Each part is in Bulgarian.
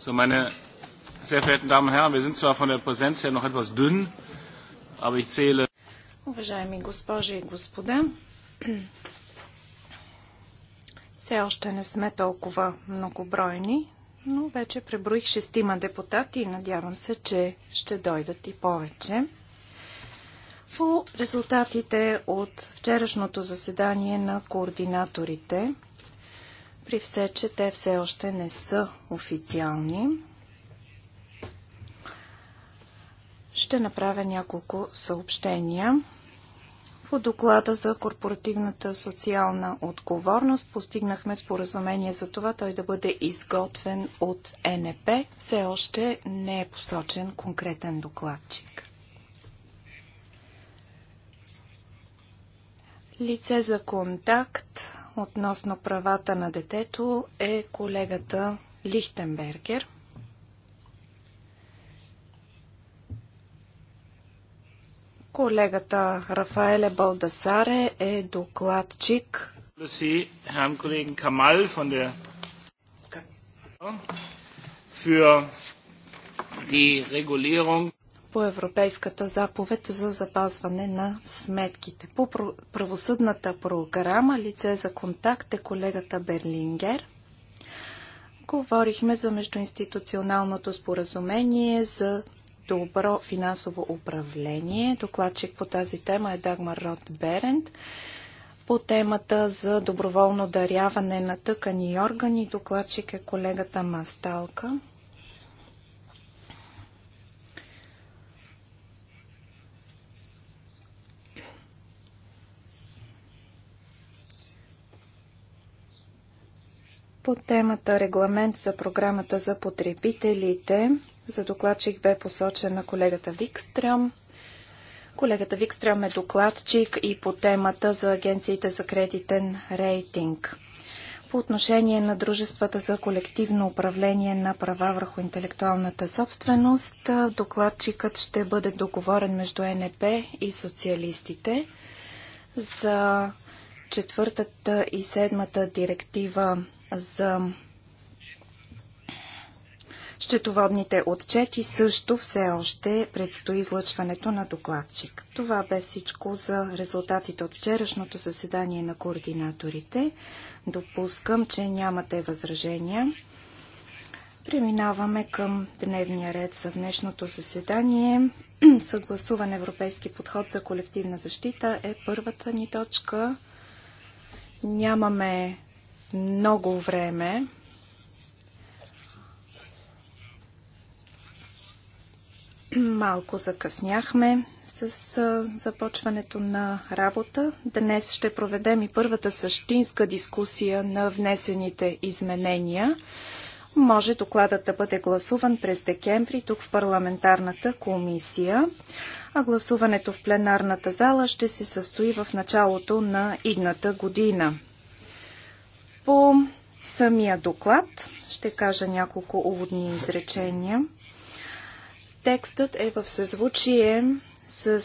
So, meine sehr verehrten Damen und Herren, wir sind zwar von der Präsenz her noch etwas dünn, aber ich zähle. Уважаеми госпожи и господа, все още не сме толкова многобройни, но вече преброих шестима депутати и надявам се, че ще дойдат и повече. По резултатите от вчерашното заседание на координаторите – при все, че те все още не са официални. Ще направя няколко съобщения. По доклада за корпоративната социална отговорност постигнахме споразумение за това той да бъде изготвен от НП. Все още не е посочен конкретен докладчик. Лице за контакт относно правата на детето е колегата Лихтенбергер. Колегата Рафаеле Балдасаре е докладчик. Für die Regulierung по Европейската заповед за запазване на сметките. По правосъдната програма лице за контакт е колегата Берлингер. Говорихме за междуинституционалното споразумение за добро финансово управление. Докладчик по тази тема е Дагмар Рот Берент. По темата за доброволно даряване на тъкани и органи докладчик е колегата Масталка. По темата регламент за програмата за потребителите, за докладчик бе посочен на колегата Викстрам. Колегата Викстрам е докладчик и по темата за агенциите за кредитен рейтинг. По отношение на дружествата за колективно управление на права върху интелектуалната собственост, докладчикът ще бъде договорен между НП и социалистите. За четвъртата и седмата директива за Счетоводните отчети също все още предстои излъчването на докладчик. Това бе всичко за резултатите от вчерашното заседание на координаторите. Допускам, че нямате възражения. Преминаваме към дневния ред за днешното заседание. Съгласуван европейски подход за колективна защита е първата ни точка. Нямаме много време. Малко закъсняхме с започването на работа. Днес ще проведем и първата същинска дискусия на внесените изменения. Може докладът да бъде гласуван през декември тук в парламентарната комисия, а гласуването в пленарната зала ще се състои в началото на идната година. По самия доклад ще кажа няколко уводни изречения. Текстът е в съзвучие с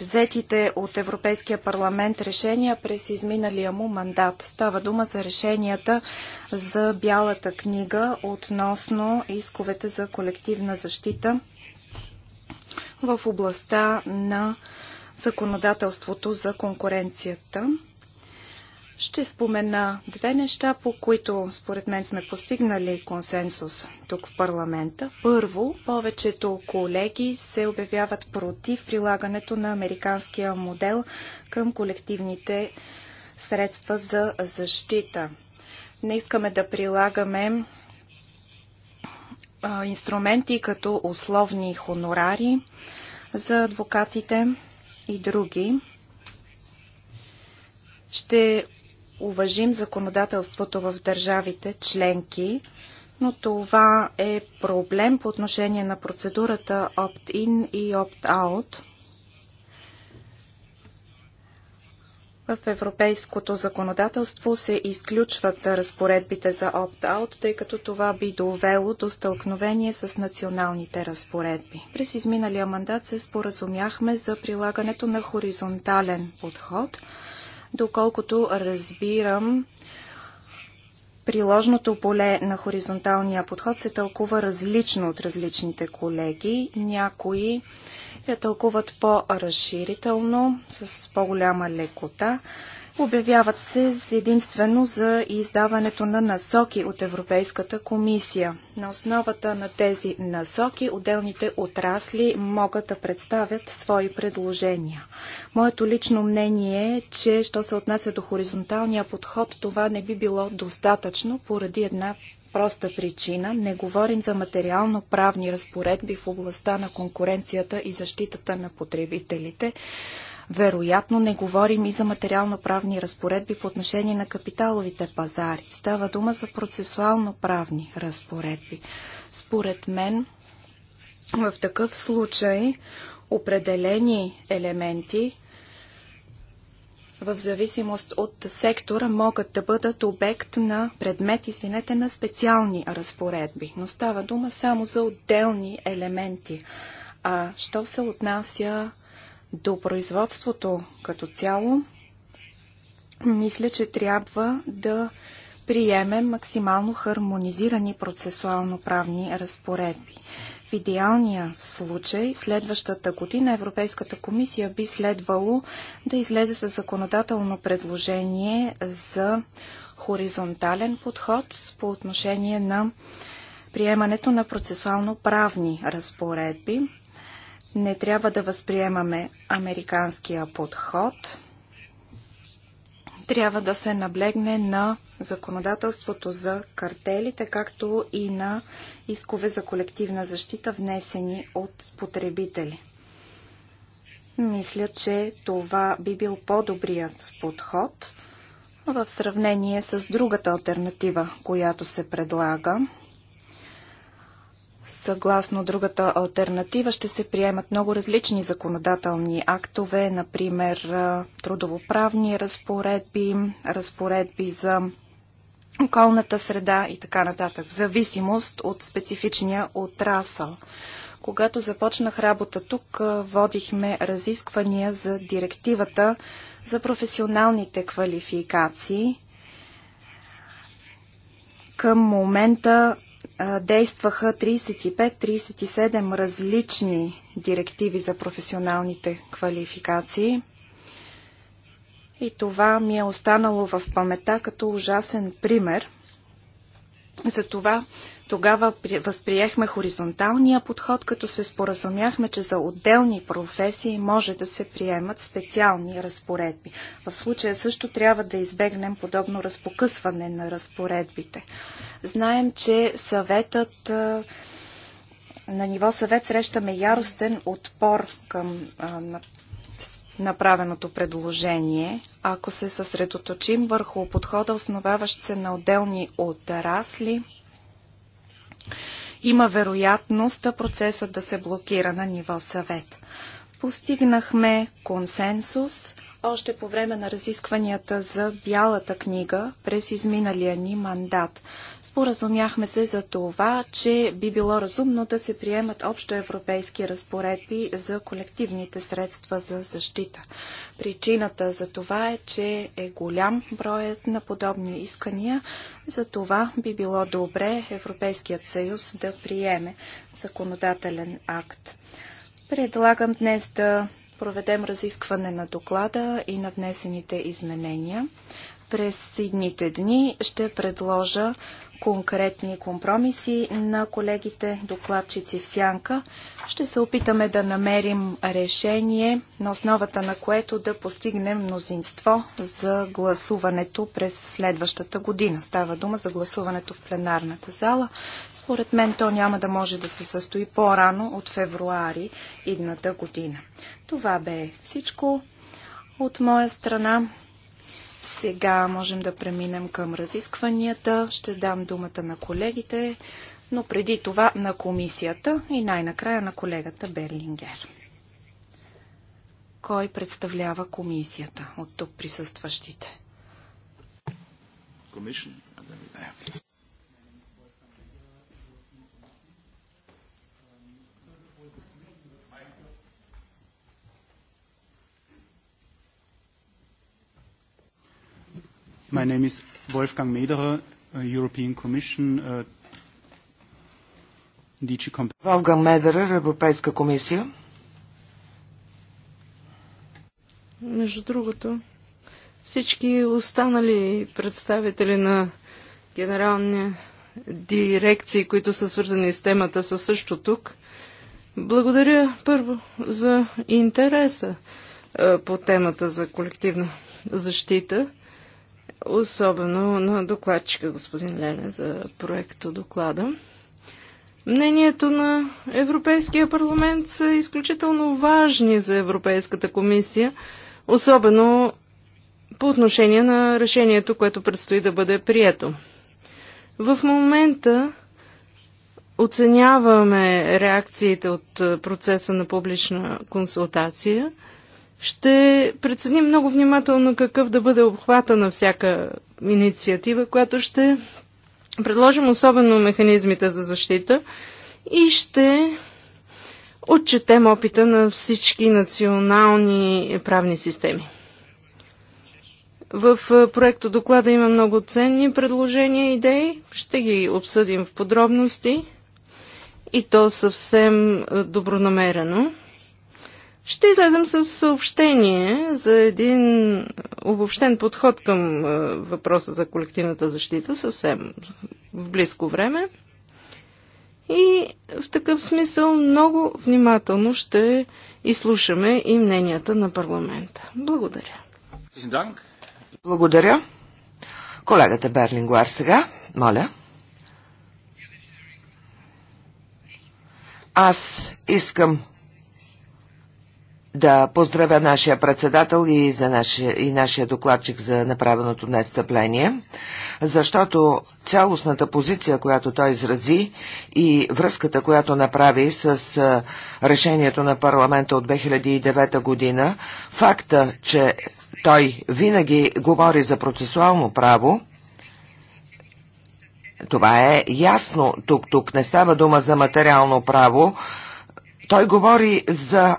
взетите от Европейския парламент решения през изминалия му мандат. Става дума за решенията за Бялата книга относно исковете за колективна защита в областта на законодателството за конкуренцията. Ще спомена две неща, по които според мен сме постигнали консенсус тук в парламента. Първо, повечето колеги се обявяват против прилагането на американския модел към колективните средства за защита. Не искаме да прилагаме а, инструменти като условни хонорари за адвокатите и други. Ще уважим законодателството в държавите членки, но това е проблем по отношение на процедурата opt-in и opt-out. В европейското законодателство се изключват разпоредбите за опт-аут, тъй като това би довело до стълкновение с националните разпоредби. През изминалия мандат се споразумяхме за прилагането на хоризонтален подход – Доколкото разбирам, приложното поле на хоризонталния подход се тълкува различно от различните колеги. Някои я тълкуват по-разширително, с по-голяма лекота. Обявяват се единствено за издаването на насоки от Европейската комисия. На основата на тези насоки отделните отрасли могат да представят свои предложения. Моето лично мнение е, че що се отнася до хоризонталния подход, това не би било достатъчно поради една проста причина. Не говорим за материално-правни разпоредби в областта на конкуренцията и защитата на потребителите. Вероятно не говорим и за материално-правни разпоредби по отношение на капиталовите пазари. Става дума за процесуално-правни разпоредби. Според мен, в такъв случай определени елементи в зависимост от сектора могат да бъдат обект на предмет, извинете, на специални разпоредби, но става дума само за отделни елементи. А що се отнася до производството като цяло, мисля, че трябва да приемем максимално хармонизирани процесуално-правни разпоредби. В идеалния случай, следващата година Европейската комисия би следвало да излезе с законодателно предложение за хоризонтален подход по отношение на приемането на процесуално-правни разпоредби. Не трябва да възприемаме американския подход. Трябва да се наблегне на законодателството за картелите, както и на искове за колективна защита, внесени от потребители. Мисля, че това би бил по-добрият подход в сравнение с другата альтернатива, която се предлага Съгласно другата альтернатива ще се приемат много различни законодателни актове, например трудовоправни разпоредби, разпоредби за околната среда и така нататък, в зависимост от специфичния отрасъл. Когато започнах работа тук, водихме разисквания за директивата за професионалните квалификации. Към момента действаха 35-37 различни директиви за професионалните квалификации. И това ми е останало в памета като ужасен пример. Затова тогава възприехме хоризонталния подход, като се споразумяхме, че за отделни професии може да се приемат специални разпоредби. В случая също трябва да избегнем подобно разпокъсване на разпоредбите. Знаем, че съветът на ниво съвет срещаме яростен отпор към направеното предложение. Ако се съсредоточим върху подхода, основаващ се на отделни отрасли, има вероятност процесът да се блокира на ниво съвет. Постигнахме консенсус още по време на разискванията за Бялата книга през изминалия ни мандат. Споразумяхме се за това, че би било разумно да се приемат общоевропейски разпоредби за колективните средства за защита. Причината за това е, че е голям броят на подобни искания, за това би било добре Европейският съюз да приеме законодателен акт. Предлагам днес да проведем разискване на доклада и на внесените изменения. През седните дни ще предложа конкретни компромиси на колегите докладчици в Сянка. Ще се опитаме да намерим решение, на основата на което да постигнем мнозинство за гласуването през следващата година. Става дума за гласуването в пленарната зала. Според мен то няма да може да се състои по-рано от февруари идната година. Това бе всичко от моя страна. Сега можем да преминем към разискванията. Ще дам думата на колегите, но преди това на комисията и най-накрая на колегата Берлингер. Кой представлява комисията от тук присъстващите? Commission. My name is Wolfgang Mederer, uh, European Commission, uh, DG Wolfgang Медерер, Европейска комисия. Между другото, всички останали представители на генерални дирекции, които са свързани с темата, са също тук. Благодаря първо за интереса е, по темата за колективна защита особено на докладчика господин Лене за проекта доклада. Мнението на Европейския парламент са изключително важни за Европейската комисия, особено по отношение на решението, което предстои да бъде прието. В момента оценяваме реакциите от процеса на публична консултация – ще преценим много внимателно какъв да бъде обхвата на всяка инициатива, която ще предложим особено механизмите за защита и ще отчетем опита на всички национални правни системи. В е, проекто доклада има много ценни предложения и идеи. Ще ги обсъдим в подробности и то съвсем е, добронамерено. Ще излезем с съобщение за един обобщен подход към е, въпроса за колективната защита съвсем в близко време. И в такъв смисъл много внимателно ще изслушаме и мненията на парламента. Благодаря. Благодаря. Колегата Берлингуар сега, моля. Аз искам да поздравя нашия председател и, за нашия, и нашия докладчик за направеното настъпление, защото цялостната позиция, която той изрази и връзката, която направи с решението на парламента от 2009 година, факта, че той винаги говори за процесуално право, това е ясно тук. Тук не става дума за материално право. Той говори за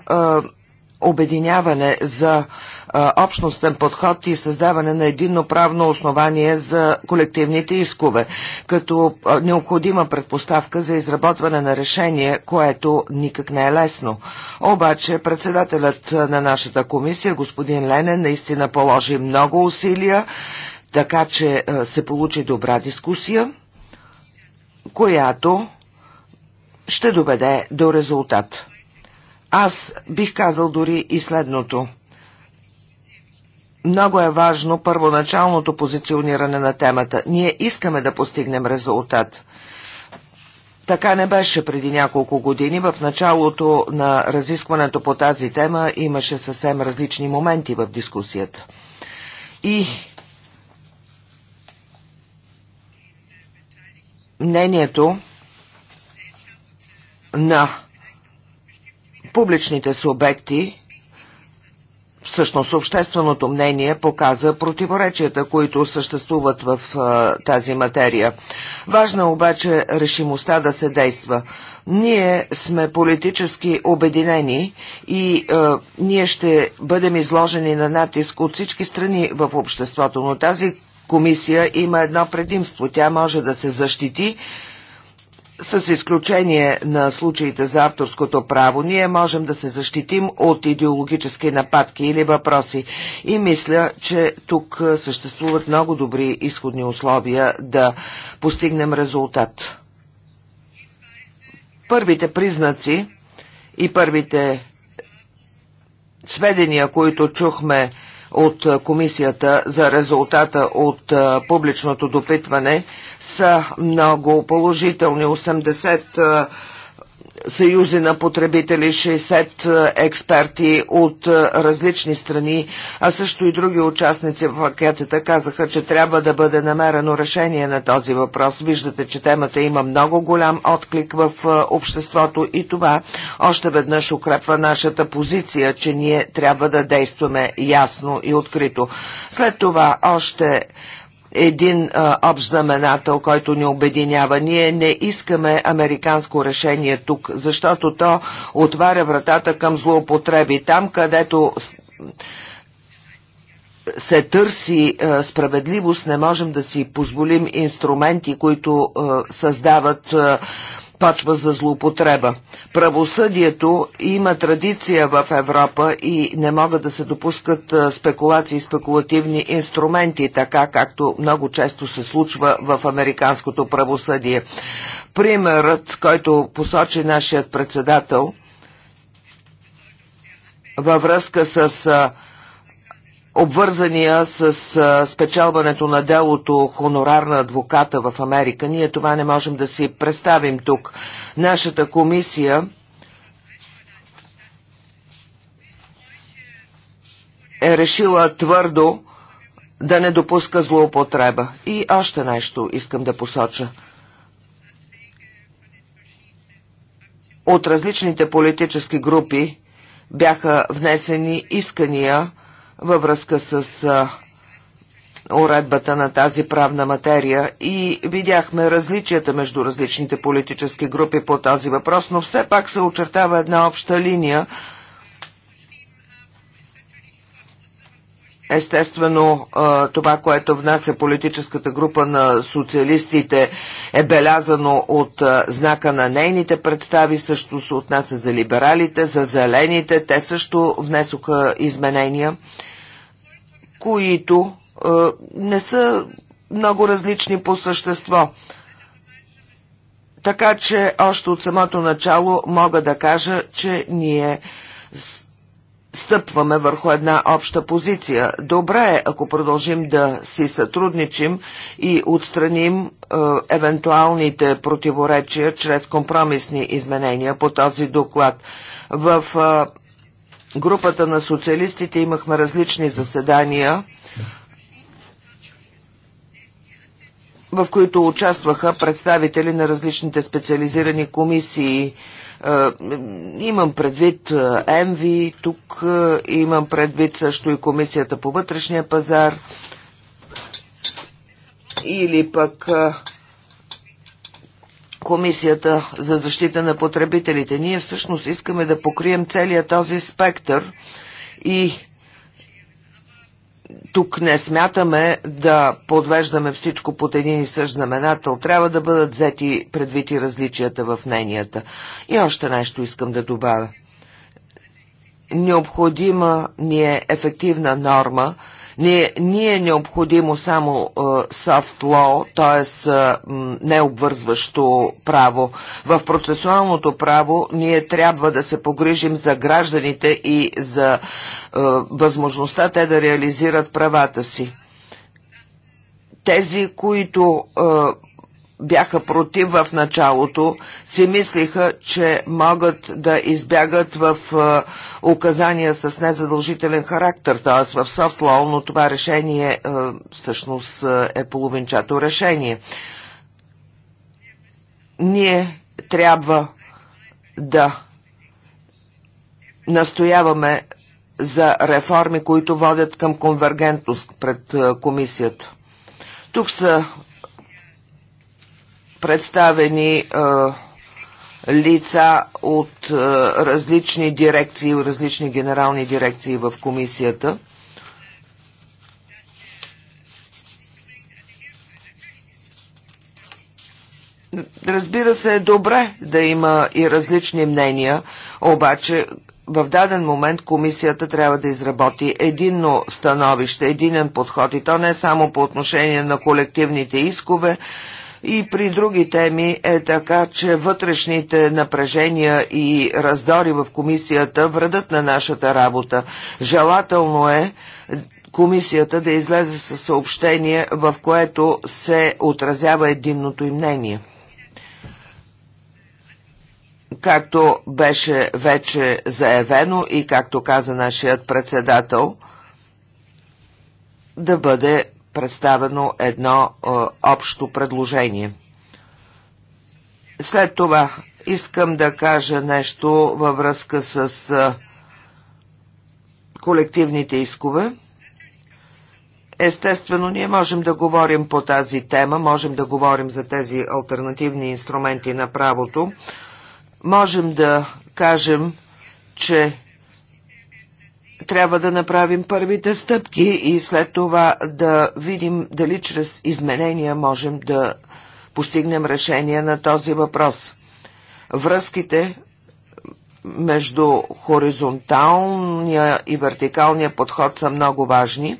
обединяване за общностен подход и създаване на единно правно основание за колективните искове, като необходима предпоставка за изработване на решение, което никак не е лесно. Обаче председателят на нашата комисия, господин Ленен, наистина положи много усилия, така че се получи добра дискусия, която ще доведе до резултат. Аз бих казал дори и следното. Много е важно първоначалното позициониране на темата. Ние искаме да постигнем резултат. Така не беше преди няколко години. В началото на разискването по тази тема имаше съвсем различни моменти в дискусията. И мнението на публичните субекти, всъщност общественото мнение показа противоречията, които съществуват в а, тази материя. Важна е обаче решимостта да се действа. Ние сме политически обединени и а, ние ще бъдем изложени на натиск от всички страни в обществото, но тази комисия има едно предимство. Тя може да се защити с изключение на случаите за авторското право, ние можем да се защитим от идеологически нападки или въпроси. И мисля, че тук съществуват много добри изходни условия да постигнем резултат. Първите признаци и първите сведения, които чухме от комисията за резултата от публичното допитване са много положителни. 80 съюзи на потребители, 60 е, експерти от е, различни страни, а също и други участници в пакетата казаха, че трябва да бъде намерено решение на този въпрос. Виждате, че темата има много голям отклик в е, обществото и това още веднъж укрепва нашата позиция, че ние трябва да действаме ясно и открито. След това още един а, общ знаменател, който ни обединява. Ние не искаме американско решение тук, защото то отваря вратата към злоупотреби. Там, където се търси а, справедливост, не можем да си позволим инструменти, които а, създават а, почва за злоупотреба. Правосъдието има традиция в Европа и не могат да се допускат спекулации и спекулативни инструменти, така както много често се случва в американското правосъдие. Примерът, който посочи нашият председател във връзка с обвързания с спечалването на делото хонорар на адвоката в Америка. Ние това не можем да си представим тук. Нашата комисия е решила твърдо да не допуска злоупотреба. И още нещо искам да посоча. От различните политически групи бяха внесени искания във връзка с уредбата на тази правна материя и видяхме различията между различните политически групи по този въпрос, но все пак се очертава една обща линия – Естествено, това, което внася политическата група на социалистите е белязано от знака на нейните представи, също се отнася за либералите, за зелените. Те също внесоха изменения, които не са много различни по същество. Така че още от самото начало мога да кажа, че ние е стъпваме върху една обща позиция. Добре е, ако продължим да си сътрудничим и отстраним е, евентуалните противоречия чрез компромисни изменения по този доклад. В е, групата на социалистите имахме различни заседания, в които участваха представители на различните специализирани комисии – Имам предвид ЕМВИ, тук имам предвид също и Комисията по вътрешния пазар или пък Комисията за защита на потребителите. Ние всъщност искаме да покрием целият този спектър и тук не смятаме да подвеждаме всичко под един и същ знаменател. Трябва да бъдат взети предвид и различията в мненията. И още нещо искам да добавя. Необходима ни е ефективна норма, не, ние е необходимо само е, soft law, т.е. необвързващо право. В процесуалното право ние трябва да се погрижим за гражданите и за е, възможността те да реализират правата си. Тези, които е, бяха против в началото, си мислиха, че могат да избягат в указания с незадължителен характер, т.е. в софтлоу, но това решение всъщност е половинчато решение. Ние трябва да настояваме за реформи, които водят към конвергентност пред комисията. Тук са представени лица от различни дирекции, различни генерални дирекции в комисията. Разбира се, е добре да има и различни мнения, обаче в даден момент комисията трябва да изработи единно становище, единен подход и то не само по отношение на колективните искове, и при други теми е така, че вътрешните напрежения и раздори в комисията вредат на нашата работа. Желателно е комисията да излезе със съобщение, в което се отразява единното им мнение. Както беше вече заявено и както каза нашият председател, да бъде представено едно а, е, общо предложение. След това искам да кажа нещо във връзка с а, е, колективните искове. Естествено, ние можем да говорим по тази тема, можем да говорим за тези альтернативни инструменти на правото. Можем да кажем, че трябва да направим първите стъпки и след това да видим дали чрез изменения можем да постигнем решение на този въпрос. Връзките между хоризонталния и вертикалния подход са много важни.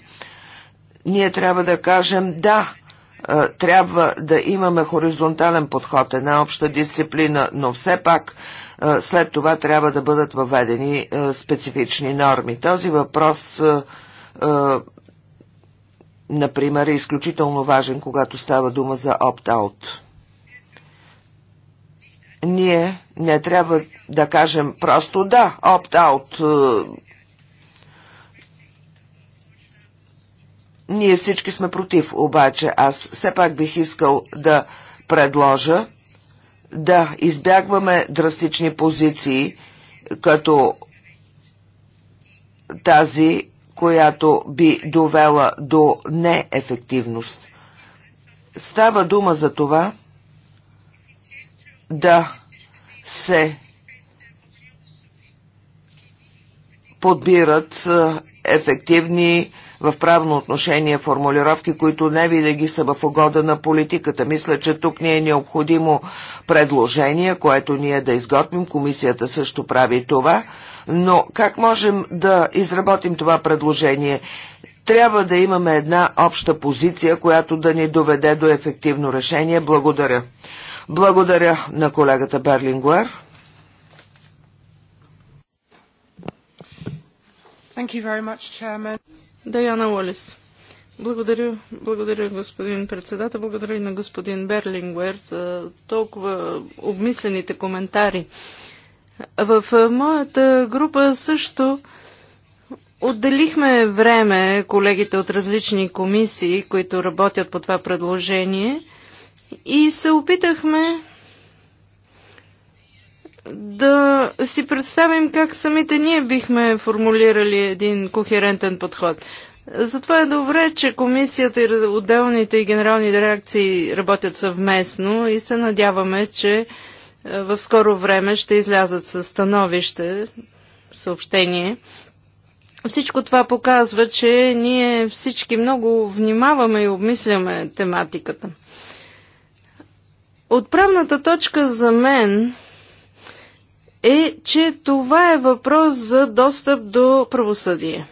Ние трябва да кажем да, трябва да имаме хоризонтален подход, една обща дисциплина, но все пак след това трябва да бъдат въведени специфични норми. Този въпрос например, е изключително важен, когато става дума за опт-аут. Ние не трябва да кажем просто да, опт-аут. Ние всички сме против, обаче аз все пак бих искал да предложа да избягваме драстични позиции, като тази, която би довела до неефективност. Става дума за това да се подбират ефективни в правно отношение формулировки, които не винаги са в угода на политиката. Мисля, че тук ни е необходимо предложение, което ние да изготвим. Комисията също прави това. Но как можем да изработим това предложение? Трябва да имаме една обща позиция, която да ни доведе до ефективно решение. Благодаря. Благодаря на колегата Берлингуер. Much, Даяна Уолис. Благодаря, благодаря господин председател, благодаря и на господин Берлингуер за толкова обмислените коментари. В моята група също отделихме време колегите от различни комисии, които работят по това предложение и се опитахме да си представим как самите ние бихме формулирали един кохерентен подход. Затова е добре, че комисията и отделните и генерални дирекции работят съвместно и се надяваме, че е, в скоро време ще излязат със становище, съобщение. Всичко това показва, че ние всички много внимаваме и обмисляме тематиката. Отправната точка за мен е, че това е въпрос за достъп до правосъдие.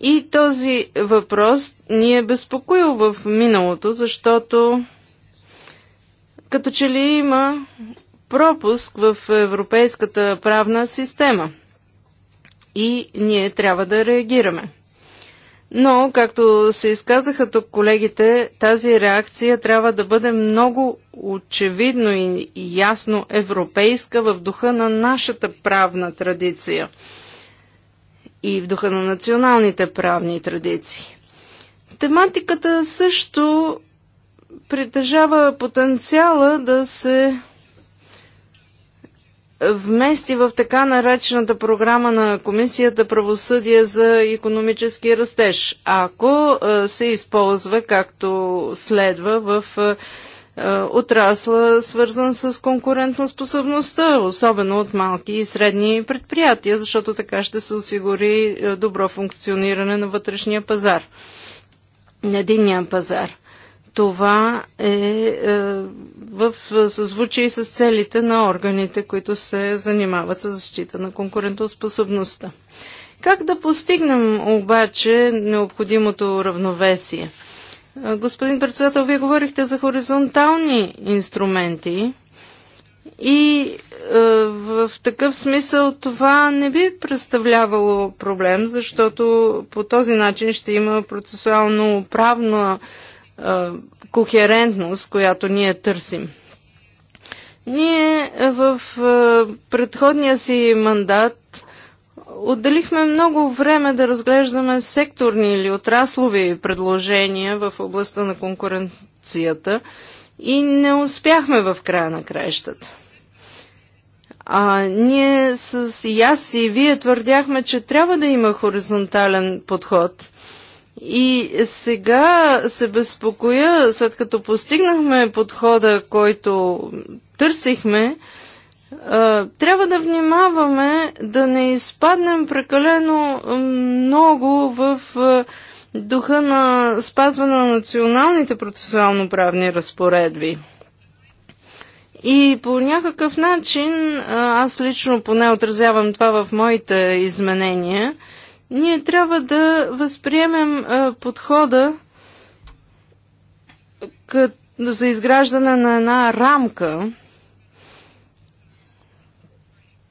И този въпрос ни е безпокоил в миналото, защото като че ли има пропуск в европейската правна система. И ние трябва да реагираме. Но, както се изказаха тук колегите, тази реакция трябва да бъде много очевидно и ясно европейска в духа на нашата правна традиция и в духа на националните правни традиции. Тематиката също притежава потенциала да се вмести в така наречената програма на Комисията правосъдие за економически растеж, ако е, се използва както следва в е, е, отрасла, свързан с конкурентоспособността, особено от малки и средни предприятия, защото така ще се осигури добро функциониране на вътрешния пазар, на единния пазар това е, е в съзвучие е, с целите на органите, които се занимават с защита на конкурентоспособността. Как да постигнем обаче необходимото равновесие? Е, господин председател, вие говорихте за хоризонтални инструменти и е, в такъв смисъл това не би представлявало проблем, защото по този начин ще има процесуално правна кохерентност, която ние търсим. Ние в предходния си мандат отделихме много време да разглеждаме секторни или отраслови предложения в областта на конкуренцията и не успяхме в края на краищата. А ние с и аз и вие твърдяхме, че трябва да има хоризонтален подход – и сега се безпокоя, след като постигнахме подхода, който търсихме, трябва да внимаваме да не изпаднем прекалено много в духа на спазване на националните процесуално-правни разпоредби. И по някакъв начин, аз лично поне отразявам това в моите изменения – ние трябва да възприемем подхода за изграждане на една рамка,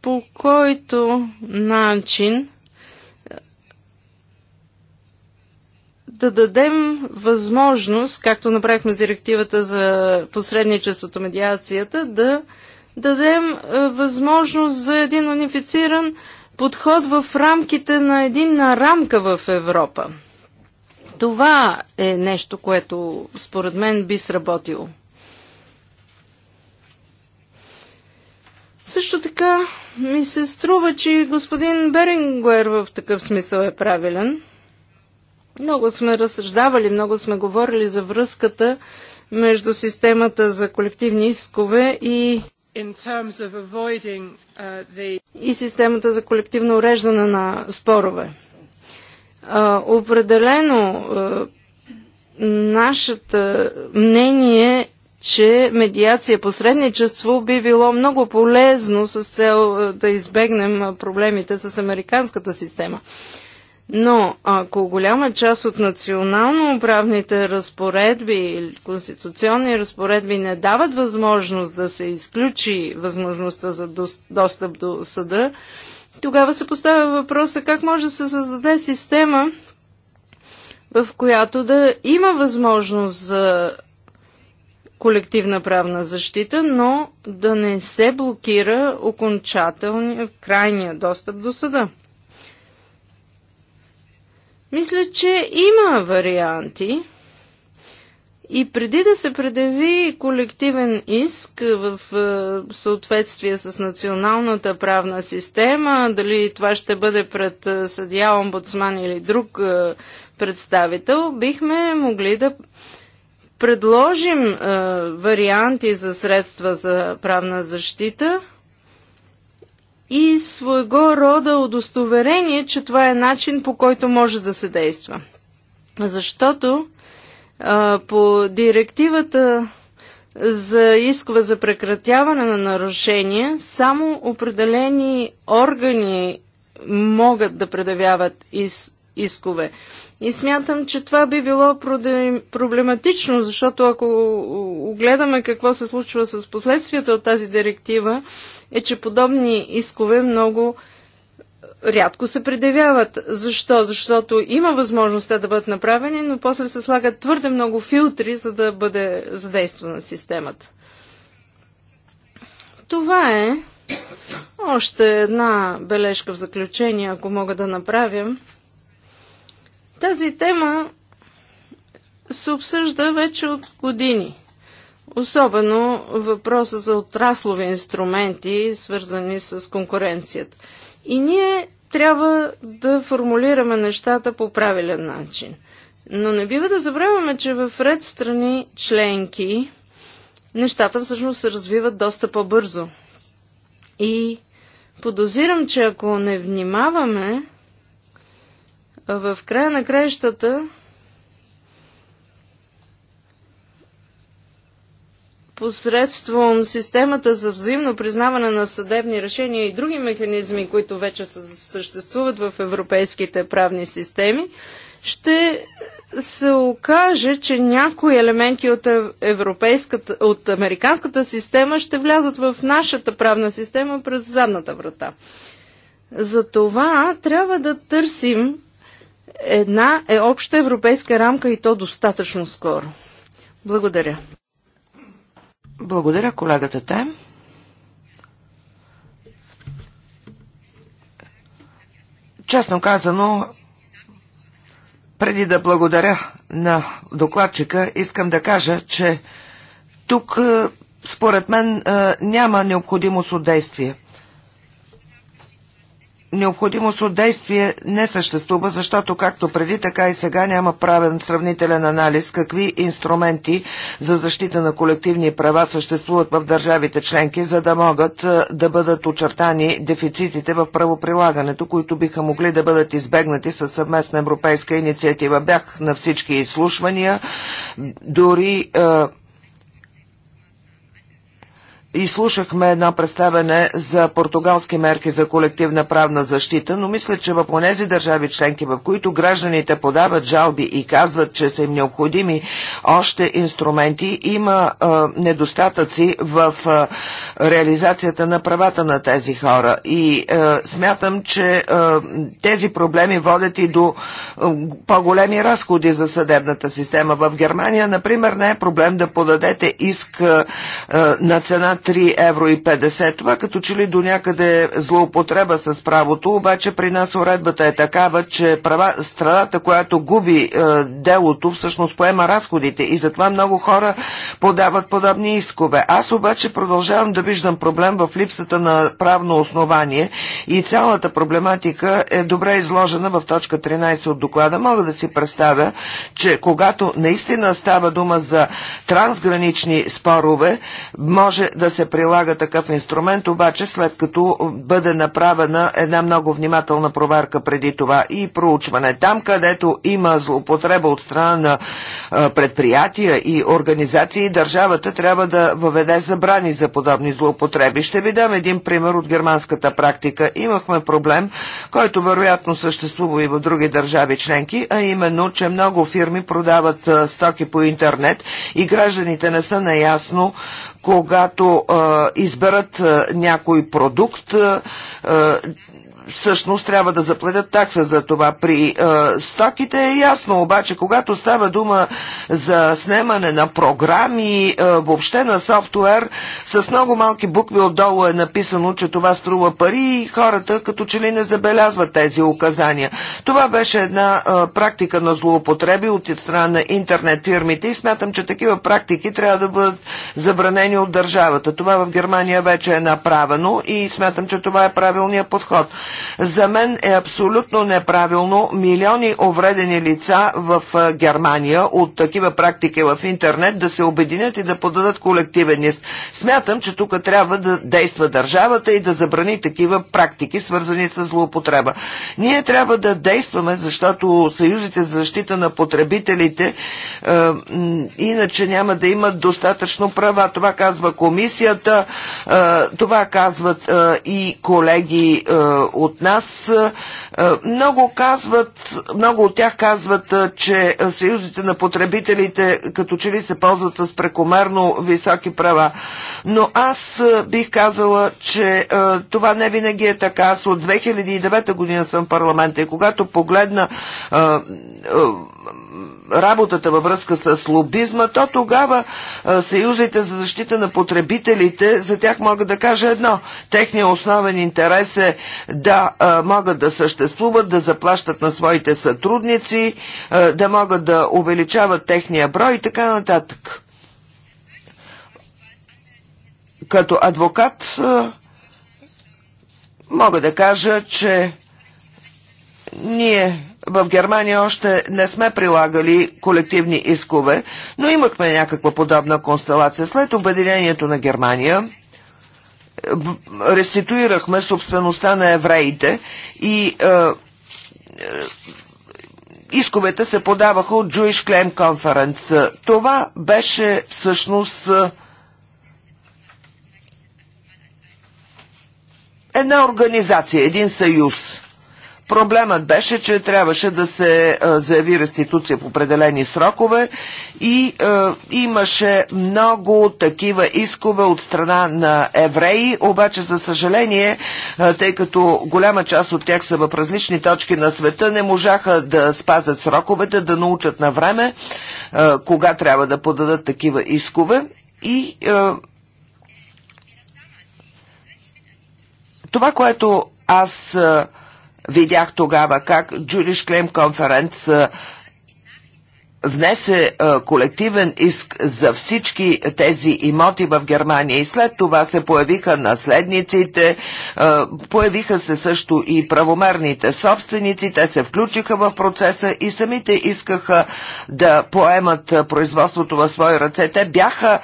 по който начин да дадем възможност, както направихме с директивата за посредничеството, медиацията, да дадем възможност за един унифициран подход в рамките на единна рамка в Европа. Това е нещо, което според мен би сработило. Също така ми се струва, че господин Берингуер в такъв смисъл е правилен. Много сме разсъждавали, много сме говорили за връзката между системата за колективни искове и Uh, и системата за колективно уреждане на спорове. определено нашето мнение мнение че медиация посредничество би било много полезно с цел да избегнем проблемите с американската система. Но ако голяма част от национално-управните разпоредби или конституционни разпоредби не дават възможност да се изключи възможността за достъп до съда, тогава се поставя въпроса как може да се създаде система, в която да има възможност за колективна правна защита, но да не се блокира окончателния крайния достъп до съда. Мисля, че има варианти. И преди да се предяви колективен иск в е, съответствие с националната правна система, дали това ще бъде пред е, съдия, омбудсман или друг е, представител, бихме могли да предложим варианти за средства за правна защита – и своего рода удостоверение, че това е начин по който може да се действа. Защото а, по директивата за искове за прекратяване на нарушения, само определени органи могат да предавяват из искове. И смятам, че това би било проблематично, защото ако огледаме какво се случва с последствията от тази директива, е, че подобни искове много рядко се предявяват. Защо? Защото има възможност те да бъдат направени, но после се слагат твърде много филтри, за да бъде задействана системата. Това е още една бележка в заключение, ако мога да направя. Тази тема се обсъжда вече от години. Особено въпроса за отраслови инструменти, свързани с конкуренцията. И ние трябва да формулираме нещата по правилен начин. Но не бива да забравяме, че в ред страни членки нещата всъщност се развиват доста по-бързо. И подозирам, че ако не внимаваме, в края на краищата посредством системата за взаимно признаване на съдебни решения и други механизми, които вече съществуват в европейските правни системи, ще се окаже, че някои елементи от, европейската, от американската система ще влязат в нашата правна система през задната врата. Затова трябва да търсим една е обща европейска рамка и то достатъчно скоро. Благодаря. Благодаря, колегата Тайм. Честно казано, преди да благодаря на докладчика, искам да кажа, че тук е, според мен е, няма необходимост от действие необходимост от действие не съществува, защото както преди, така и сега няма правен сравнителен анализ какви инструменти за защита на колективни права съществуват в държавите членки, за да могат е, да бъдат очертани дефицитите в правоприлагането, които биха могли да бъдат избегнати със съвместна европейска инициатива. Бях на всички изслушвания, дори е, изслушахме слушахме едно представене за португалски мерки за колективна правна защита, но мисля, че в тези държави членки, в които гражданите подават жалби и казват, че са им необходими още инструменти, има а, недостатъци в а, реализацията на правата на тези хора. И а, смятам, че а, тези проблеми водят и до по-големи разходи за съдебната система. В Германия, например, не е проблем да подадете иск а, на цената. 3 евро и 50. Това като че ли до някъде злоупотреба с правото, обаче при нас уредбата е такава, че права, страдата, която губи е, делото, всъщност поема разходите и затова много хора подават подобни искове. Аз обаче продължавам да виждам проблем в липсата на правно основание и цялата проблематика е добре изложена в точка 13 от доклада. Мога да си представя, че когато наистина става дума за трансгранични спорове, може да се се прилага такъв инструмент, обаче след като бъде направена една много внимателна проверка преди това и проучване. Там, където има злоупотреба от страна на предприятия и организации, държавата трябва да въведе забрани за подобни злоупотреби. Ще ви дам един пример от германската практика. Имахме проблем, който вероятно съществува и в други държави членки, а именно, че много фирми продават стоки по интернет и гражданите не са наясно, когато а, изберат а, някой продукт, а, всъщност трябва да заплатят такса за това. При е, стоките е ясно, обаче когато става дума за снимане на програми, е, въобще на софтуер, с много малки букви отдолу е написано, че това струва пари и хората като че ли не забелязват тези указания. Това беше една е, практика на злоупотреби от страна на интернет фирмите и смятам, че такива практики трябва да бъдат забранени от държавата. Това в Германия вече е направено и смятам, че това е правилният подход. За мен е абсолютно неправилно милиони увредени лица в Германия от такива практики в интернет да се обединят и да подадат колективен иск. Смятам, че тук трябва да действа държавата и да забрани такива практики, свързани с злоупотреба. Ние трябва да действаме, защото съюзите за защита на потребителите е, иначе няма да имат достатъчно права. Това казва комисията, е, това казват е, и колеги е, от от нас. Е, е, много казват, много от тях казват, е, че съюзите на потребителите като че ли се ползват с прекомерно високи права. Но аз бих казала, че това не винаги е така. Аз от 2009 година съм в парламента и когато погледна работата във връзка с лобизма, то тогава съюзите за защита на потребителите, за тях мога да кажа едно. Техният основен интерес е да могат да съществуват, да заплащат на своите сътрудници, да могат да увеличават техния брой и така нататък. Като адвокат мога да кажа, че ние в Германия още не сме прилагали колективни искове, но имахме някаква подобна констелация. След обединението на Германия реституирахме собствеността на евреите и е, е, исковете се подаваха от Jewish Claim Conference. Това беше всъщност е, една организация, един съюз. Проблемът беше, че трябваше да се заяви реституция по определени срокове и е, имаше много такива искове от страна на евреи, обаче за съжаление, тъй като голяма част от тях са в различни точки на света, не можаха да спазят сроковете, да научат на време е, кога трябва да подадат такива искове и е, това, което аз а, Видях тогава как Джуриш Клем конференц внесе е, колективен иск за всички тези имоти в Германия и след това се появиха наследниците, е, появиха се също и правомерните собственици, те се включиха в процеса и самите искаха да поемат е, производството в свои ръце. Те бяха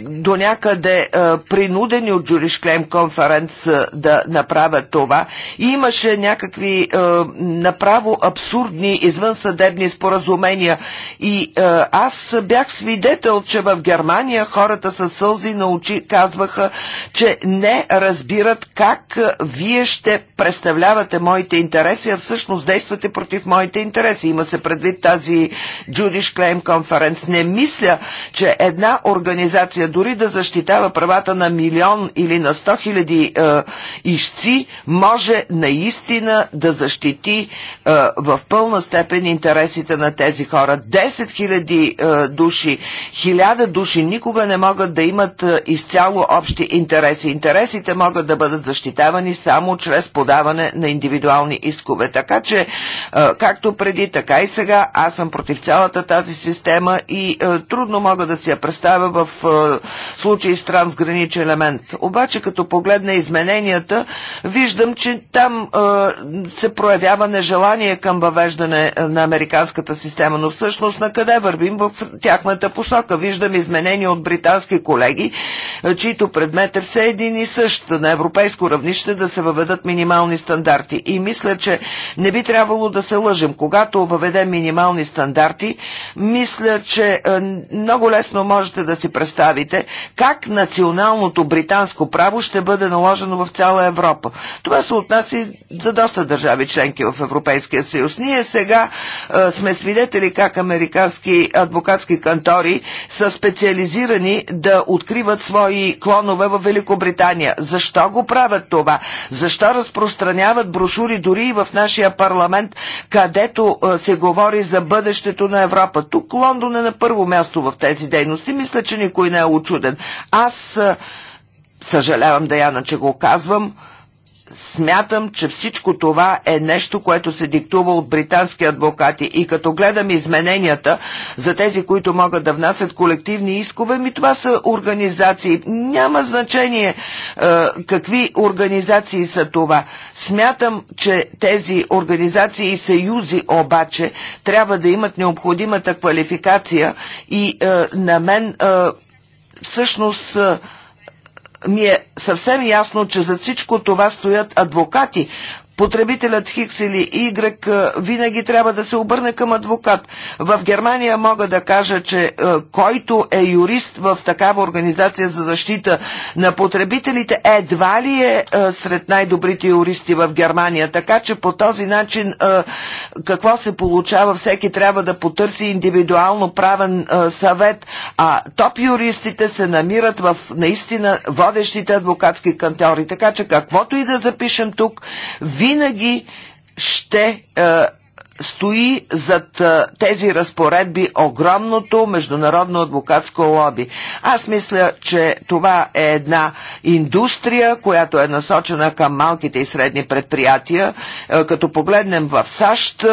до някъде принудени от Клейм конференц да направят това. И имаше някакви направо абсурдни извънсъдебни споразумения мнения. И е, аз бях свидетел, че в Германия хората с сълзи на очи казваха, че не разбират как е, вие ще представлявате моите интереси, а всъщност действате против моите интереси. Има се предвид тази Jewish Claim Conference. Не мисля, че една организация дори да защитава правата на милион или на 100 хиляди е, ищци, може наистина да защити е, в пълна степен интересите на тези тези хора. 10 000 е, души, 1000 души никога не могат да имат е, изцяло общи интереси. Интересите могат да бъдат защитавани само чрез подаване на индивидуални искове. Така че, е, както преди, така и сега, аз съм против цялата тази система и трудно мога да си я представя в случай с трансграничен елемент. Обаче, като погледна измененията, виждам, че там се проявява нежелание към въвеждане на американската система система, но всъщност на къде вървим в тяхната посока. Виждам изменения от британски колеги, е, чието предмет е все един и същ на европейско равнище да се въведат минимални стандарти. И мисля, че не би трябвало да се лъжим. Когато въведем минимални стандарти, мисля, че е, много лесно можете да си представите как националното британско право ще бъде наложено в цяла Европа. Това се отнася и за доста държави членки в Европейския съюз. Ние сега е, сме свидетели видели как американски адвокатски кантори са специализирани да откриват свои клонове в Великобритания. Защо го правят това? Защо разпространяват брошури дори и в нашия парламент, където е, се говори за бъдещето на Европа? Тук Лондон е на първо място в тези дейности. Мисля, че никой не е очуден. Аз е, съжалявам, Даяна, че го казвам, смятам, че всичко това е нещо, което се диктува от британски адвокати и като гледам измененията за тези, които могат да внасят колективни искове, ми това са организации. Няма значение е, какви организации са това. Смятам, че тези организации и съюзи обаче трябва да имат необходимата квалификация и е, на мен е, всъщност е, ми е съвсем ясно, че за всичко това стоят адвокати, потребителят Хикс или Y винаги трябва да се обърне към адвокат. В Германия мога да кажа, че който е юрист в такава организация за защита на потребителите едва ли е сред най-добрите юристи в Германия. Така че по този начин какво се получава? Всеки трябва да потърси индивидуално правен съвет, а топ юристите се намират в наистина водещите адвокатски кантори. Така че каквото и да запишем тук, винаги ще е, стои зад тези разпоредби огромното международно адвокатско лоби. Аз мисля, че това е една индустрия, която е насочена към малките и средни предприятия. Като погледнем в САЩ,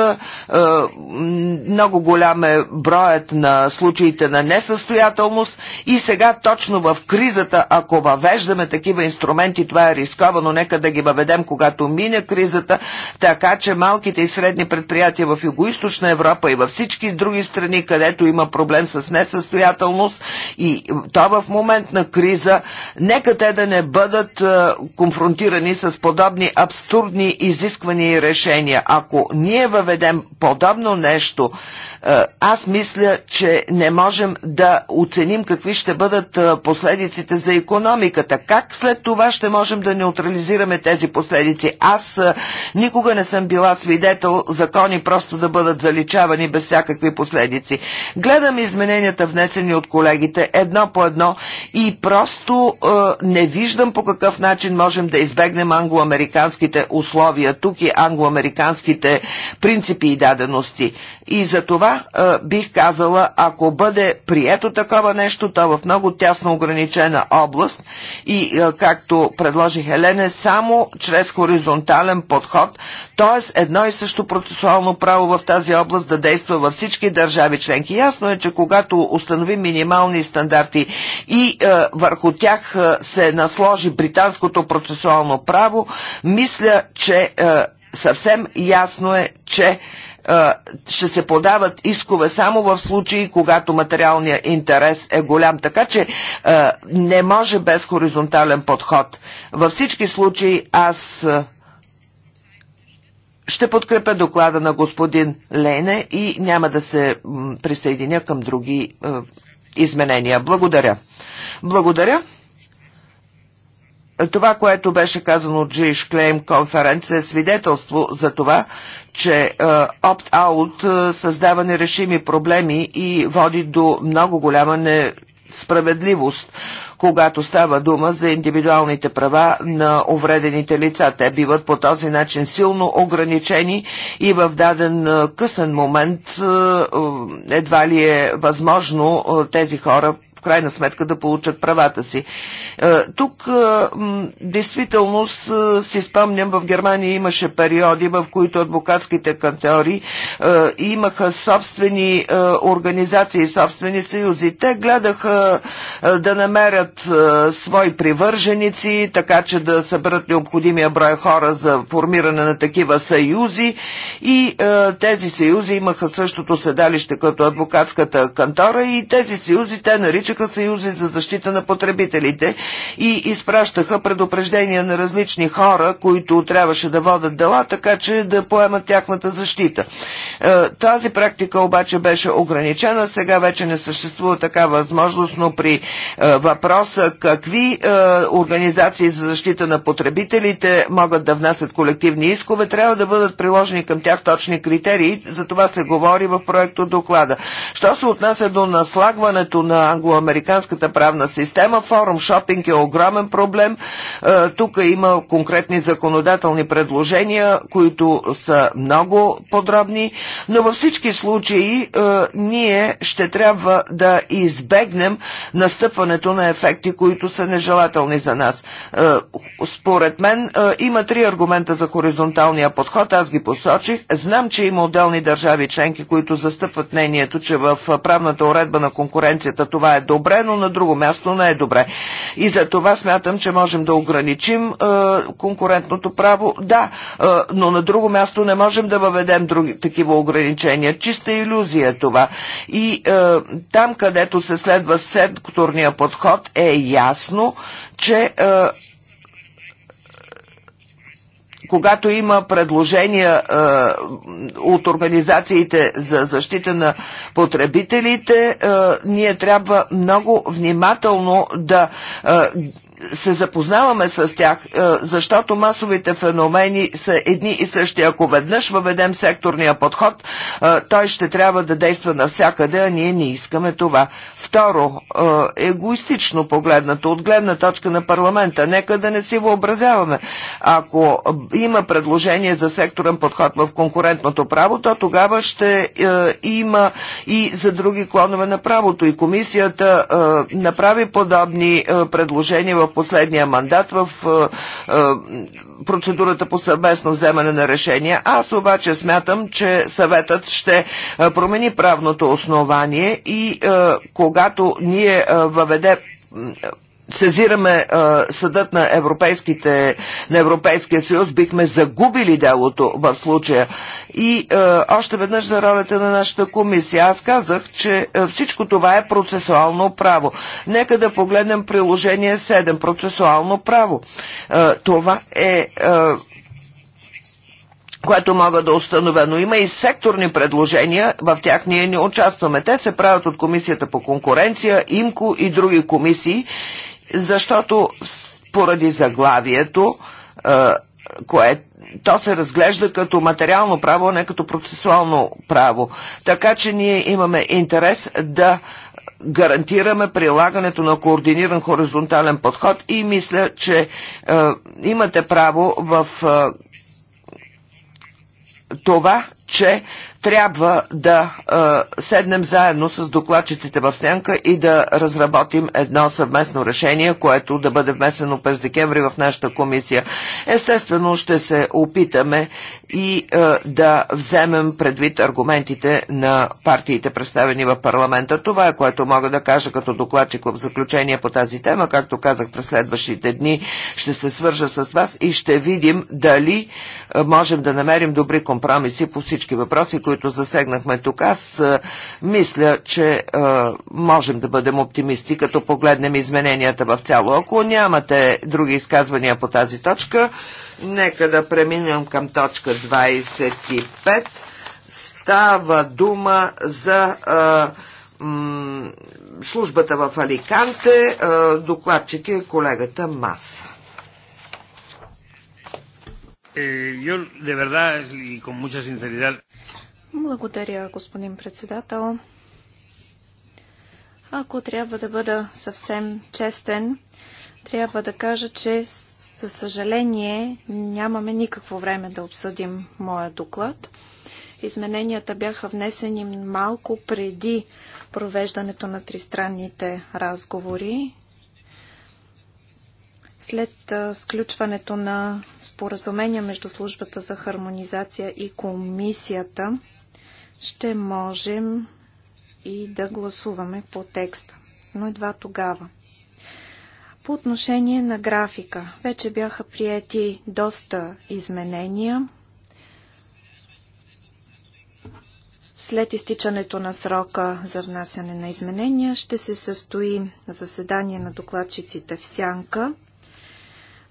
много голям е броят на случаите на несъстоятелност и сега точно в кризата, ако въвеждаме такива инструменти, това е рисковано, нека да ги въведем, когато мине кризата, така че малките и средни предприятия предприятия в Юго-Источна Европа и във всички други страни, където има проблем с несъстоятелност и то в момент на криза, нека те да не бъдат е, конфронтирани с подобни абсурдни изисквания и решения. Ако ние въведем подобно нещо, е, аз мисля, че не можем да оценим какви ще бъдат е, последиците за економиката. Как след това ще можем да неутрализираме тези последици? Аз е, никога не съм била свидетел закони просто да бъдат заличавани без всякакви последици. Гледам измененията внесени от колегите едно по едно и просто не виждам по какъв начин можем да избегнем англоамериканските условия тук и англоамериканските принципи и дадености. И за това да, е, бих казала, ако бъде прието такова нещо, то е в много тясно ограничена област и, е, както предложи Хелене, само чрез хоризонтален подход, т.е. едно и също процесуално право в тази област да действа във всички държави членки. Ясно е, че когато установим минимални стандарти и върху тях се насложи британското процесуално право, мисля, че съвсем ясно е, че ще се подават искове само в случаи, когато материалният интерес е голям. Така че не може без хоризонтален подход. Във всички случаи аз ще подкрепя доклада на господин Лейне и няма да се присъединя към други изменения. Благодаря. Благодаря това, което беше казано от Jewish Claim конференция е свидетелство за това, че опт-аут е, е, създава нерешими проблеми и води до много голяма несправедливост когато става дума за индивидуалните права на увредените лица. Те биват по този начин силно ограничени и в даден е, късен момент едва ли е възможно тези хора крайна сметка да получат правата си. Е, тук е, действителност е, си спомням, в Германия имаше периоди, в които адвокатските кантори имаха собствени организации, собствени съюзи. Те гледаха да намерят свои привърженици, така че да съберат необходимия брой хора за формиране на такива съюзи и тези съюзи имаха същото седалище като адвокатската кантора и тези съюзи те наричат сключиха съюзи за защита на потребителите и изпращаха предупреждения на различни хора, които трябваше да водят дела, така че да поемат тяхната защита. Е, тази практика обаче беше ограничена, сега вече не съществува така възможност, но при е, въпроса какви е, организации за защита на потребителите могат да внасят колективни искове, трябва да бъдат приложени към тях точни критерии, за това се говори в проекто доклада. Що се отнася до наслагването на англо американската правна система. Форум шопинг е огромен проблем. Е, тук има конкретни законодателни предложения, които са много подробни, но във всички случаи е, ние ще трябва да избегнем настъпването на ефекти, които са нежелателни за нас. Е, според мен има три аргумента за хоризонталния подход. Аз ги посочих. Знам, че има отделни държави членки, които застъпват мнението, че в правната уредба на конкуренцията това е добре добре, но на друго място не е добре. И за това смятам, че можем да ограничим е, конкурентното право, да, е, но на друго място не можем да въведем други такива ограничения. Чиста иллюзия е това. И е, там, където се следва секторния подход, е ясно, че е, когато има предложения от организациите за защита на потребителите, ние трябва много внимателно да се запознаваме с тях, е, защото масовите феномени са едни и същи. Ако веднъж въведем секторния подход, е, той ще трябва да действа навсякъде, а ние не искаме това. Второ, е, егоистично погледнато, от гледна точка на парламента, нека да не си въобразяваме. Ако има предложение за секторен подход в конкурентното право, то тогава ще има и за други клонове на правото. И комисията направи подобни предложения в последния мандат в е, е, процедурата по съвместно вземане на решения. Аз обаче смятам, че съветът ще е, промени правното основание и когато ние въведе сезираме а, съдът на, европейските, на Европейския съюз, бихме загубили делото в случая. И а, още веднъж за ролята на нашата комисия. Аз казах, че а, всичко това е процесуално право. Нека да погледнем приложение 7, процесуално право. А, това е... А, което мога да установя, но има и секторни предложения, в тях ние не участваме. Те се правят от Комисията по конкуренция, ИМКО и други комисии защото поради заглавието, което то се разглежда като материално право, а не като процесуално право. Така че ние имаме интерес да гарантираме прилагането на координиран хоризонтален подход и мисля, че е, имате право в е, това, че трябва да а, седнем заедно с докладчиците в Сянка и да разработим едно съвместно решение, което да бъде внесено през декември в нашата комисия. Естествено ще се опитаме и а, да вземем предвид аргументите на партиите представени в парламента. Това е което мога да кажа като докладчик в заключение по тази тема. Както казах, през следващите дни ще се свържа с вас и ще видим дали можем да намерим добри компромиси по всички въпроси, които които засегнахме тук. Аз мисля, че можем да бъдем оптимисти, като погледнем измененията в цяло. Ако нямате други изказвания по тази точка, нека да преминем към точка 25. Става дума за а, службата в Аликанте, докладчик е колегата Маса. Eh, благодаря, господин председател. Ако трябва да бъда съвсем честен, трябва да кажа, че за съжаление нямаме никакво време да обсъдим моя доклад. Измененията бяха внесени малко преди провеждането на тристранните разговори. След сключването на споразумения между службата за хармонизация и комисията, ще можем и да гласуваме по текста. Но едва тогава. По отношение на графика, вече бяха приети доста изменения. След изтичането на срока за внасяне на изменения ще се състои заседание на докладчиците в Сянка,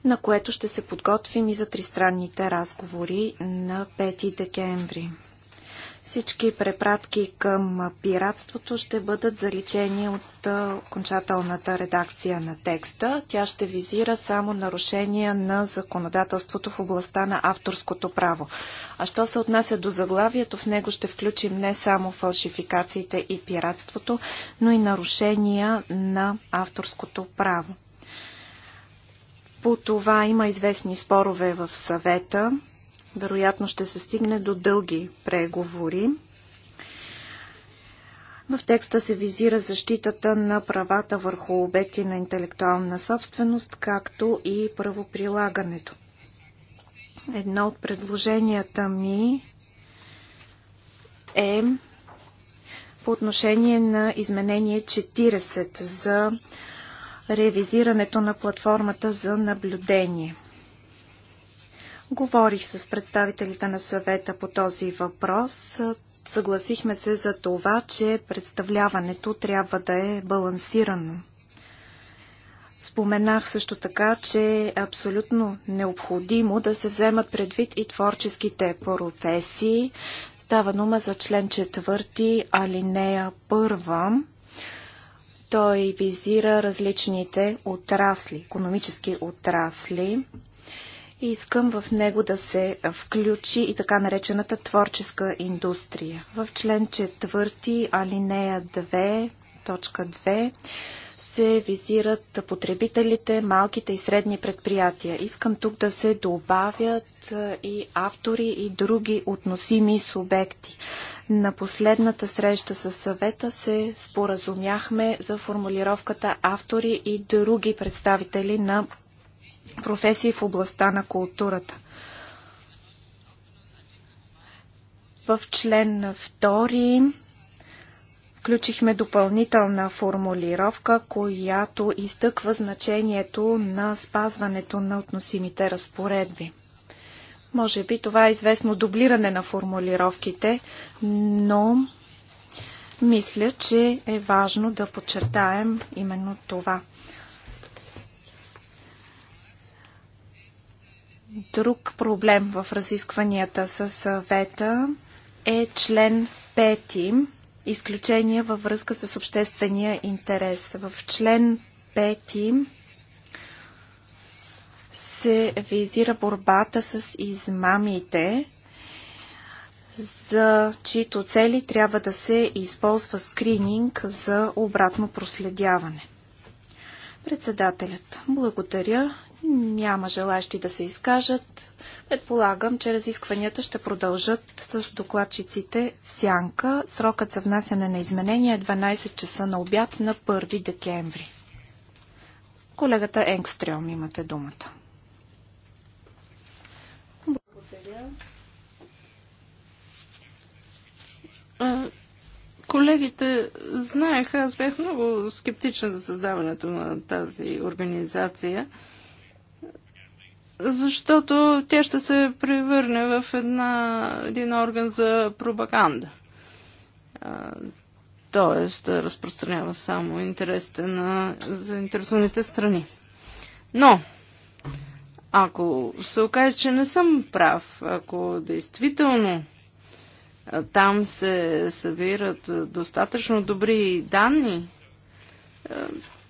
на което ще се подготвим и за тристранните разговори на 5 декември. Всички препратки към пиратството ще бъдат заличени от окончателната редакция на текста. Тя ще визира само нарушения на законодателството в областта на авторското право. А що се отнася до заглавието, в него ще включим не само фалшификациите и пиратството, но и нарушения на авторското право. По това има известни спорове в съвета вероятно ще се стигне до дълги преговори. В текста се визира защитата на правата върху обекти на интелектуална собственост, както и правоприлагането. Едно от предложенията ми е по отношение на изменение 40 за ревизирането на платформата за наблюдение. Говорих с представителите на съвета по този въпрос. Съгласихме се за това, че представляването трябва да е балансирано. Споменах също така, че е абсолютно необходимо да се вземат предвид и творческите професии. Става дума за член 4, алинея 1. Той визира различните отрасли, економически отрасли и искам в него да се включи и така наречената творческа индустрия. В член 4, алинея 2, точка 2 се визират потребителите, малките и средни предприятия. Искам тук да се добавят и автори и други относими субекти. На последната среща с съвета се споразумяхме за формулировката автори и други представители на професии в областта на културата. В член 2 включихме допълнителна формулировка, която изтъква значението на спазването на относимите разпоредби. Може би това е известно дублиране на формулировките, но мисля, че е важно да подчертаем именно това. Друг проблем в разискванията с съвета е член 5, изключение във връзка с обществения интерес. В член 5 се визира борбата с измамите, за чието цели трябва да се използва скрининг за обратно проследяване. Председателят, благодаря. Няма желащи да се изкажат. Предполагам, че разискванията ще продължат с докладчиците в сянка. Срокът за внасяне на изменения е 12 часа на обяд на 1 декември. Колегата Енгстрем, имате думата. Благодаря. Колегите знаеха, аз бях много скептичен за създаването на тази организация защото тя ще се превърне в една, един орган за пропаганда. Тоест да разпространява само интересите на заинтересованите страни. Но, ако се окаже, че не съм прав, ако действително там се събират достатъчно добри данни,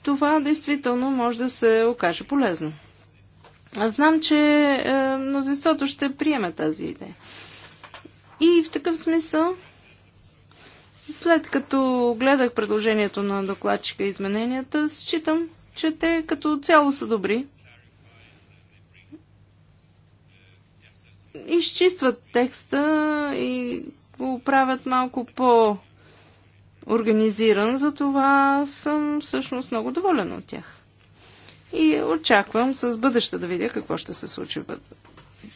това действително може да се окаже полезно. Аз знам, че е, мнозинството ще приеме тази идея. И в такъв смисъл, след като гледах предложението на докладчика и измененията, считам, че те като цяло са добри. Изчистват текста и го правят малко по-организиран, затова съм всъщност много доволен от тях и очаквам с бъдеще да видя какво ще се случи в бъдеще.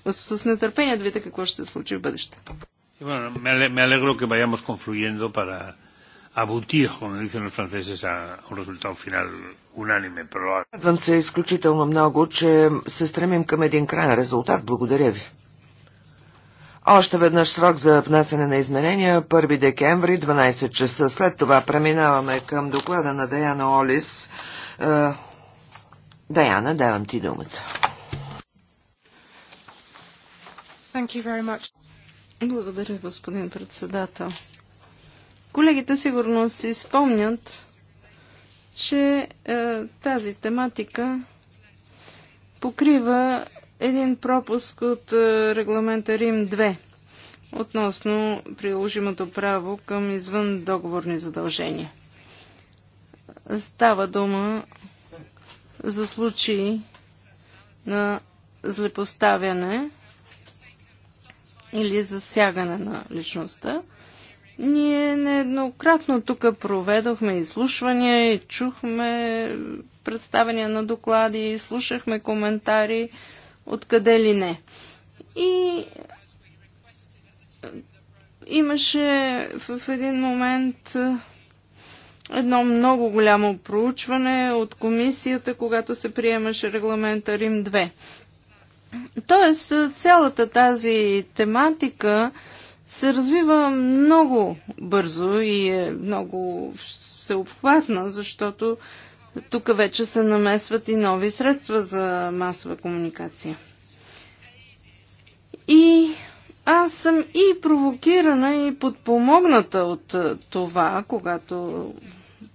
С нетърпение да видя какво ще се случи в бъдеще. Me alegro que vayamos confluyendo para абутир, como dicen los franceses, a un resultado final unánime, Радвам се изключително много, че се стремим към един крайен резултат. Благодаря ви. Още веднъж срок за внасяне на изменения 1 декември 12 часа. След това преминаваме към доклада на Даяна Олис е, Даяна, давам ти думата. Благодаря, господин председател. Колегите сигурно си спомнят, че е, тази тематика покрива един пропуск от е, регламента Рим 2 относно приложимото право към извън договорни задължения. Става дума за случаи на злепоставяне или засягане на личността. Ние нееднократно тук проведохме изслушвания и чухме представения на доклади, слушахме коментари, откъде ли не. И имаше в един момент едно много голямо проучване от комисията, когато се приемаше регламента Рим 2. Тоест, цялата тази тематика се развива много бързо и е много всеобхватна, защото тук вече се намесват и нови средства за масова комуникация. И аз съм и провокирана, и подпомогната от е, това, когато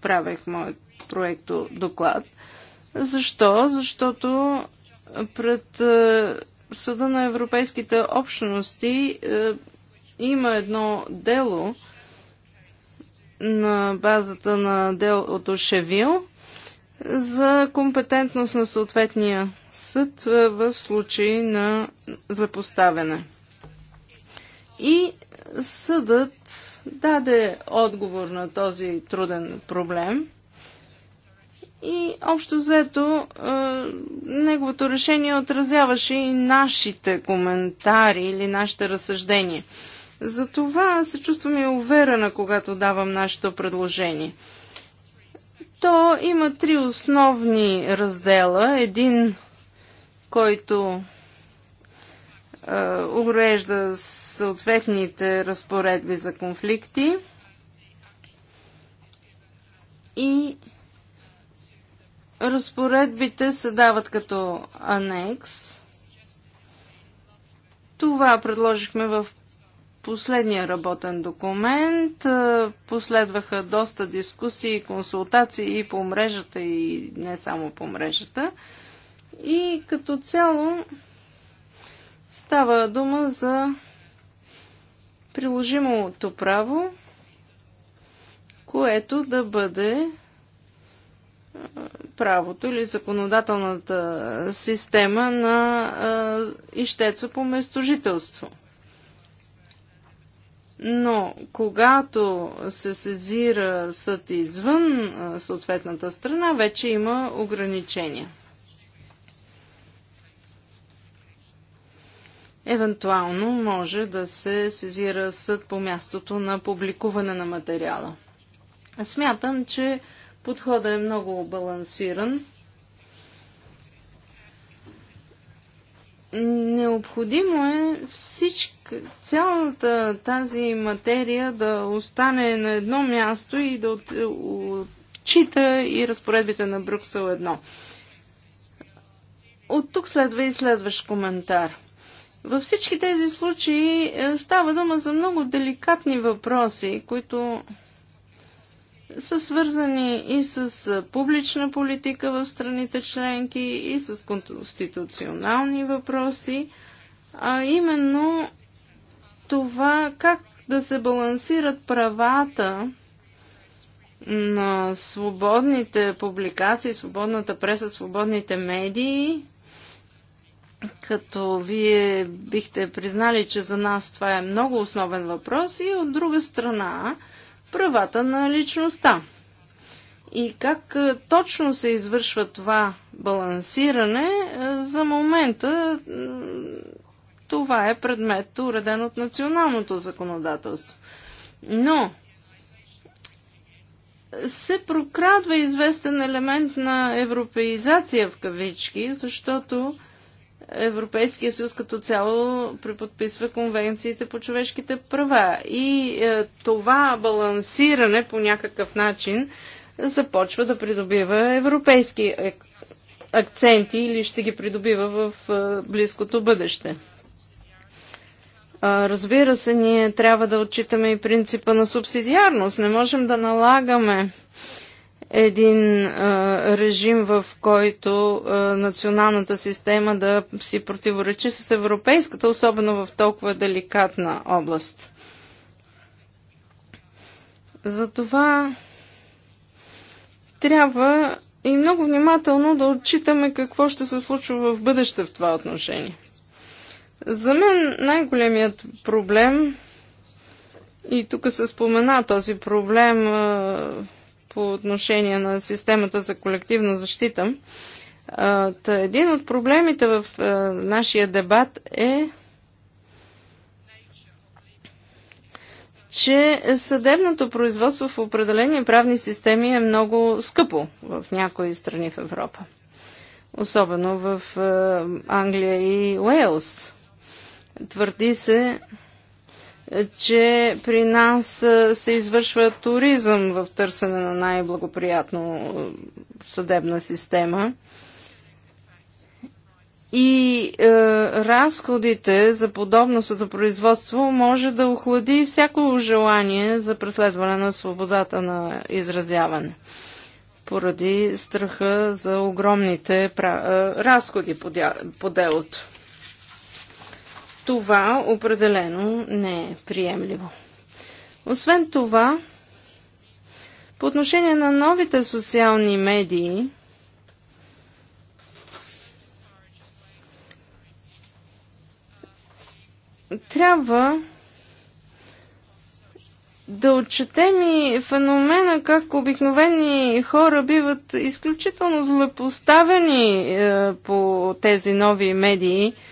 правех моят проекто доклад. Защо? Защото пред е, Съда на Европейските общности е, има едно дело на базата на делото Шевил за компетентност на съответния съд в случай на злепоставяне. И съдът даде отговор на този труден проблем. И общо взето, е, неговото решение отразяваше и нашите коментари или нашите разсъждения. Затова се чувствам и уверена, когато давам нашето предложение. То има три основни раздела. Един, който е, урежда съответните разпоредби за конфликти и разпоредбите се дават като анекс. Това предложихме в последния работен документ. Е, последваха доста дискусии, консултации и по мрежата, и не само по мрежата. И като цяло Става дума за приложимото право, което да бъде правото или законодателната система на ищеца по местожителство. Но когато се сезира съд извън съответната страна, вече има ограничения. евентуално може да се сезира съд по мястото на публикуване на материала. Смятам, че подходът е много балансиран. Необходимо е всичка, цялата тази материя да остане на едно място и да отчита и разпоредбите на Брюксел 1. От тук следва и следващ коментар – във всички тези случаи е, става дума за много деликатни въпроси, които са свързани и с е, публична политика в страните членки, и с конституционални въпроси, а именно това как да се балансират правата на свободните публикации, свободната преса, свободните медии като вие бихте признали, че за нас това е много основен въпрос и от друга страна правата на личността. И как е, точно се извършва това балансиране, е, за момента това е предмет уреден от националното законодателство. Но се прокрадва известен елемент на европеизация в кавички, защото Европейския съюз като цяло преподписва конвенциите по човешките права. И е, това балансиране по някакъв начин започва да придобива европейски акценти или ще ги придобива в е, близкото бъдеще. Разбира се, ние трябва да отчитаме и принципа на субсидиарност. Не можем да налагаме един а, режим, в който а, националната система да си противоречи с европейската, особено в толкова деликатна област. Затова трябва и много внимателно да отчитаме какво ще се случва в бъдеще в това отношение. За мен най-големият проблем, и тук се спомена този проблем, а, по отношение на системата за колективна защита. един от проблемите в нашия дебат е че съдебното производство в определени правни системи е много скъпо в някои страни в Европа. Особено в Англия и Уелс. Твърди се, че при нас се извършва туризъм в търсене на най-благоприятно съдебна система. И е, разходите за подобно съдопроизводство може да охлади всяко желание за преследване на свободата на изразяване, поради страха за огромните пра... разходи по, дя... по делото. Това определено не е приемливо. Освен това, по отношение на новите социални медии, трябва да отчетем и феномена как обикновени хора биват изключително злепоставени е, по тези нови медии –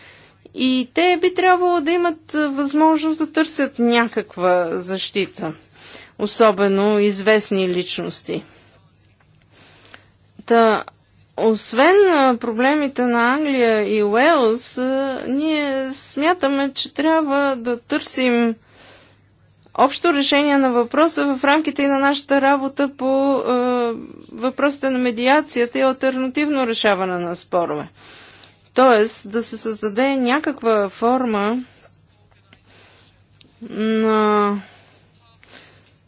и те би трябвало да имат възможност да търсят някаква защита, особено известни личности. Та, освен проблемите на Англия и Уелс, ние смятаме, че трябва да търсим общо решение на въпроса в рамките и на нашата работа по е, въпросите на медиацията и альтернативно решаване на спорове. Тоест да се създаде някаква форма на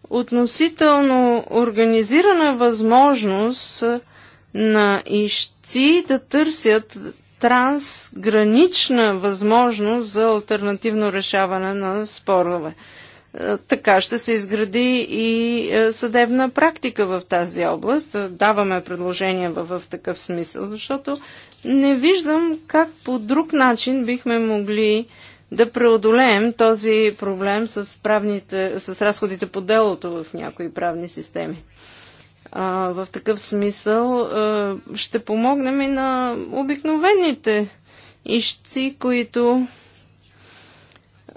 относително организирана възможност на ищци да търсят трансгранична възможност за альтернативно решаване на спорове. Е, така ще се изгради и е, съдебна практика в тази област. Даваме предложения в такъв смисъл, защото не виждам как по друг начин бихме могли да преодолеем този проблем с, правните, с разходите по делото в някои правни системи. А, в такъв смисъл а, ще помогнем и на обикновените ищци, които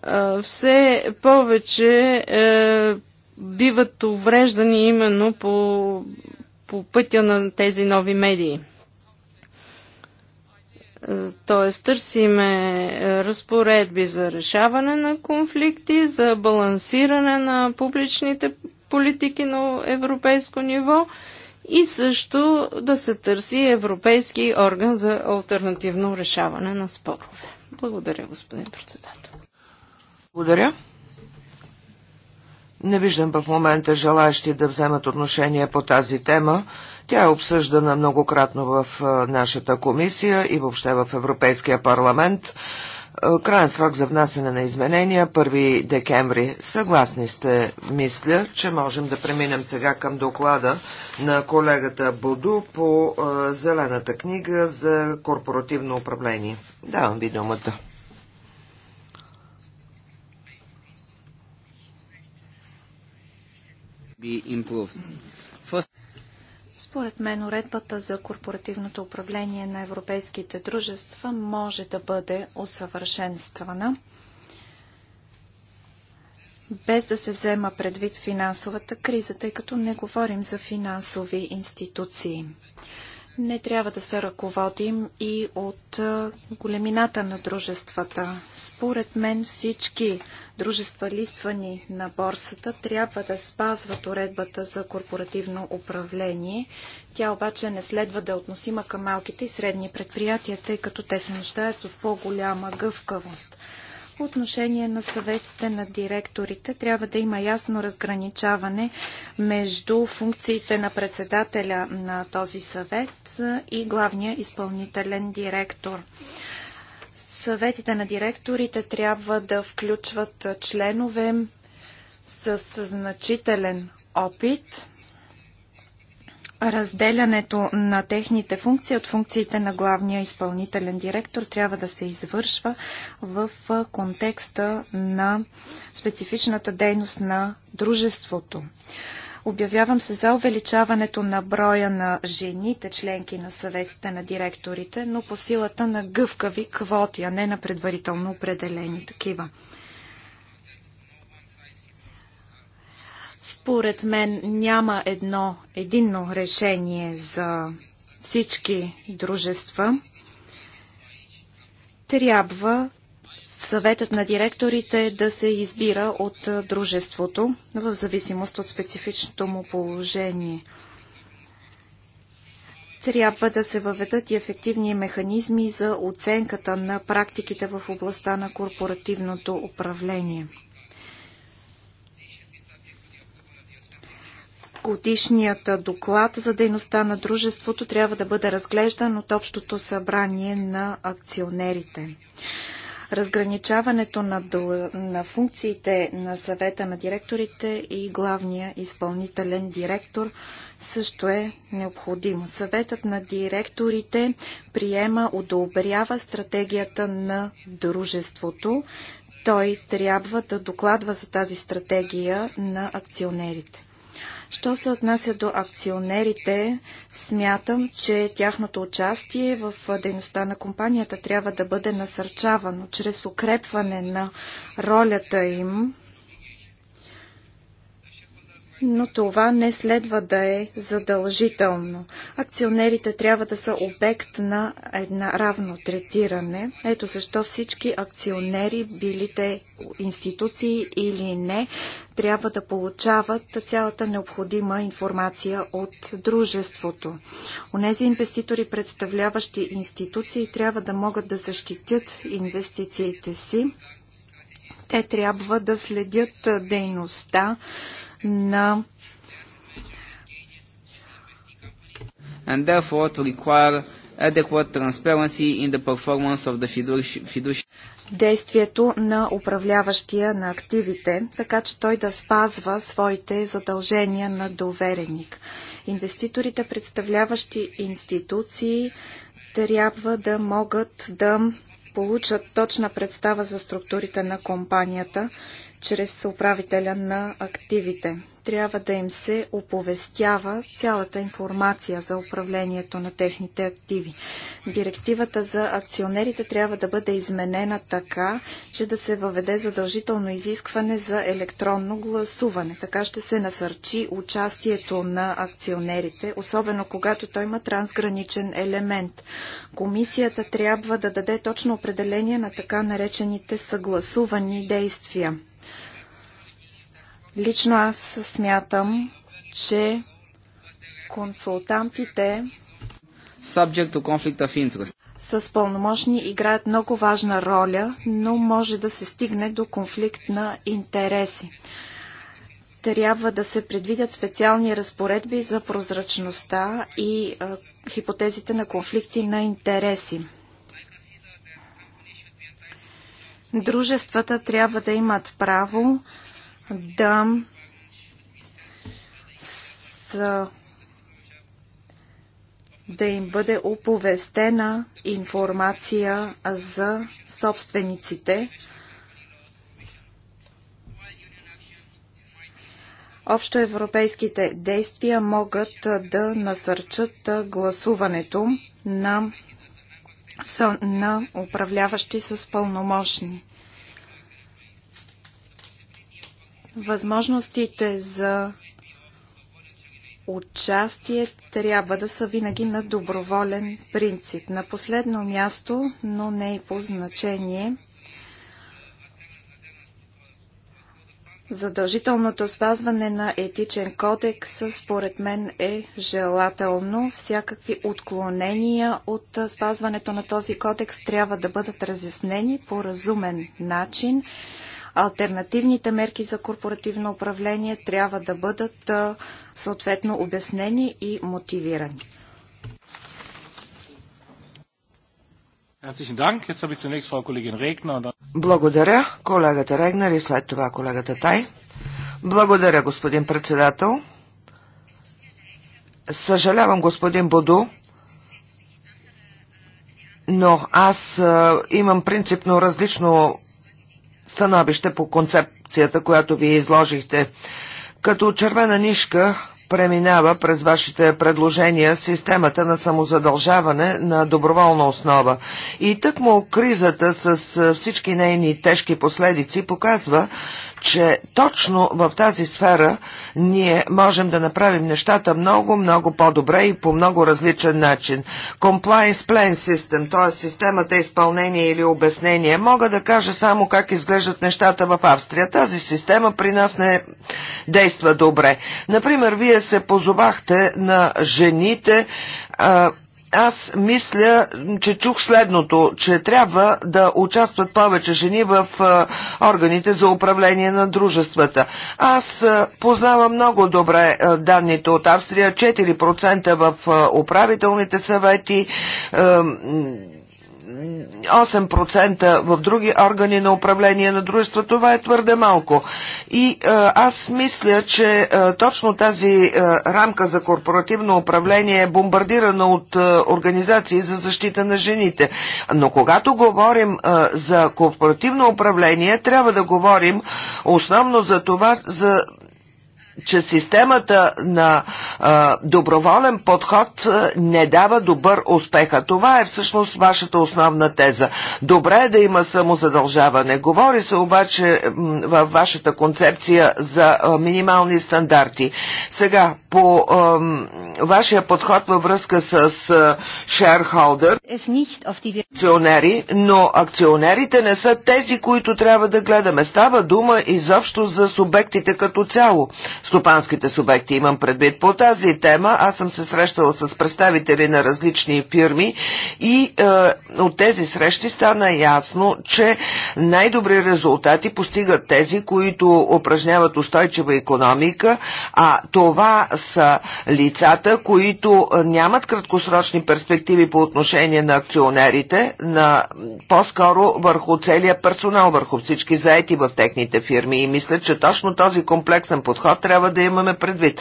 а, все повече е, биват увреждани именно по, по пътя на тези нови медии. Т.е. търсиме е, разпоредби за решаване на конфликти, за балансиране на публичните политики на европейско ниво и също да се търси европейски орган за альтернативно решаване на спорове. Благодаря, господин председател. Благодаря. Не виждам в момента желаящи да вземат отношение по тази тема. Тя е обсъждана многократно в нашата комисия и въобще в Европейския парламент. Крайен срок за внасяне на изменения 1 декември. Съгласни сте, мисля, че можем да преминем сега към доклада на колегата Буду по Зелената книга за корпоративно управление. Давам ви думата. be improved. Според мен уредбата за корпоративното управление на европейските дружества може да бъде усъвършенствана, без да се взема предвид финансовата криза, тъй като не говорим за финансови институции не трябва да се ръководим и от големината на дружествата. Според мен всички дружества листвани на борсата трябва да спазват уредбата за корпоративно управление. Тя обаче не следва да е относима към малките и средни предприятия, тъй като те се нуждаят от по-голяма гъвкавост. По отношение на съветите на директорите трябва да има ясно разграничаване между функциите на председателя на този съвет и главния изпълнителен директор. Съветите на директорите трябва да включват членове с значителен опит разделянето на техните функции от функциите на главния изпълнителен директор трябва да се извършва в контекста на специфичната дейност на дружеството. Обявявам се за увеличаването на броя на жените, членки на съветите на директорите, но по силата на гъвкави квоти, а не на предварително определени такива. Според мен няма едно единно решение за всички дружества. Трябва съветът на директорите да се избира от дружеството в зависимост от специфичното му положение. Трябва да се въведат и ефективни механизми за оценката на практиките в областта на корпоративното управление. годишният доклад за дейността на дружеството трябва да бъде разглеждан от Общото събрание на акционерите. Разграничаването на, дъл... на функциите на съвета на директорите и главния изпълнителен директор също е необходимо. Съветът на директорите приема, одобрява стратегията на дружеството. Той трябва да докладва за тази стратегия на акционерите. Що се отнася до акционерите, смятам, че тяхното участие в дейността на компанията трябва да бъде насърчавано чрез укрепване на ролята им но това не следва да е задължително. Акционерите трябва да са обект на една равно третиране. Ето защо всички акционери, били те институции или не, трябва да получават цялата необходима информация от дружеството. Онези инвеститори, представляващи институции, трябва да могат да защитят инвестициите си. Те трябва да следят дейността на and therefore to require adequate transparency in the performance of the fiduciary. Действието на управляващия на активите, така че той да спазва своите задължения на довереник. Инвеститорите, представляващи институции, трябва да могат да получат точна представа за структурите на компанията чрез управителя на активите. Трябва да им се оповестява цялата информация за управлението на техните активи. Директивата за акционерите трябва да бъде изменена така, че да се въведе задължително изискване за електронно гласуване. Така ще се насърчи участието на акционерите, особено когато той има трансграничен елемент. Комисията трябва да даде точно определение на така наречените съгласувани действия Лично аз смятам, че консултантите subject to conflict of interest. С пълномощни играят много важна роля, но може да се стигне до конфликт на интереси. Трябва да се предвидят специални разпоредби за прозрачността и а, хипотезите на конфликти на интереси. Дружествата трябва да имат право да са да им бъде оповестена информация за собствениците. Общоевропейските действия могат да насърчат гласуването на, на управляващи с пълномощни. Възможностите за участие трябва да са винаги на доброволен принцип. На последно място, но не и по значение, Задължителното спазване на етичен кодекс, според мен, е желателно. Всякакви отклонения от спазването на този кодекс трябва да бъдат разяснени по разумен начин. Альтернативните мерки за корпоративно управление трябва да бъдат съответно обяснени и мотивирани. Благодаря, колегата Регнер и след това колегата Тай. Благодаря, господин председател. Съжалявам, господин Буду, но аз имам принципно различно становище по концепцията, която вие изложихте. Като червена нишка преминава през вашите предложения системата на самозадължаване на доброволна основа. И тъкмо кризата с всички нейни тежки последици показва, че точно в тази сфера ние можем да направим нещата много, много по-добре и по много различен начин. Compliance Plan System, т.е. системата изпълнение или обяснение, мога да кажа само как изглеждат нещата в Австрия. Тази система при нас не действа добре. Например, вие се позовахте на жените, аз мисля, че чух следното, че трябва да участват повече жени в органите за управление на дружествата. Аз познавам много добре данните от Австрия, 4% в управителните съвети, 8% в други органи на управление на дружество, това е твърде малко. И е, аз мисля, че е, точно тази е, рамка за корпоративно управление е бомбардирана от организации за защита на жените. Но когато говорим за корпоративно управление, трябва да говорим основно за това, за че системата на а, доброволен подход не дава добър успех. А това е всъщност вашата основна теза. Добре е да има самозадължаване. Говори се обаче във вашата концепция за а, минимални стандарти. Сега, по ähm, вашия подход във връзка с шерхолдер акционери, но акционерите не са тези, които трябва да гледаме. Става дума изобщо за субектите като цяло. Стопанските субекти имам предвид. По тази тема аз съм се срещала с представители на различни фирми и э, от тези срещи стана ясно, че най-добри резултати постигат тези, които упражняват устойчива економика, а това с лицата, които нямат краткосрочни перспективи по отношение на акционерите, на по-скоро върху целия персонал, върху всички заети в техните фирми. И мисля, че точно този комплексен подход трябва да имаме предвид.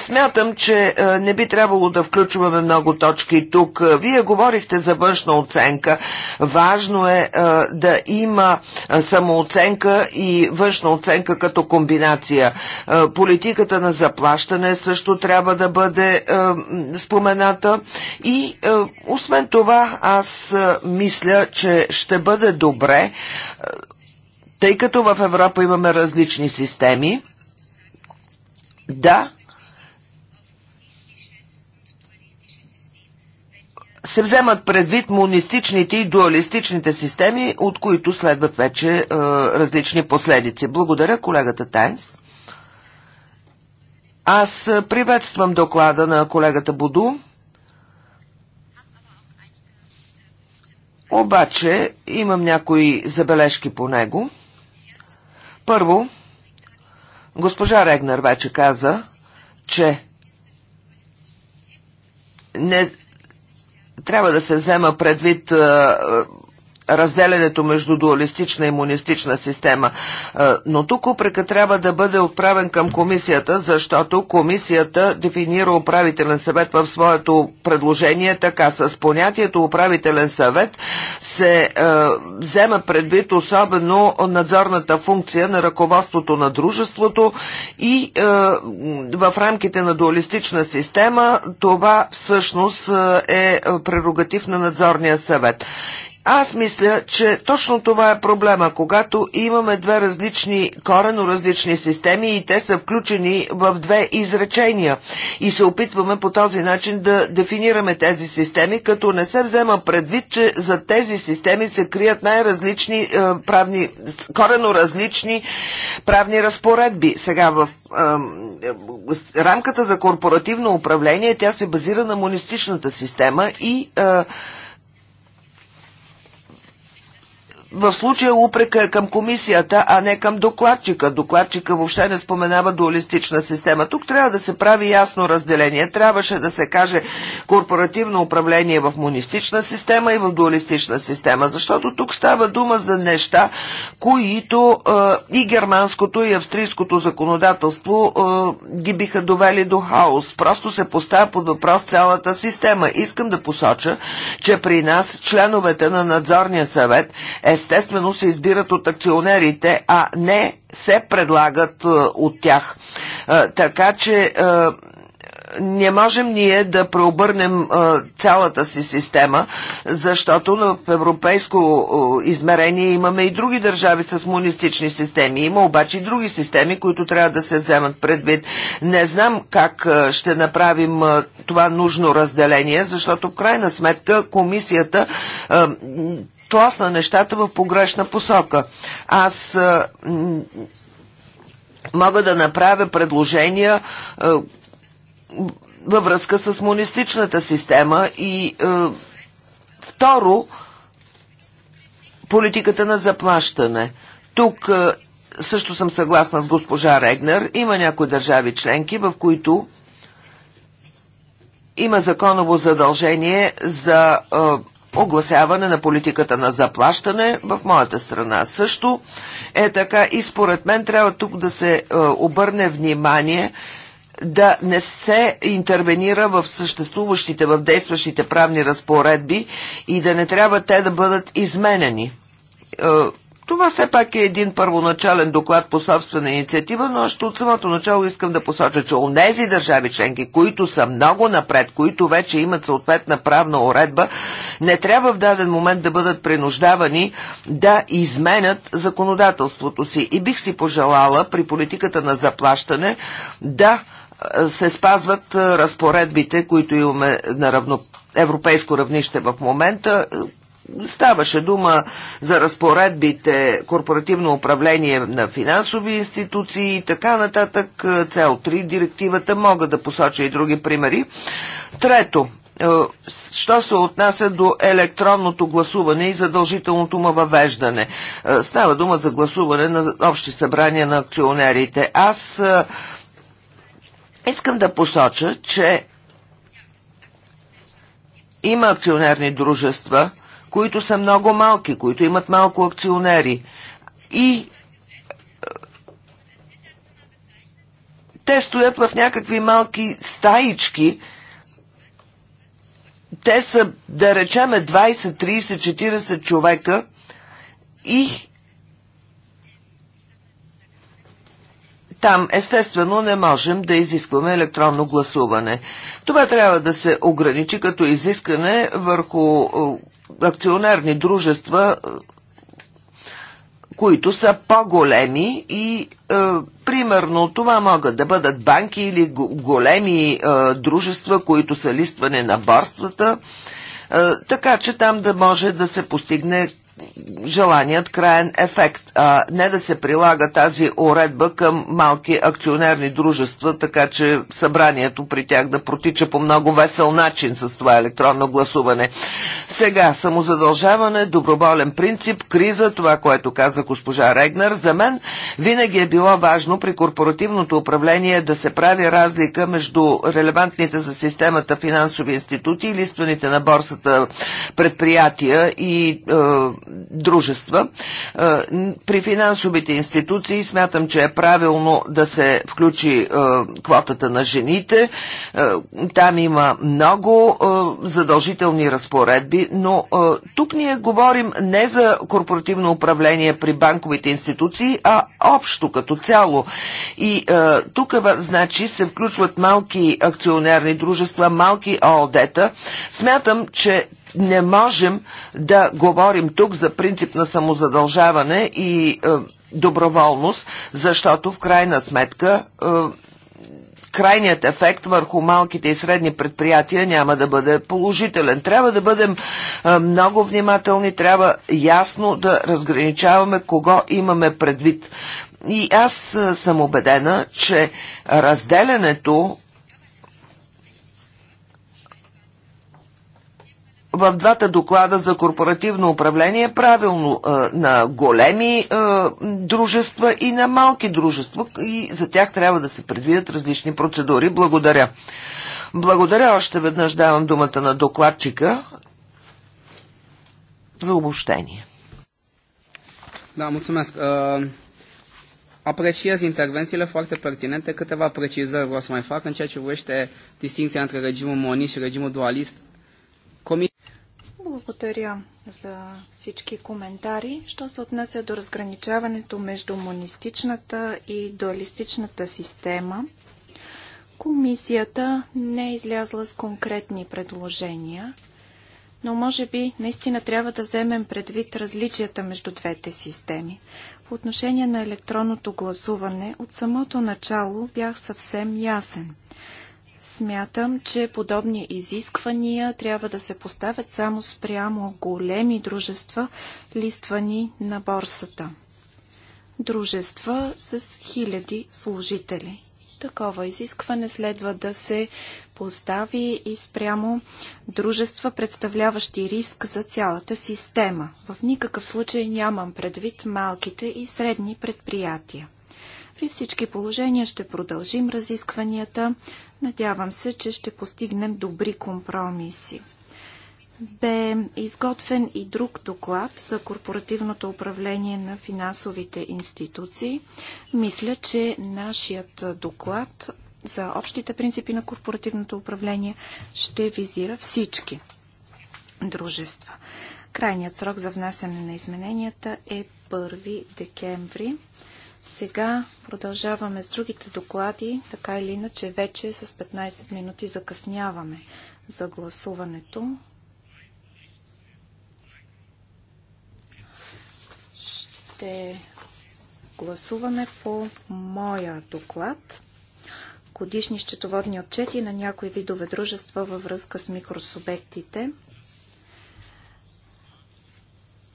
Смятам, че не би трябвало да включваме много точки тук. Вие говорихте за външна оценка. Важно е да има самооценка и външна оценка като комбинация. Политиката на заплащане изследване също трябва да бъде е, спомената. И е, освен това, аз е, мисля, че ще бъде добре, е, тъй като в Европа имаме различни системи, да се вземат предвид монистичните и дуалистичните системи, от които следват вече е, различни последици. Благодаря, колегата Тайнс. Аз приветствам доклада на колегата Буду, обаче имам някои забележки по него. Първо, госпожа Регнер вече каза, че не трябва да се взема предвид разделянето между дуалистична и монистична система. Е, но тук упрека трябва да бъде отправен към комисията, защото комисията дефинира управителен съвет в своето предложение така. С понятието управителен съвет се е, взема предвид особено надзорната функция на ръководството на дружеството и е, в рамките на дуалистична система това всъщност е прерогатив на надзорния съвет. Аз мисля, че точно това е проблема, когато имаме две различни, корено различни системи и те са включени в две изречения и се опитваме по този начин да дефинираме тези системи, като не се взема предвид, че за тези системи се крият най-различни е, правни, корено различни правни разпоредби. Сега в е, рамката за корпоративно управление тя се базира на монистичната система и е, в случая упрека е към комисията, а не към докладчика. Докладчика въобще не споменава дуалистична система. Тук трябва да се прави ясно разделение. Трябваше да се каже корпоративно управление в монистична система и в дуалистична система, защото тук става дума за неща, които е, и германското, и австрийското законодателство е, ги биха довели до хаос. Просто се поставя под въпрос цялата система. Искам да посоча, че при нас членовете на надзорния съвет е естествено се избират от акционерите, а не се предлагат е, от тях. Е, така че е, не можем ние да преобърнем а, цялата си система, защото в европейско а, измерение имаме и други държави с монистични системи. Има обаче и други системи, които трябва да се вземат предвид. Не знам как а, ще направим а, това нужно разделение, защото в крайна сметка комисията а, тласна нещата в погрешна посока. Аз мога да направя предложения във връзка с монистичната система и второ политиката на заплащане. Тук също съм съгласна с госпожа Регнер. Има някои държави членки, в които има законово задължение за огласяване на политиката на заплащане в моята страна. Също е така и според мен трябва тук да се е, обърне внимание да не се интервенира в съществуващите, в действащите правни разпоредби и да не трябва те да бъдат изменени е, това все пак е един първоначален доклад по собствена инициатива, но още от самото начало искам да посоча, че у нези държави членки, които са много напред, които вече имат съответна правна уредба, не трябва в даден момент да бъдат принуждавани да изменят законодателството си. И бих си пожелала при политиката на заплащане да се спазват разпоредбите, които имаме на равно, европейско равнище в момента, Ставаше дума за разпоредбите корпоративно управление на финансови институции и така нататък. Цел 3 директивата мога да посоча и други примери. Трето, е, що се отнася до електронното гласуване и задължителното му въвеждане. Е, става дума за гласуване на общи събрания на акционерите. Аз е, искам да посоча, че има акционерни дружества – които са много малки, които имат малко акционери. И е, те стоят в някакви малки стаички. Те са, да речеме, 20, 30, 40 човека и Там, естествено, не можем да изискваме електронно гласуване. Това трябва да се ограничи като изискане върху е, акционерни дружества, е, които са по-големи и е, примерно това могат да бъдат банки или големи е, дружества, които са листване на борствата, е, така че там да може да се постигне желаният краен ефект, а не да се прилага тази уредба към малки акционерни дружества, така че събранието при тях да протича по много весел начин с това електронно гласуване. Сега, самозадължаване, доброволен принцип, криза, това, което каза госпожа Регнер, за мен винаги е било важно при корпоративното управление да се прави разлика между релевантните за системата финансови институти и листваните на борсата предприятия и е, дружества. Е, при финансовите институции смятам, че е правилно да се включи е, квотата на жените. Е, там има много задължителни разпоредби, но тук ние говорим не за корпоративно управление при банковите институции, а общо като цяло. И тук значи се включват малки акционерни дружества, малки ООД-та. Смятам, че не можем да говорим тук за принцип на самозадължаване и е, доброволност, защото в крайна сметка е, крайният ефект върху малките и средни предприятия няма да бъде положителен. Трябва да бъдем е, много внимателни, трябва ясно да разграничаваме кого имаме предвид. И аз е, съм убедена, че разделянето в двата доклада за корпоративно управление правилно е, на големи е, дружества и на малки дружества и за тях трябва да се предвидят различни процедури. Благодаря. Благодаря още веднъж давам думата на докладчика за обобщение. Да, mulțumesc. Uh, е, apreciez intervențiile foarte pertinente. Câteva precizări vreau să mai fac în ceea ce privește distinția între regimul monist și regimul dualist. Comis благодаря за всички коментари. Що се отнася до разграничаването между монистичната и дуалистичната система, комисията не е излязла с конкретни предложения, но може би наистина трябва да вземем предвид различията между двете системи. По отношение на електронното гласуване, от самото начало бях съвсем ясен – Смятам, че подобни изисквания трябва да се поставят само спрямо големи дружества, листвани на борсата. Дружества с хиляди служители. Такова изискване следва да се постави и спрямо дружества, представляващи риск за цялата система. В никакъв случай нямам предвид малките и средни предприятия. При всички положения ще продължим разискванията. Надявам се, че ще постигнем добри компромиси. Бе изготвен и друг доклад за корпоративното управление на финансовите институции. Мисля, че нашият доклад за общите принципи на корпоративното управление ще визира всички дружества. Крайният срок за внасяне на измененията е 1 декември. Сега продължаваме с другите доклади, така или иначе вече с 15 минути закъсняваме за гласуването. Ще гласуваме по моя доклад годишни счетоводни отчети на някои видове дружества във връзка с микросубектите –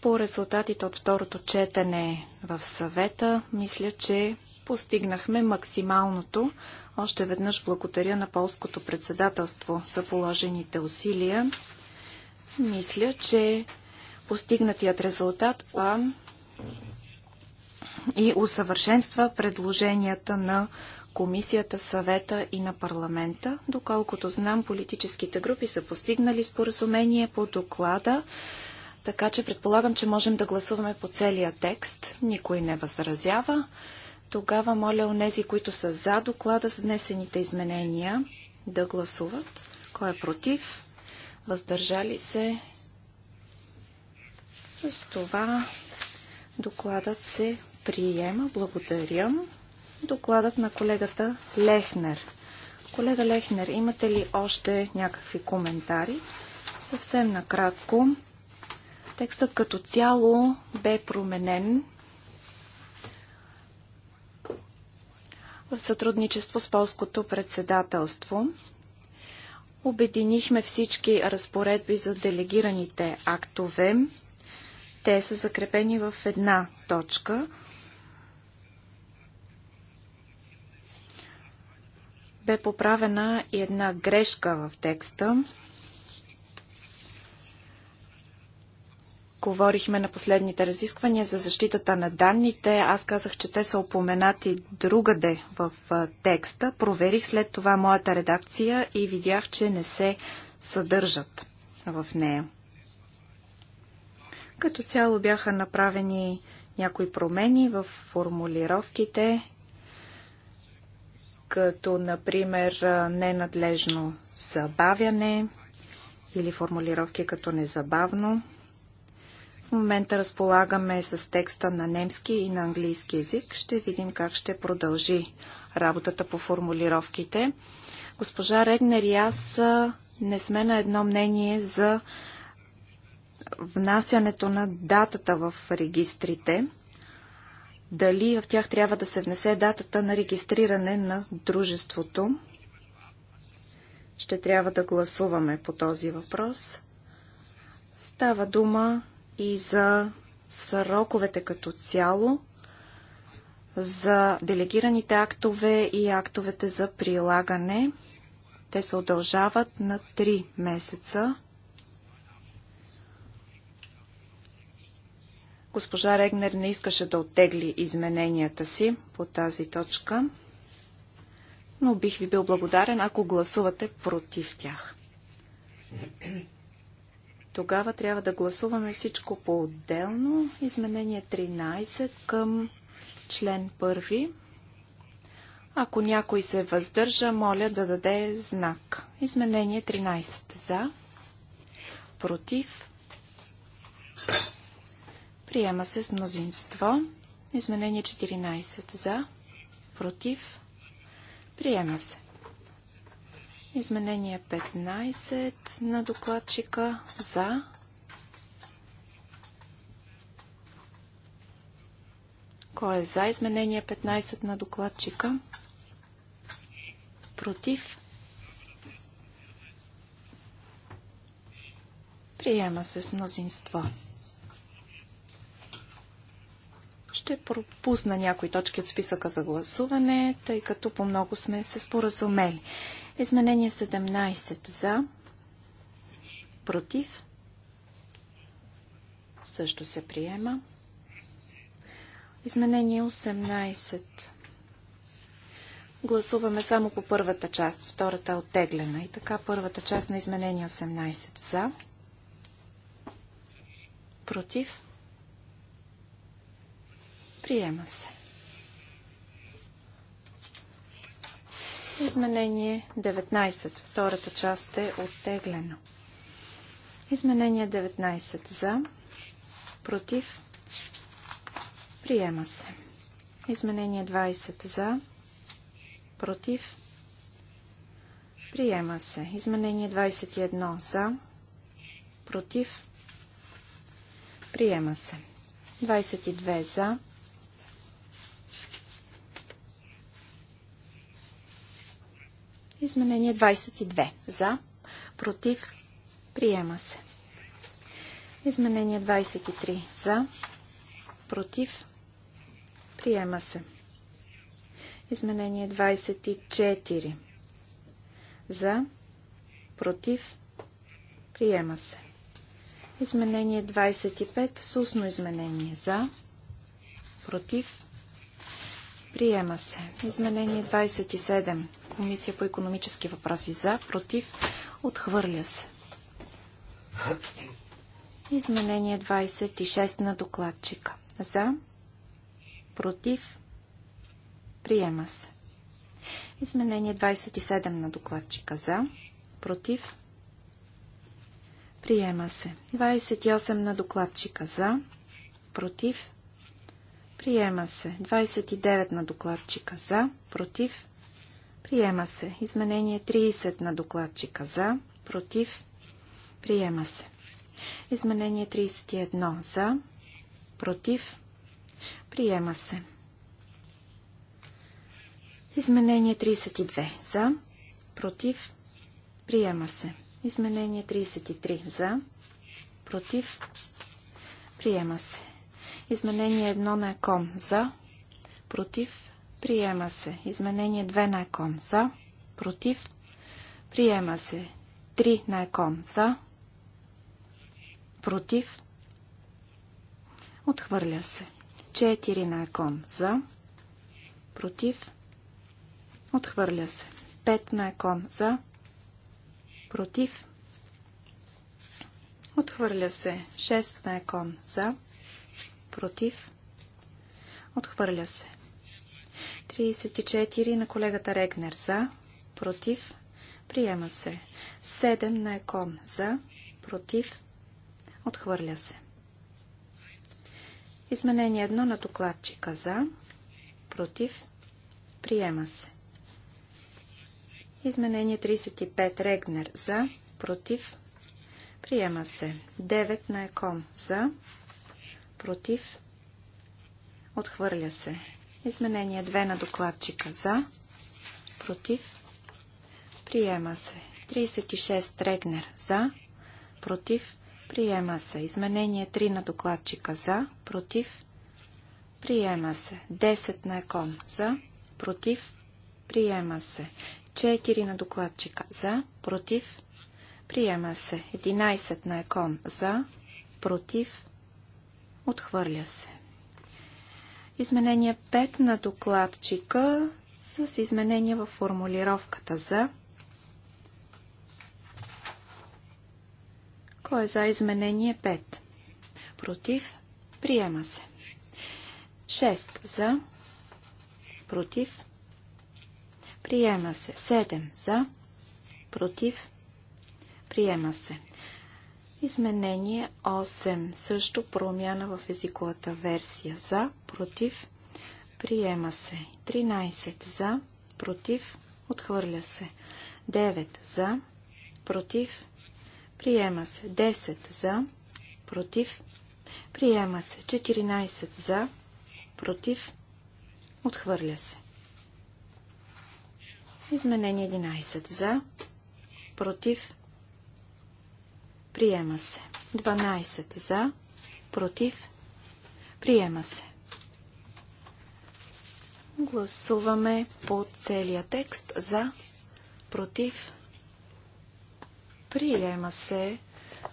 по резултатите от второто четене в съвета, мисля, че постигнахме максималното. Още веднъж благодаря на полското председателство за положените усилия. Мисля, че постигнатият резултат а, и усъвършенства предложенията на комисията, съвета и на парламента. Доколкото знам, политическите групи са постигнали споразумение по доклада така че предполагам, че можем да гласуваме по целия текст. Никой не възразява. Тогава моля онези, които са за доклада с внесените изменения, да гласуват. Кой е против? Въздържали се? С това докладът се приема. Благодаря. Докладът на колегата Лехнер. Колега Лехнер, имате ли още някакви коментари? Съвсем накратко. Текстът като цяло бе променен в сътрудничество с полското председателство. Обединихме всички разпоредби за делегираните актове. Те са закрепени в една точка. Бе поправена и една грешка в текста. говорихме на последните разисквания за защитата на данните. Аз казах, че те са упоменати другаде в текста. Проверих след това моята редакция и видях, че не се съдържат в нея. Като цяло бяха направени някои промени в формулировките, като например ненадлежно забавяне или формулировки като незабавно. В момента разполагаме с текста на немски и на английски язик. Ще видим как ще продължи работата по формулировките. Госпожа Регнер и аз не сме на едно мнение за внасянето на датата в регистрите. Дали в тях трябва да се внесе датата на регистриране на дружеството? Ще трябва да гласуваме по този въпрос. Става дума и за сроковете като цяло, за делегираните актове и актовете за прилагане. Те се удължават на 3 месеца. Госпожа Регнер не искаше да оттегли измененията си по тази точка, но бих ви бил благодарен, ако гласувате против тях. Тогава трябва да гласуваме всичко по-отделно. Изменение 13 към член 1. Ако някой се въздържа, моля да даде знак. Изменение 13 за, против, приема се с мнозинство. Изменение 14 за, против, приема се. Изменение 15 на докладчика за. Кой е за изменение 15 на докладчика? Против. Приема се с мнозинство. Ще пропусна някои точки от списъка за гласуване, тъй като по много сме се споразумели. Изменение 17 за, против, също се приема. Изменение 18. Гласуваме само по първата част, втората е оттеглена. И така първата част на изменение 18 за, против, приема се. Изменение 19. Втората част е оттеглена. Изменение 19. За. Против. Приема се. Изменение 20. За. Против. Приема се. Изменение 21. За. Против. Приема се. 22. За. Изменение 22. За. Против. Приема се. Изменение 23. За. Против. Приема се. Изменение 24. За. Против. Приема се. Изменение 25. Сусно изменение. За. Против. Приема се. Изменение 27 комисия по економически въпроси за, против, отхвърля се. Изменение 26 на докладчика. За, против, приема се. Изменение 27 на докладчика. За, против, приема се. 28 на докладчика. За, против, приема се. 29 на докладчика. За, против, Приема се. Изменение 30 на докладчика за. Против. Приема се. Изменение 31 за. Против. Приема се. Изменение 32 за. Против. Приема се. Изменение 33 за. Против. Приема се. Изменение 1 на ЕКОН за. Против. Приема се. Изменение 2 на Екон за. Против. Приема се. 3 на Екон за. Против. Отхвърля се. 4 на Екон за. Против. Отхвърля се. 5 на Екон за. Против. Отхвърля се. 6 на Екон за. Против. Отхвърля се. 34 на колегата Регнер за, против, приема се. 7 на Екон за, против, отхвърля се. Изменение 1 на докладчика за, против, приема се. Изменение 35 Регнер за, против, приема се. 9 на Екон за, против, отхвърля се. Изменение 2 на докладчика за. Против. Приема се. 36 Трегнер за. Против. Приема се. Изменение 3 на докладчика за. Против. Приема се. 10 на Екон за. Против. Приема се. 4 на докладчика за. Против. Приема се. 11 на Екон за. Против. Отхвърля се. Изменение 5 на докладчика с изменение в формулировката за. Кой е за изменение 5? Против. Приема се. 6 за. Против. Приема се. 7 за. Против. Приема се. Изменение 8. Също промяна в езиковата версия. За, против, приема се. 13. За, против, отхвърля се. 9. За, против, приема се. 10. За, против, приема се. 14. За, против, отхвърля се. Изменение 11. За, против, Приема се. 12 за. Против. Приема се. Гласуваме по целия текст за. Против. Приема се.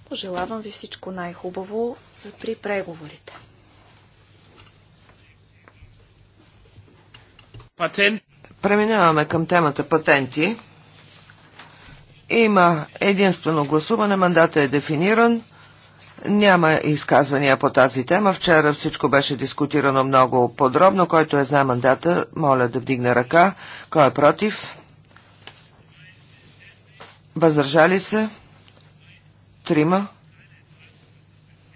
Пожелавам ви всичко най-хубаво за при преговорите. Патент. Преминаваме към темата патенти. Има единствено гласуване, мандата е дефиниран. Няма изказвания по тази тема. Вчера всичко беше дискутирано много подробно. Който е за мандата, моля да вдигне ръка. Кой е против? Въздържали се? Трима?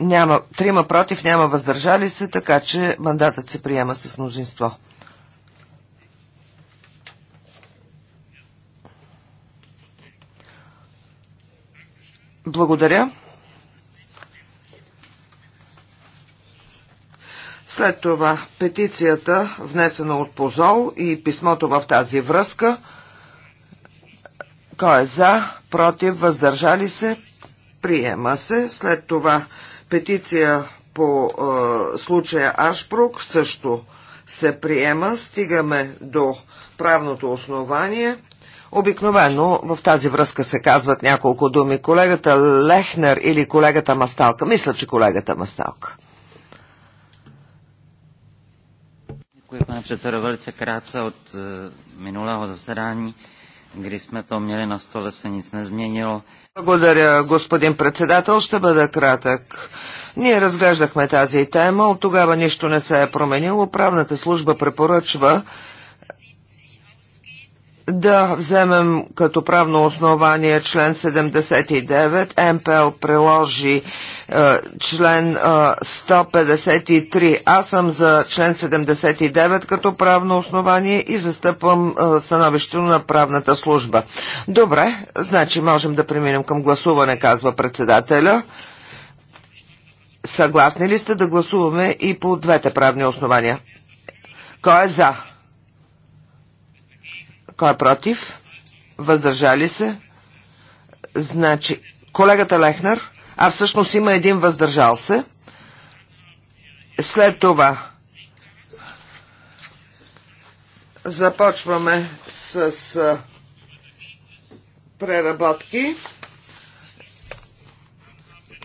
Няма, трима против, няма въздържали се, така че мандатът се приема с мнозинство. Благодаря. След това петицията, внесена от Позол и писмото в тази връзка. Кой е за, против, въздържали се, приема се. След това петиция по е, случая Ашбрук също се приема. Стигаме до правното основание – Обикновено в тази връзка се казват няколко думи. Колегата Лехнер или колегата Масталка. Мисля, че колегата Масталка. Děkuji, pane předsedo, velice krátce od eh, minulého zasedání, kdy jsme to měli na stole, se nic nezměnilo. Благодаря, господин председател. Ще бъда кратък. Ние разглеждахме тази тема. От тогава нищо не се е променило. Правната служба препоръчва да вземем като правно основание член 79, МПЛ приложи е, член е, 153. Аз съм за член 79 като правно основание и застъпвам е, становището на правната служба. Добре, значи можем да преминем към гласуване, казва председателя. Съгласни ли сте да гласуваме и по двете правни основания? Кой е за? Кой е против? Въздържали се? Значи, колегата Лехнер, а всъщност има един въздържал се. След това започваме с преработки.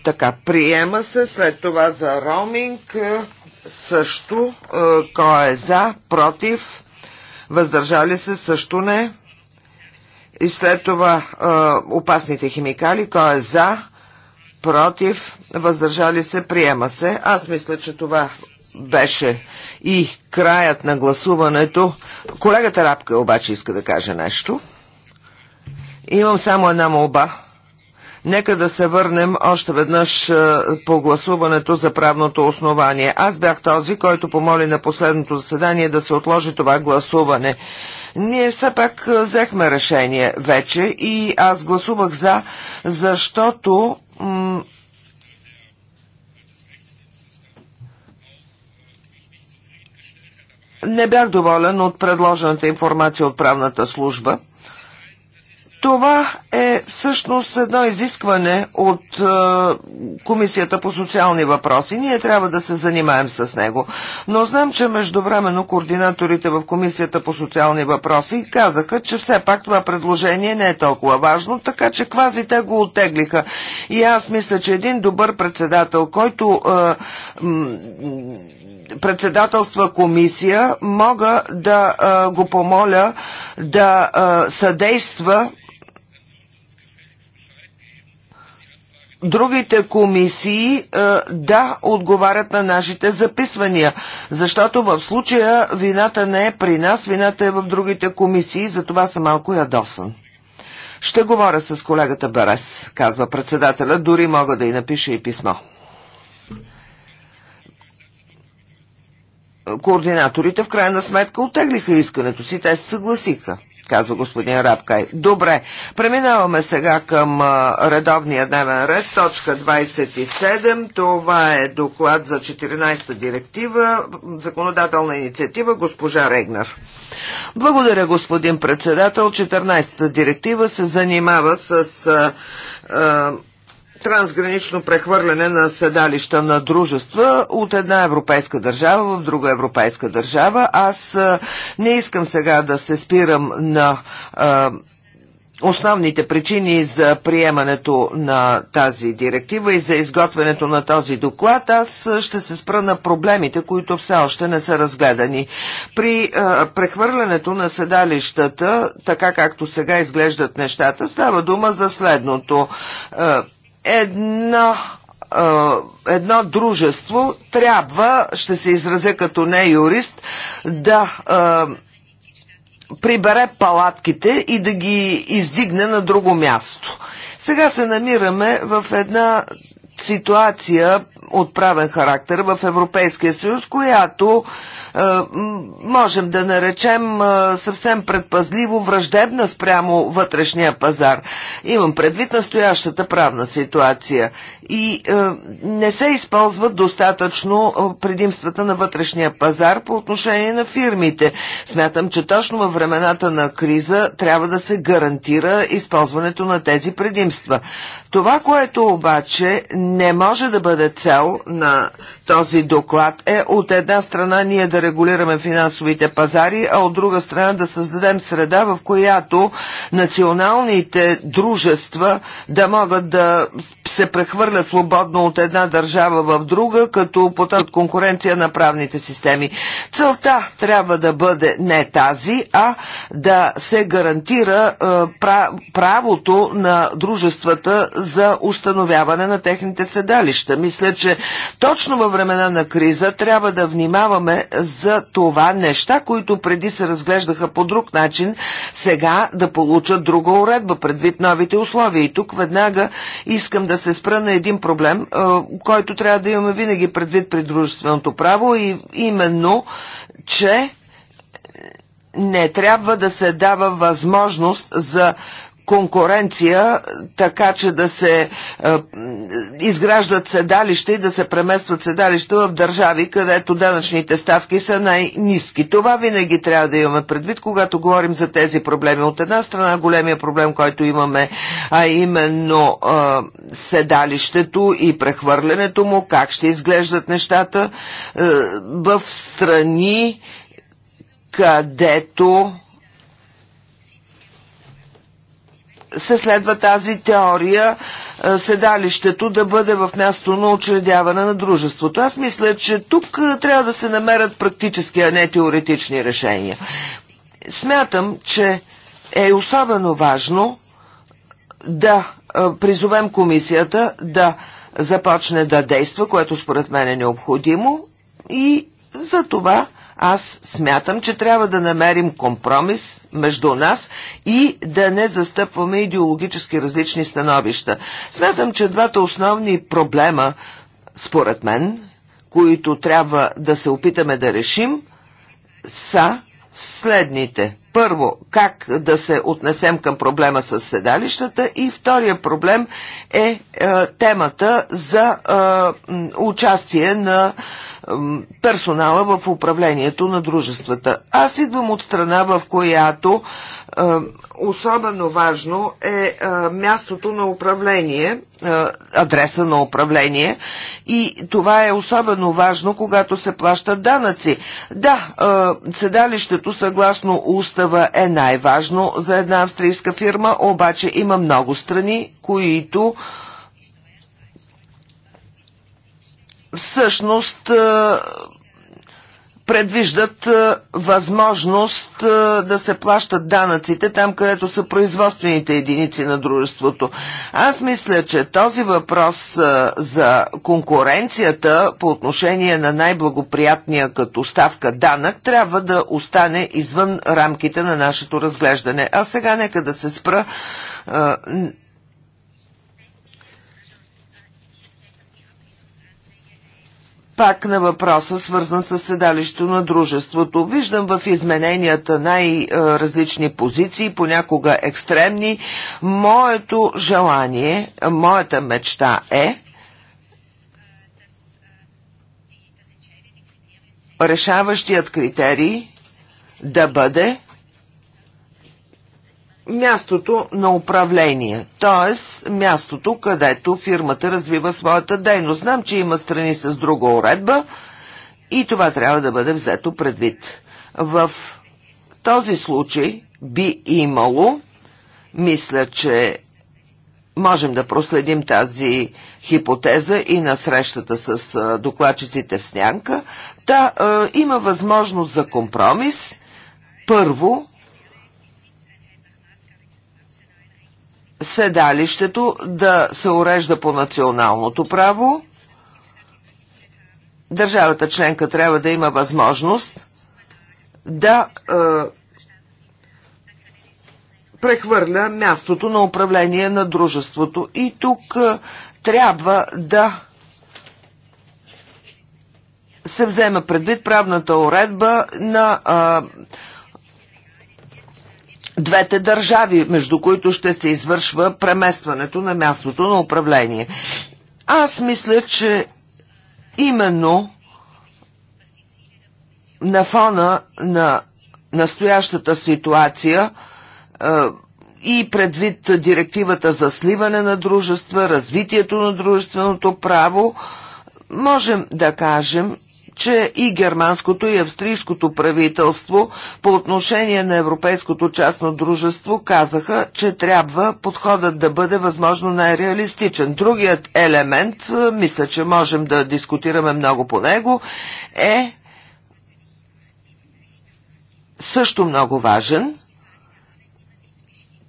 Така, приема се, след това за роуминг също, кой е за, против, въздържали се също не. И след това опасните химикали, кой е за, против, въздържали се, приема се. Аз мисля, че това беше и краят на гласуването. Колегата Рапка обаче иска да каже нещо. Имам само една молба. Нека да се върнем още веднъж е, по гласуването за правното основание. Аз бях този, който помоли на последното заседание да се отложи това гласуване. Ние все пак е, взехме решение вече и аз гласувах за, защото не бях доволен от предложената информация от правната служба. Това е всъщност едно изискване от е, Комисията по социални въпроси. Ние трябва да се занимаем с него. Но знам, че междувременно координаторите в Комисията по социални въпроси казаха, че все пак това предложение не е толкова важно, така че квази те го оттеглиха. И аз мисля, че един добър председател, който е, председателства комисия, мога да а, е, го помоля да а, е, съдейства другите комисии е, да отговарят на нашите записвания, защото в случая вината не е при нас, вината е в другите комисии, затова съм малко ядосан. Ще говоря с колегата Берес, казва председателя, дори мога да й напиша и писмо. Координаторите в крайна сметка отеглиха искането си, те се съгласиха казва господин Рабкай. Добре, преминаваме сега към редовния дневен ред. Точка 27. Това е доклад за 14-та директива, законодателна инициатива, госпожа Регнар. Благодаря, господин председател. 14-та директива се занимава с трансгранично прехвърляне на седалища на дружества от една европейска държава в друга европейска държава. Аз не искам сега да се спирам на основните причини за приемането на тази директива и за изготвянето на този доклад, аз ще се спра на проблемите, които все още не са разгледани. При а, прехвърлянето на седалищата, така както сега изглеждат нещата, става дума за следното. А, едно едно дружество трябва, ще се изразя като не юрист, да е, прибере палатките и да ги издигне на друго място. Сега се намираме в една ситуация отправен характер в Европейския съюз, която е, можем да наречем е, съвсем предпазливо враждебна спрямо вътрешния пазар. Имам предвид настоящата правна ситуация и е, не се използват достатъчно е, предимствата на вътрешния пазар по отношение на фирмите. Смятам, че точно във времената на криза трябва да се гарантира използването на тези предимства. Това, което обаче не може да бъде цел цел на този доклад е от една страна ние да регулираме финансовите пазари, а от друга страна да създадем среда, в която националните дружества да могат да се прехвърля свободно от една държава в друга, като потърт конкуренция на правните системи. Целта трябва да бъде не тази, а да се гарантира е, правото на дружествата за установяване на техните седалища. Мисля, че точно във времена на криза трябва да внимаваме за това неща, които преди се разглеждаха по друг начин, сега да получат друга уредба предвид новите условия. И тук веднага искам да да се спра на един проблем, който трябва да имаме винаги предвид при дружественото право и именно, че не трябва да се дава възможност за конкуренция, така че да се е, изграждат седалища и да се преместват седалища в държави, където данъчните ставки са най-низки. Това винаги трябва да имаме предвид, когато говорим за тези проблеми. От една страна големия проблем, който имаме, а именно е, седалището и прехвърлянето му, как ще изглеждат нещата е, в страни, където се следва тази теория е, седалището да бъде в място на учредяване на дружеството. Аз мисля, че тук е, трябва да се намерят практически, а не теоретични решения. Смятам, че е особено важно да е, призовем комисията да започне да действа, което според мен е необходимо и за това аз смятам, че трябва да намерим компромис между нас и да не застъпваме идеологически различни становища. Смятам, че двата основни проблема, според мен, които трябва да се опитаме да решим, са следните. Първо, как да се отнесем към проблема с седалищата и втория проблем е, е темата за е, участие на персонала в управлението на дружествата. Аз идвам от страна, в която е, особено важно е, е, мястото на управление, е, адреса на управление и това е особено важно, когато се плащат данъци. Да, седалището съгласно устава е най-важно за една австрийска фирма, обаче има много страни, които всъщност е, предвиждат е, възможност е, да се плащат данъците там, където са производствените единици на дружеството. Аз мисля, че този въпрос за конкуренцията по отношение на най-благоприятния като ставка данък трябва да остане извън рамките на нашето разглеждане. А сега нека да се спра пак на въпроса, свързан с седалището на дружеството. Виждам в измененията най-различни позиции, понякога екстремни. Моето желание, моята мечта е решаващият критерий да бъде мястото на управление, т.е. мястото, където фирмата развива своята дейност. Знам, че има страни с друга уредба и това трябва да бъде взето предвид. В този случай би имало, мисля, че можем да проследим тази хипотеза и на срещата с докладчиците в Снянка, та е, има възможност за компромис. Първо, седалището да се урежда по националното право. Държавата членка трябва да има възможност да е, прехвърля мястото на управление на дружеството. И тук е, трябва да се взема предвид правната уредба на е, двете държави, между които ще се извършва преместването на мястото на управление. Аз мисля, че именно на фона на настоящата ситуация и предвид директивата за сливане на дружества, развитието на дружественото право, можем да кажем, че и германското и австрийското правителство по отношение на Европейското частно дружество казаха, че трябва подходът да бъде възможно най-реалистичен. Другият елемент, мисля, че можем да дискутираме много по него, е също много важен.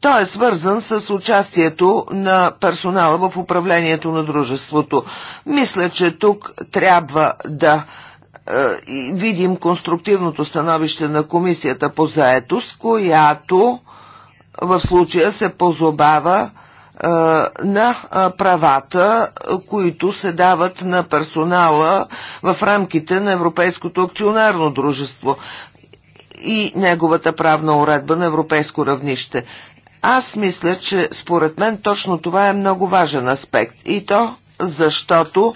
Той е свързан с участието на персонала в управлението на дружеството. Мисля, че тук трябва да е, видим конструктивното становище на комисията по заетост, която в случая се позобава е, на е, правата, които се дават на персонала в рамките на Европейското акционарно дружество и неговата правна уредба на европейско равнище. Аз мисля, че според мен точно това е много важен аспект и то защото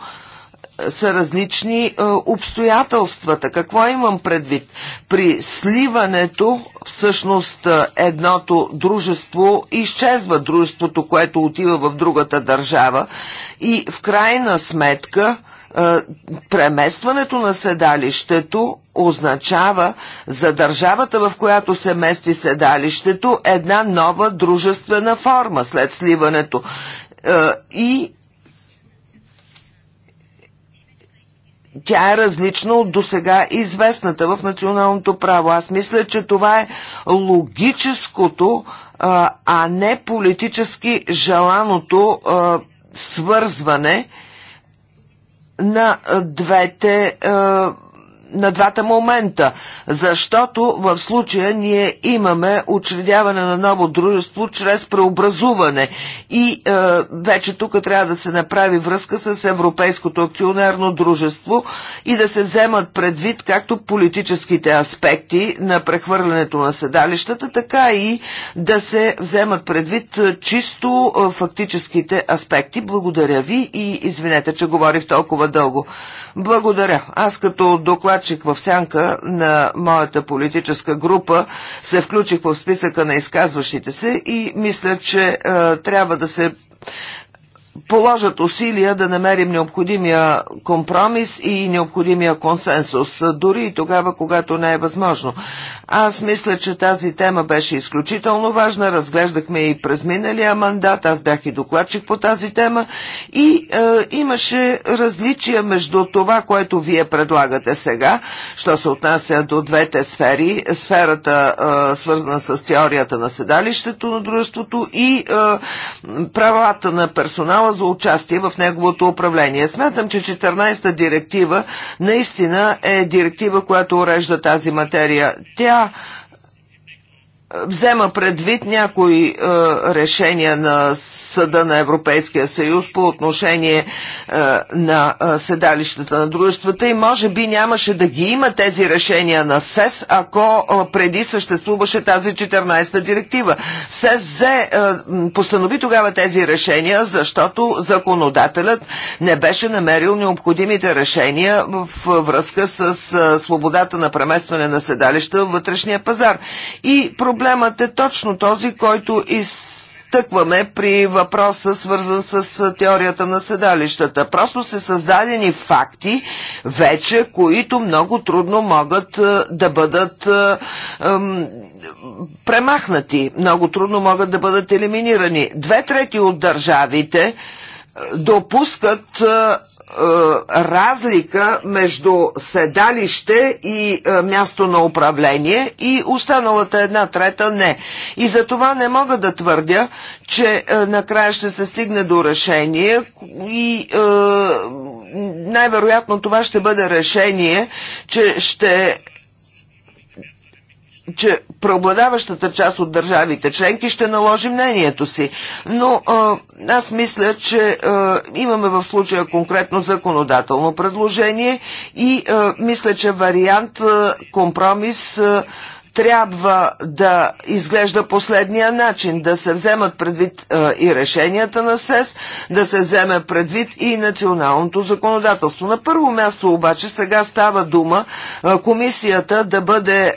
са различни е, обстоятелствата. Какво имам предвид? При сливането всъщност е, едното дружество изчезва дружеството, което отива в другата държава и в крайна сметка е, преместването на седалището означава за държавата, в която се мести седалището, една нова дружествена форма след сливането. И тя е различна от досега известната в националното право. Аз мисля, че това е логическото, а не политически желаното свързване на двете на двата момента, защото в случая ние имаме учредяване на ново дружество чрез преобразуване и е, вече тук трябва да се направи връзка с Европейското акционерно дружество и да се вземат предвид както политическите аспекти на прехвърлянето на седалищата, така и да се вземат предвид е, чисто е, фактическите аспекти. Благодаря ви и извинете, че говорих толкова дълго. Благодаря. Аз като докладчик в сянка на моята политическа група се включих в списъка на изказващите се и мисля, че е, трябва да се положат усилия да намерим необходимия компромис и необходимия консенсус, дори и тогава, когато не е възможно. Аз мисля, че тази тема беше изключително важна, разглеждахме и през миналия мандат, аз бях и докладчик по тази тема и е, имаше различия между това, което вие предлагате сега, що се отнася до двете сфери, сферата е, свързана с теорията на седалището на дружеството и е, правата на персонал, сигнала за участие в неговото управление. Смятам, че 14-та директива наистина е директива, която урежда тази материя. Тя взема предвид някои е, решения на Съда на Европейския съюз по отношение е, на е, седалищата на дружествата и може би нямаше да ги има тези решения на СЕС, ако е, преди съществуваше тази 14-та директива. СЕС взе, е, постанови тогава тези решения, защото законодателят не беше намерил необходимите решения в връзка с е, свободата на преместване на седалища в вътрешния пазар. И проблем Проблемът е точно този, който изтъкваме при въпроса, свързан с теорията на седалищата. Просто са създадени факти вече, които много трудно могат да бъдат ем, премахнати, много трудно могат да бъдат елиминирани. Две трети от държавите допускат е, разлика между седалище и е, място на управление и останалата една трета не. И за това не мога да твърдя, че е, накрая ще се стигне до решение и е, най-вероятно това ще бъде решение, че ще че преобладаващата част от държавите членки ще наложи мнението си. Но а, аз мисля, че а, имаме в случая конкретно законодателно предложение и а, мисля, че вариант а, компромис а, трябва да изглежда последния начин, да се вземат предвид е, и решенията на СЕС, да се вземе предвид и националното законодателство. На първо място обаче сега става дума е, комисията да бъде е,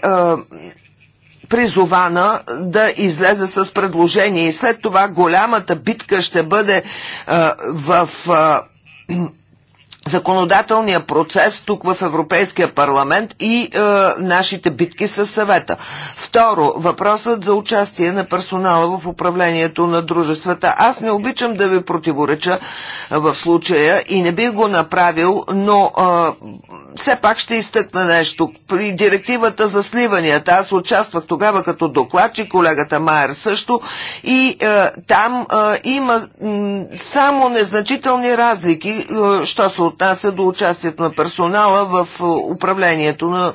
призована да излезе с предложение и след това голямата битка ще бъде е, в е, законодателния процес тук в Европейския парламент и е, нашите битки с съвета. Второ, въпросът за участие на персонала в управлението на дружествата. Аз не обичам да ви противореча е, в случая и не бих го направил, но е, все пак ще изтъкна нещо. При директивата за сливанията аз участвах тогава като докладчик, колегата Майер също и е, там е, има само незначителни разлики, е, що се отнася до участието на персонала в е, управлението на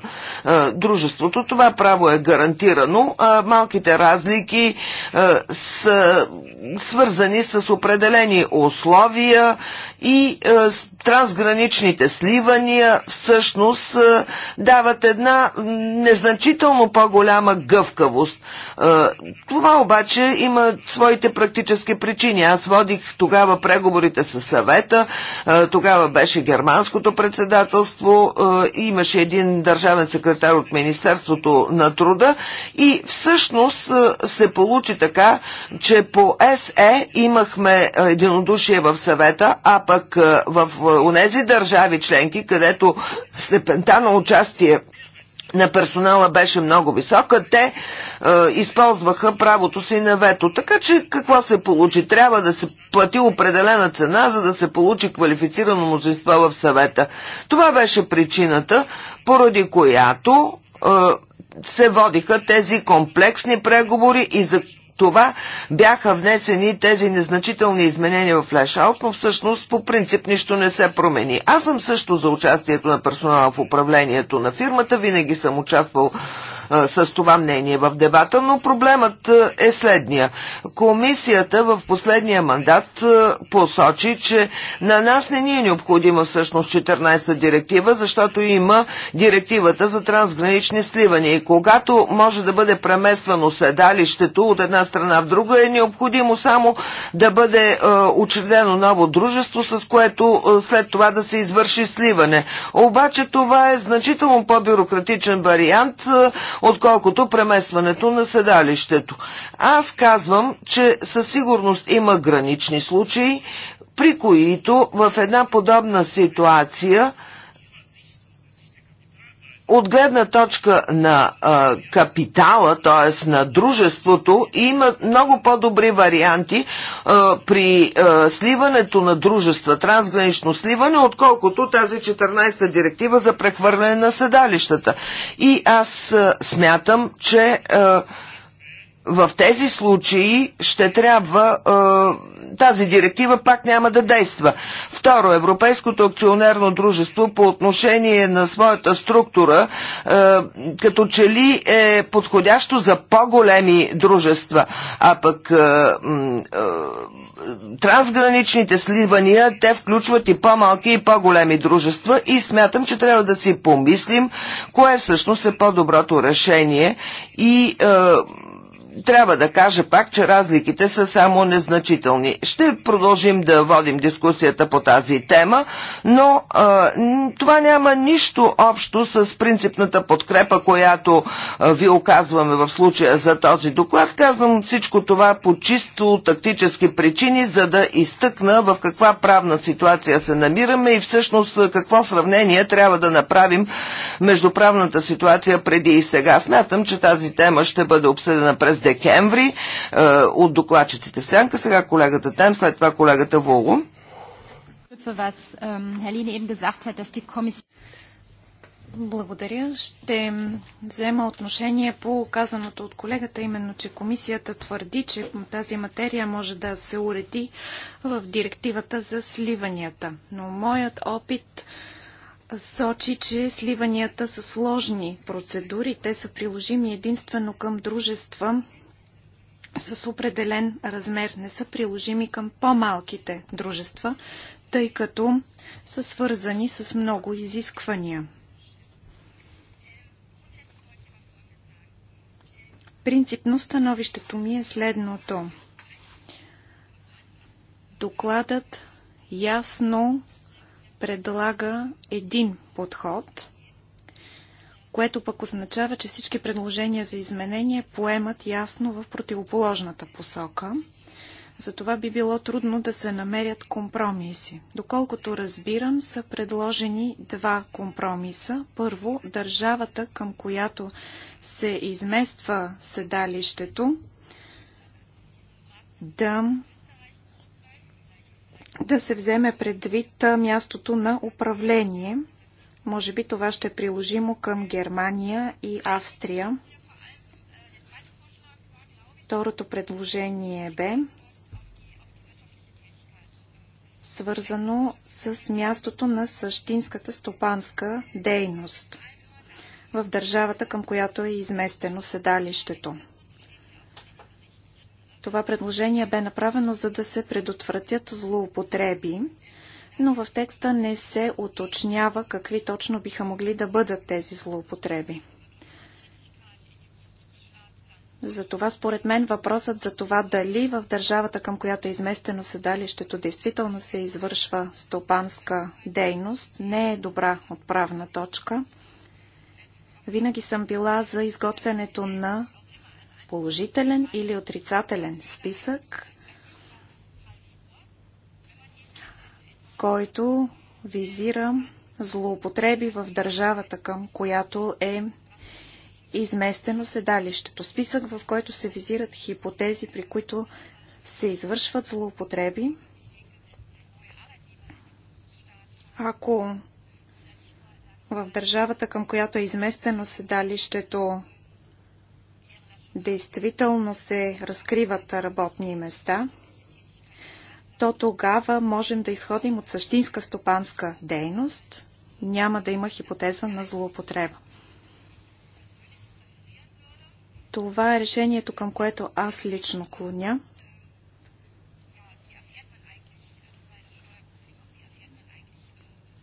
е, дружеството. Това право е гарантирано. А малките разлики е, са свързани с определени условия и е, трансграничните сливания всъщност е, дават една незначително по-голяма гъвкавост. Е, това обаче има своите практически причини. Аз водих тогава преговорите с съвета, е, тогава беше германското председателство, е, имаше един държавен секретар от Министерството на труда и всъщност е, се получи така, че по Днес е, имахме е, единодушие в съвета, а пък е, в е, онези държави членки, където степента на участие на персонала беше много висока, те е, използваха правото си на вето. Така че какво се получи? Трябва да се плати определена цена, за да се получи квалифицирано мнозинство в съвета. Това беше причината, поради която е, се водиха тези комплексни преговори и за това бяха внесени тези незначителни изменения в лешалт, но всъщност по принцип нищо не се промени. Аз съм също за участието на персонала в управлението на фирмата, винаги съм участвал а, с това мнение в дебата, но проблемът е следния. Комисията в последния мандат а, посочи, че на нас не ни е необходима всъщност 14-та директива, защото има директивата за трансгранични сливания. И когато може да бъде премествано седалището от една страна в друга, е необходимо само да бъде а, учредено ново дружество, с което а, след това да се извърши сливане. Обаче това е значително по-бюрократичен вариант, отколкото преместването на седалището. Аз казвам, че със сигурност има гранични случаи, при които в една подобна ситуация – от гледна точка на а, капитала, т.е. на дружеството, има много по-добри варианти а, при а, сливането на дружества, трансгранично сливане, отколкото тази 14-та директива за прехвърляне на седалищата. И аз а, смятам, че а, в тези случаи ще трябва е, тази директива пак няма да действа. Второ, Европейското акционерно дружество по отношение на своята структура е, като че ли е подходящо за по-големи дружества, а пък е, е, трансграничните сливания, те включват и по-малки и по-големи дружества и смятам, че трябва да си помислим кое всъщност е по-доброто решение и е, трябва да кажа пак, че разликите са само незначителни. Ще продължим да водим дискусията по тази тема, но а, това няма нищо общо с принципната подкрепа, която а, ви оказваме в случая за този доклад. Казвам всичко това по чисто тактически причини, за да изтъкна в каква правна ситуация се намираме и всъщност какво сравнение трябва да направим между правната ситуация преди и сега. Смятам, че тази тема ще бъде обсъдена през през декември е, от докладчиците в сянка. Сега колегата Тем, след това колегата Волу. Ähm, Благодаря. Ще взема отношение по казаното от колегата, именно, че комисията твърди, че тази материя може да се уреди в директивата за сливанията. Но моят опит сочи, че сливанията са сложни процедури. Те са приложими единствено към дружества с определен размер. Не са приложими към по-малките дружества, тъй като са свързани с много изисквания. Принципно становището ми е следното. Докладът ясно предлага един подход, което пък означава, че всички предложения за изменение поемат ясно в противоположната посока. Затова би било трудно да се намерят компромиси. Доколкото разбирам, са предложени два компромиса. Първо, държавата, към която се измества седалището, да да се вземе предвид мястото на управление. Може би това ще е приложимо към Германия и Австрия. Второто предложение бе свързано с мястото на същинската стопанска дейност в държавата, към която е изместено седалището. Това предложение бе направено за да се предотвратят злоупотреби, но в текста не се уточнява какви точно биха могли да бъдат тези злоупотреби. Затова, според мен, въпросът за това дали в държавата, към която е изместено седалището, действително се извършва стопанска дейност, не е добра отправна точка. Винаги съм била за изготвянето на положителен или отрицателен списък, който визира злоупотреби в държавата, към която е изместено седалището. Списък, в който се визират хипотези, при които се извършват злоупотреби. Ако в държавата, към която е изместено седалището, действително се разкриват работни места, то тогава можем да изходим от същинска стопанска дейност, няма да има хипотеза на злоупотреба. Това е решението, към което аз лично клоня –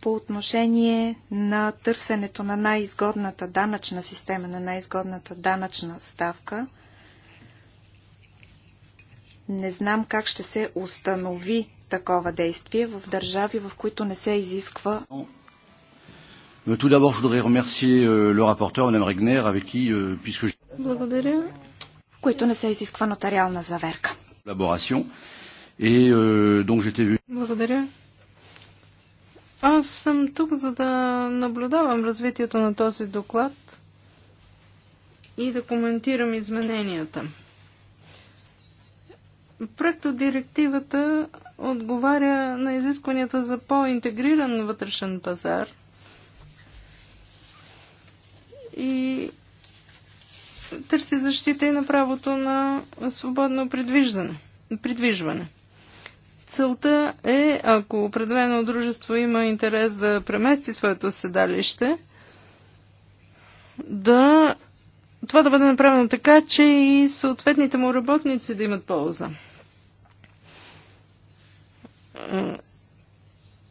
по отношение на търсенето на най-изгодната данъчна система, на най-изгодната данъчна ставка. Не знам как ще се установи такова действие в държави, в които не се изисква. Euh, euh, Благодаря. В които не се изисква нотариална заверка. Euh, Благодаря. Аз съм тук, за да наблюдавам развитието на този доклад и да коментирам измененията. Проекто директивата отговаря на изискванията за по-интегриран вътрешен пазар и търси защита и на правото на свободно придвижване. Целта е, ако определено дружество има интерес да премести своето седалище, да това да бъде направено така, че и съответните му работници да имат полза.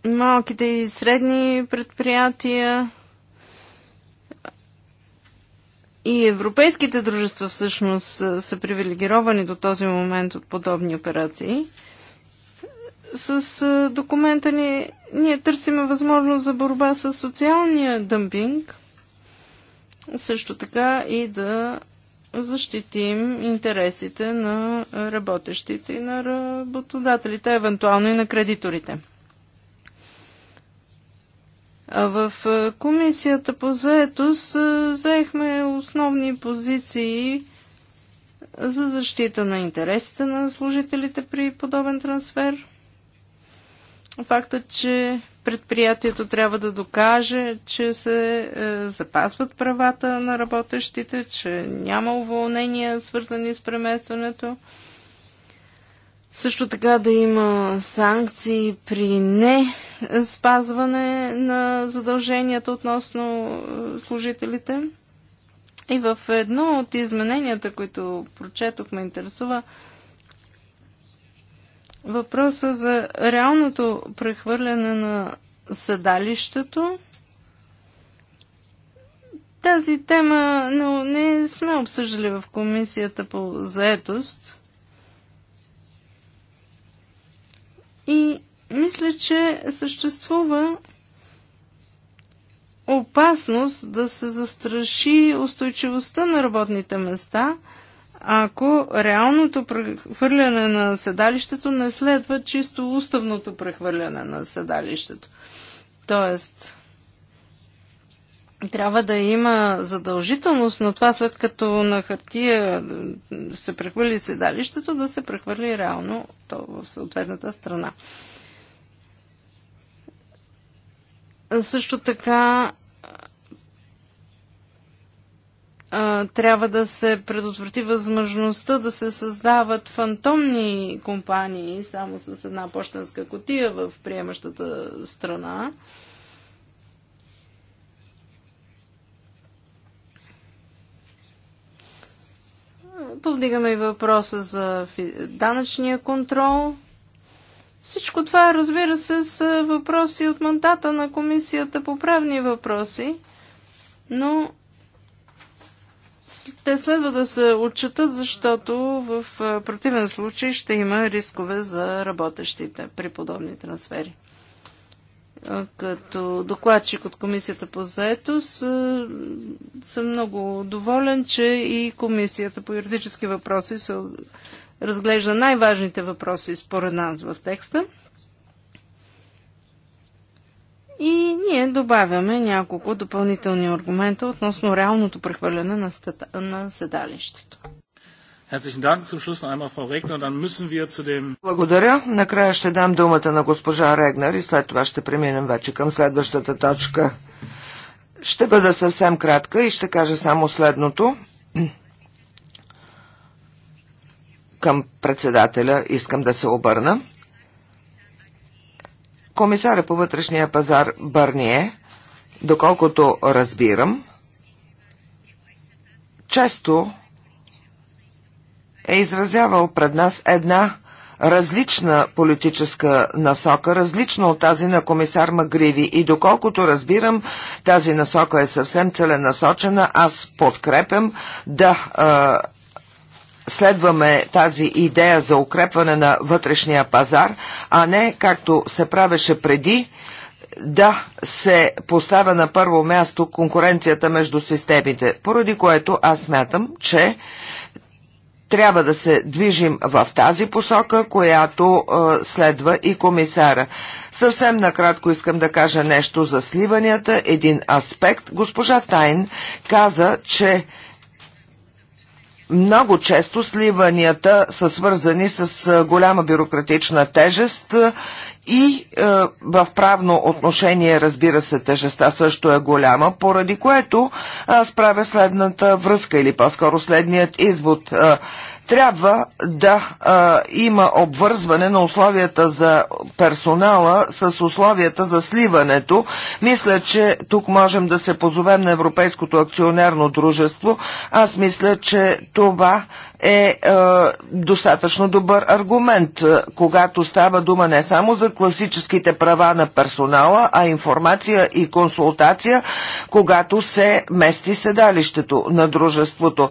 Малките и средни предприятия и европейските дружества всъщност са привилегировани до този момент от подобни операции – с документа ни ние търсиме възможност за борба с социалния дъмпинг, също така и да защитим интересите на работещите и на работодателите, евентуално и на кредиторите. А в комисията по заетост заехме основни позиции за защита на интересите на служителите при подобен трансфер факта, че предприятието трябва да докаже, че се е, запазват правата на работещите, че няма уволнения, свързани с преместването. Също така да има санкции при не спазване на задълженията относно е, служителите. И в едно от измененията, които прочетох, ме интересува, въпроса за реалното прехвърляне на съдалището. Тази тема но не сме обсъждали в комисията по заетост. И мисля, че съществува опасност да се застраши устойчивостта на работните места – ако реалното прехвърляне на седалището не следва чисто уставното прехвърляне на седалището. Тоест, трябва да има задължителност, но това след като на хартия се прехвърли седалището, да се прехвърли реално то в съответната страна. Също така трябва да се предотврати възможността да се създават фантомни компании само с една почтенска котия в приемащата страна. Повдигаме и въпроса за данъчния контрол. Всичко това, разбира се, с въпроси от мандата на Комисията по правни въпроси, но те следва да се отчитат, защото в противен случай ще има рискове за работещите при подобни трансфери. Като докладчик от Комисията по заетост съм много доволен, че и Комисията по юридически въпроси се разглежда най-важните въпроси според нас в текста. И ние добавяме няколко допълнителни аргумента относно реалното прехвърляне на, стата, на седалището. Благодаря. Накрая ще дам думата на госпожа Регнер и след това ще преминем вече към следващата точка. Ще бъда съвсем кратка и ще кажа само следното. Към председателя искам да се обърна комисаря по вътрешния пазар Бърние, доколкото разбирам, често е изразявал пред нас една различна политическа насока, различна от тази на комисар Магриви. И доколкото разбирам, тази насока е съвсем целенасочена. Аз подкрепям да следваме тази идея за укрепване на вътрешния пазар, а не както се правеше преди, да се поставя на първо място конкуренцията между системите, поради което аз смятам, че трябва да се движим в тази посока, която е, следва и комисара. Съвсем накратко искам да кажа нещо за сливанията. Един аспект. Госпожа Тайн каза, че много често сливанията са свързани с голяма бюрократична тежест и е, в правно отношение, разбира се, тежестта също е голяма, поради което аз правя следната връзка или по-скоро следният извод. Е, трябва да а, има обвързване на условията за персонала с условията за сливането. Мисля, че тук можем да се позовем на Европейското акционерно дружество. Аз мисля, че това е, е достатъчно добър аргумент, когато става дума не само за класическите права на персонала, а информация и консултация, когато се мести седалището на дружеството.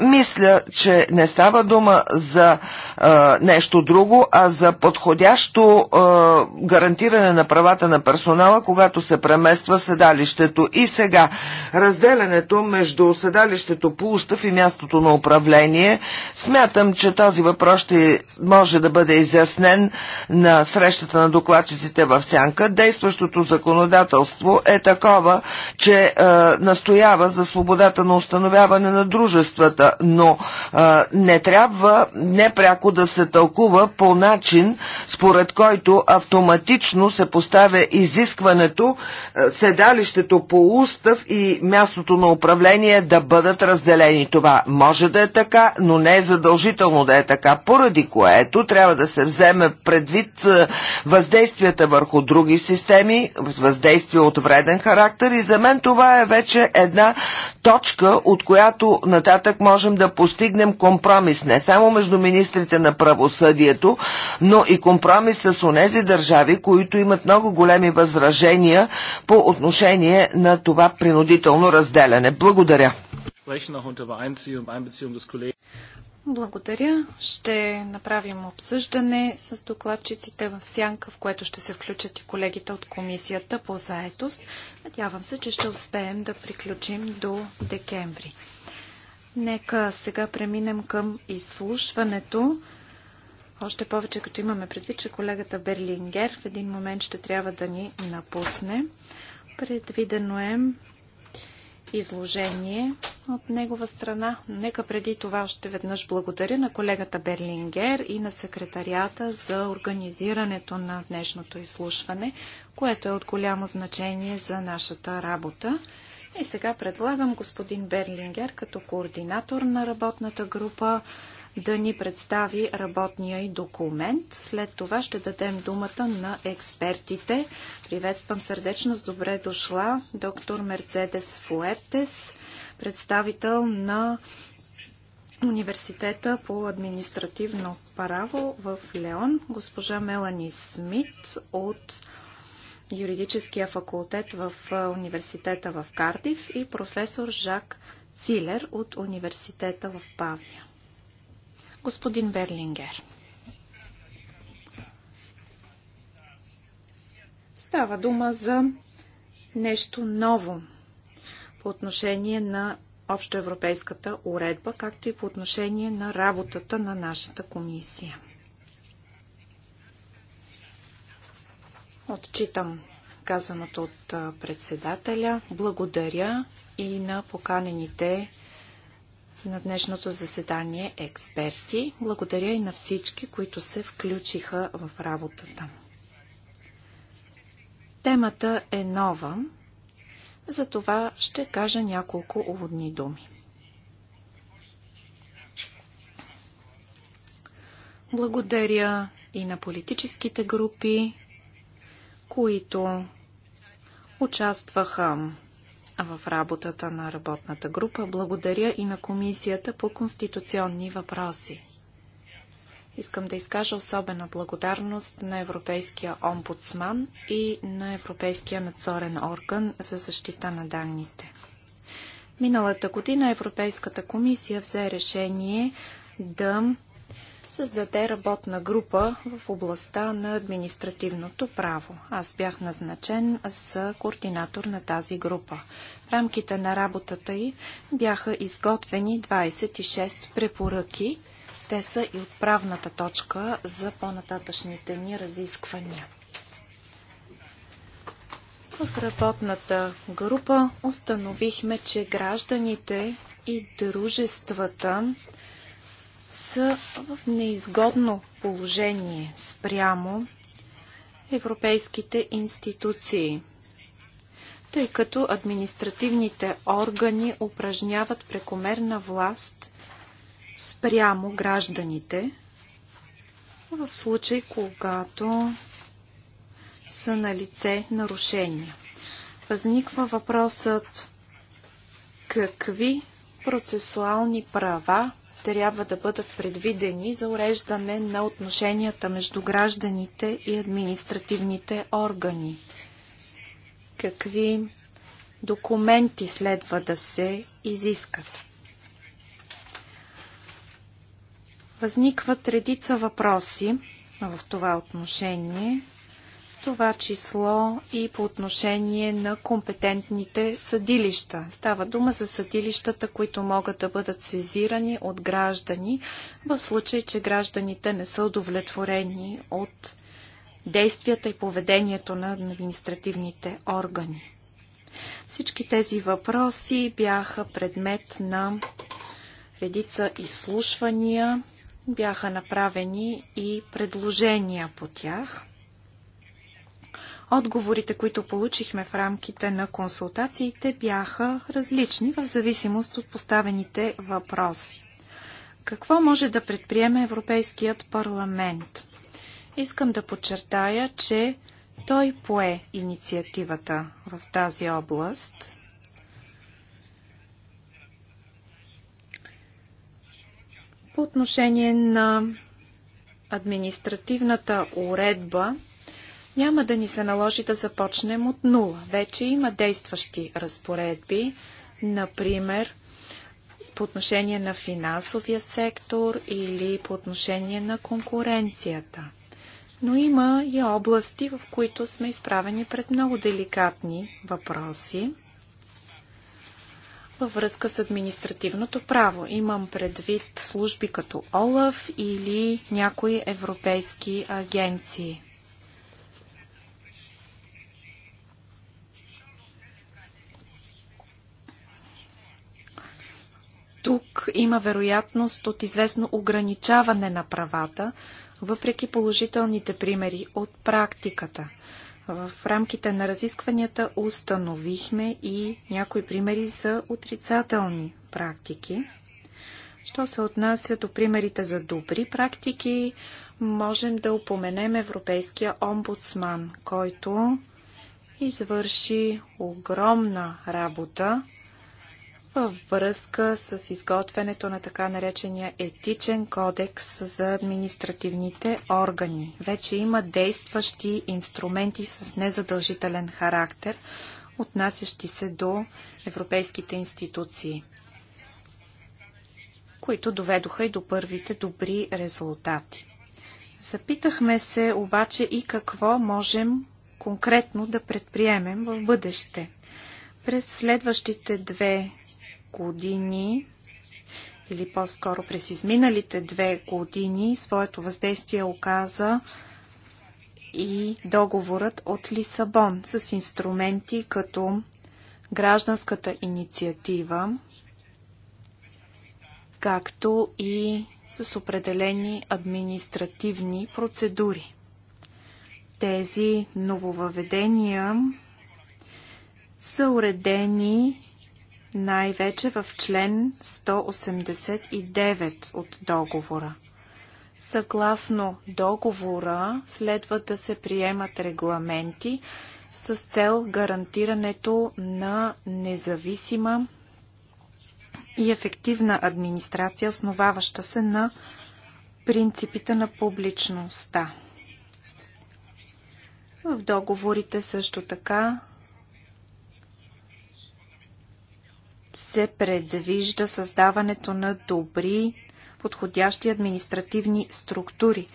Мисля, че не става дума за а, нещо друго, а за подходящо а, гарантиране на правата на персонала, когато се премества седалището. И сега, разделянето между седалището по устав и мястото на управление, смятам, че този въпрос ще може да бъде изяснен на срещата на докладчиците в Сянка. Действащото законодателство е такова, че а, настоява за свободата на установяване на дружествата, но а, не трябва непряко да се тълкува по начин, според който автоматично се поставя изискването а, седалището по устав и мястото на управление да бъдат разделени. Това може да е така, но не е задължително да е така, поради което трябва да се вземе предвид а, въздействията върху други системи, въздействие от вреден характер и за мен това е вече една точка, от която нататък може можем да постигнем компромис не само между министрите на правосъдието, но и компромис с онези държави, които имат много големи възражения по отношение на това принудително разделяне. Благодаря. Благодаря. Ще направим обсъждане с докладчиците в сянка, в което ще се включат и колегите от комисията по заетост. Надявам се, че ще успеем да приключим до декември. Нека сега преминем към изслушването. Още повече, като имаме предвид, че колегата Берлингер в един момент ще трябва да ни напусне. Предвидено е изложение от негова страна. Нека преди това още веднъж благодаря на колегата Берлингер и на секретарията за организирането на днешното изслушване, което е от голямо значение за нашата работа. И сега предлагам господин Берлингер като координатор на работната група да ни представи работния и документ. След това ще дадем думата на експертите. Приветствам сърдечно с добре дошла доктор Мерцедес Фуертес, представител на Университета по административно право в Леон, госпожа Мелани Смит от юридическия факултет в университета в Кардив и професор Жак Цилер от университета в Павия. Господин Берлингер. Става дума за нещо ново по отношение на общоевропейската уредба, както и по отношение на работата на нашата комисия. Отчитам казаното от председателя. Благодаря и на поканените на днешното заседание експерти. Благодаря и на всички, които се включиха в работата. Темата е нова, за това ще кажа няколко уводни думи. Благодаря и на политическите групи, които участваха в работата на работната група. Благодаря и на Комисията по конституционни въпроси. Искам да изкажа особена благодарност на Европейския омбудсман и на Европейския надзорен орган за защита на данните. Миналата година Европейската комисия взе решение да създаде работна група в областта на административното право. Аз бях назначен с координатор на тази група. В рамките на работата й бяха изготвени 26 препоръки. Те са и отправната точка за по-нататъчните ни разисквания. В работната група установихме, че гражданите и дружествата са в неизгодно положение спрямо европейските институции, тъй като административните органи упражняват прекомерна власт спрямо гражданите, в случай когато са на лице нарушения. Възниква въпросът какви процесуални права трябва да бъдат предвидени за уреждане на отношенията между гражданите и административните органи? Какви документи следва да се изискат? Възникват редица въпроси в това отношение – това число и по отношение на компетентните съдилища. Става дума за съдилищата, които могат да бъдат сезирани от граждани, в случай, че гражданите не са удовлетворени от действията и поведението на административните органи. Всички тези въпроси бяха предмет на редица изслушвания, бяха направени и предложения по тях – Отговорите, които получихме в рамките на консултациите, бяха различни в зависимост от поставените въпроси. Какво може да предприеме Европейският парламент? Искам да подчертая, че той пое инициативата в тази област. По отношение на административната уредба няма да ни се наложи да започнем от нула. Вече има действащи разпоредби, например по отношение на финансовия сектор или по отношение на конкуренцията. Но има и области, в които сме изправени пред много деликатни въпроси във връзка с административното право. Имам предвид служби като ОЛАФ или някои европейски агенции. тук има вероятност от известно ограничаване на правата, въпреки положителните примери от практиката. В рамките на разискванията установихме и някои примери за отрицателни практики. Що се отнася до примерите за добри практики, можем да упоменем Европейския омбудсман, който извърши огромна работа във връзка с изготвянето на така наречения етичен кодекс за административните органи. Вече има действащи инструменти с незадължителен характер, отнасящи се до европейските институции, които доведоха и до първите добри резултати. Запитахме се обаче и какво можем конкретно да предприемем в бъдеще. През следващите две години или по-скоро през изминалите две години своето въздействие оказа и договорът от Лисабон с инструменти като гражданската инициатива, както и с определени административни процедури. Тези нововъведения са уредени най-вече в член 189 от договора. Съгласно договора следва да се приемат регламенти с цел гарантирането на независима и ефективна администрация, основаваща се на принципите на публичността. В договорите също така се предвижда създаването на добри, подходящи административни структури.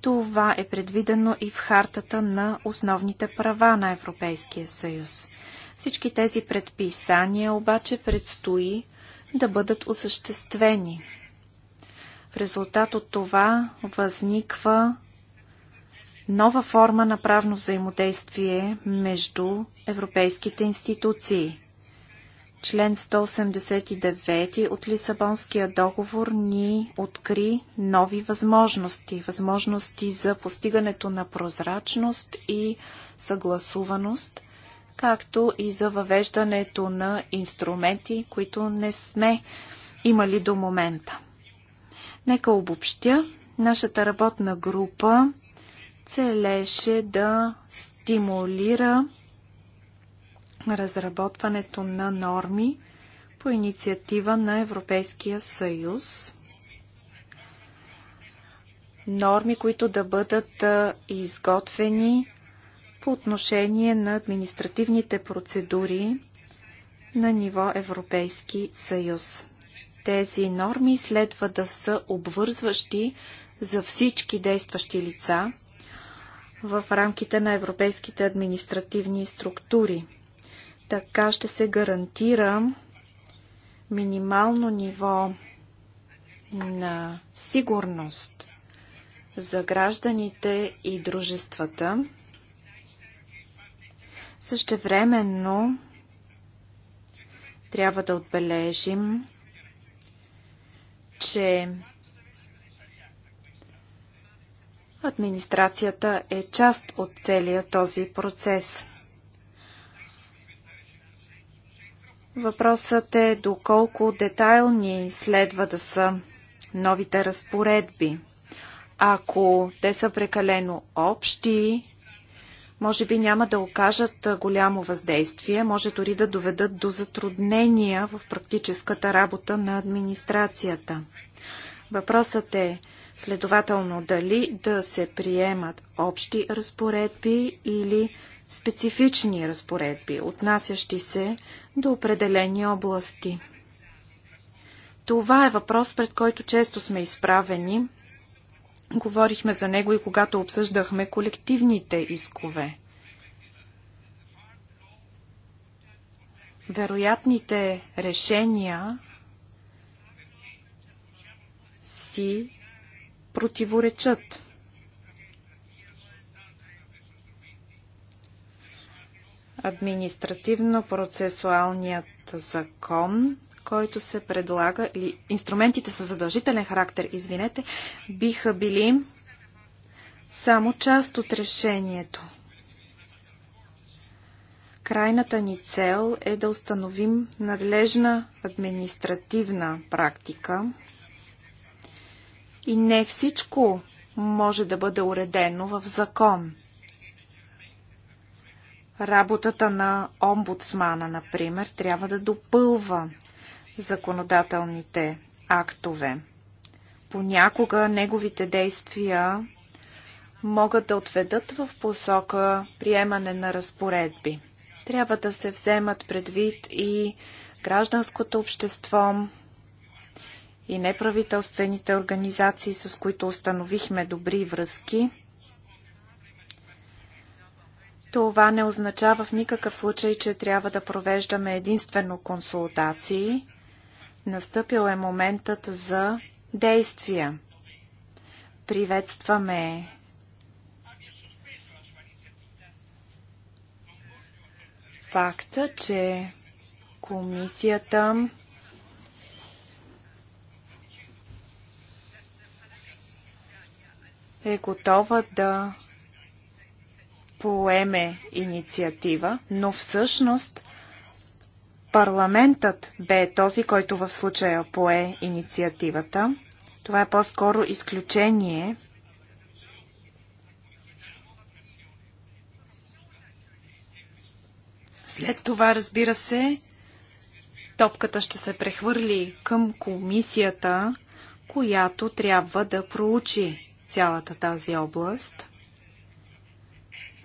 Това е предвидено и в хартата на основните права на Европейския съюз. Всички тези предписания обаче предстои да бъдат осъществени. В резултат от това възниква нова форма на правно взаимодействие между европейските институции. Член 189 от Лисабонския договор ни откри нови възможности. Възможности за постигането на прозрачност и съгласуваност, както и за въвеждането на инструменти, които не сме имали до момента. Нека обобщя. Нашата работна група целеше да стимулира разработването на норми по инициатива на Европейския съюз. Норми, които да бъдат изготвени по отношение на административните процедури на ниво Европейски съюз. Тези норми следва да са обвързващи за всички действащи лица в рамките на европейските административни структури. Така ще се гарантира минимално ниво на сигурност за гражданите и дружествата. Същевременно трябва да отбележим, че администрацията е част от целия този процес. Въпросът е доколко детайлни следва да са новите разпоредби. Ако те са прекалено общи, може би няма да окажат голямо въздействие, може дори да доведат до затруднения в практическата работа на администрацията. Въпросът е следователно дали да се приемат общи разпоредби или специфични разпоредби, отнасящи се до определени области. Това е въпрос, пред който често сме изправени. Говорихме за него и когато обсъждахме колективните искове. Вероятните решения си противоречат. административно-процесуалният закон, който се предлага, или инструментите с задължителен характер, извинете, биха били само част от решението. Крайната ни цел е да установим надлежна административна практика и не всичко може да бъде уредено в закон. Работата на омбудсмана, например, трябва да допълва законодателните актове. Понякога неговите действия могат да отведат в посока приемане на разпоредби. Трябва да се вземат предвид и гражданското общество, и неправителствените организации, с които установихме добри връзки – това не означава в никакъв случай, че трябва да провеждаме единствено консултации. Настъпил е моментът за действия. Приветстваме факта, че комисията е готова да поеме инициатива, но всъщност парламентът бе този, който в случая пое инициативата. Това е по-скоро изключение. След това, разбира се, топката ще се прехвърли към комисията, която трябва да проучи цялата тази област –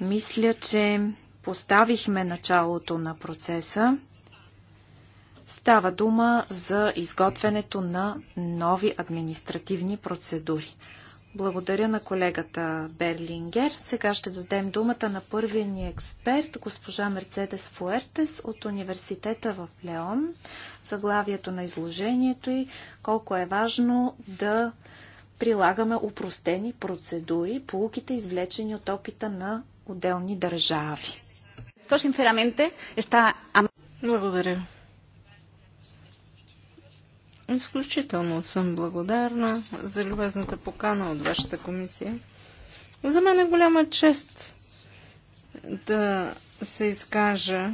мисля, че поставихме началото на процеса. Става дума за изготвянето на нови административни процедури. Благодаря на колегата Берлингер. Сега ще дадем думата на първия ни експерт, госпожа Мерцедес Фуертес от университета в Леон. Заглавието на изложението и колко е важно да прилагаме упростени процедури, полуките извлечени от опита на отделни държави. Благодаря. Изключително съм благодарна за любезната покана от вашата комисия. За мен е голяма чест да се изкажа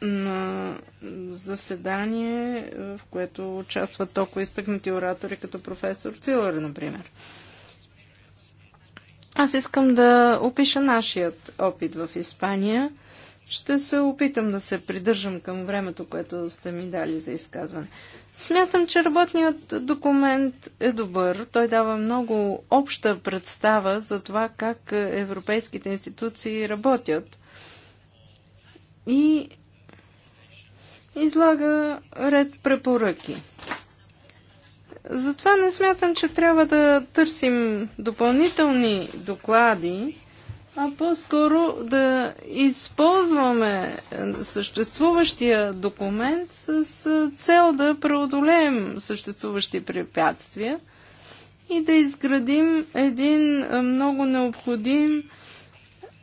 на заседание, в което участват толкова изтъкнати оратори, като професор Цилър, например. Аз искам да опиша нашият опит в Испания. Ще се опитам да се придържам към времето, което сте ми дали за изказване. Смятам, че работният документ е добър. Той дава много обща представа за това как европейските институции работят. И излага ред препоръки. Затова не смятам, че трябва да търсим допълнителни доклади, а по-скоро да използваме е, съществуващия документ с е, цел да преодолеем съществуващи препятствия и да изградим един е, много необходим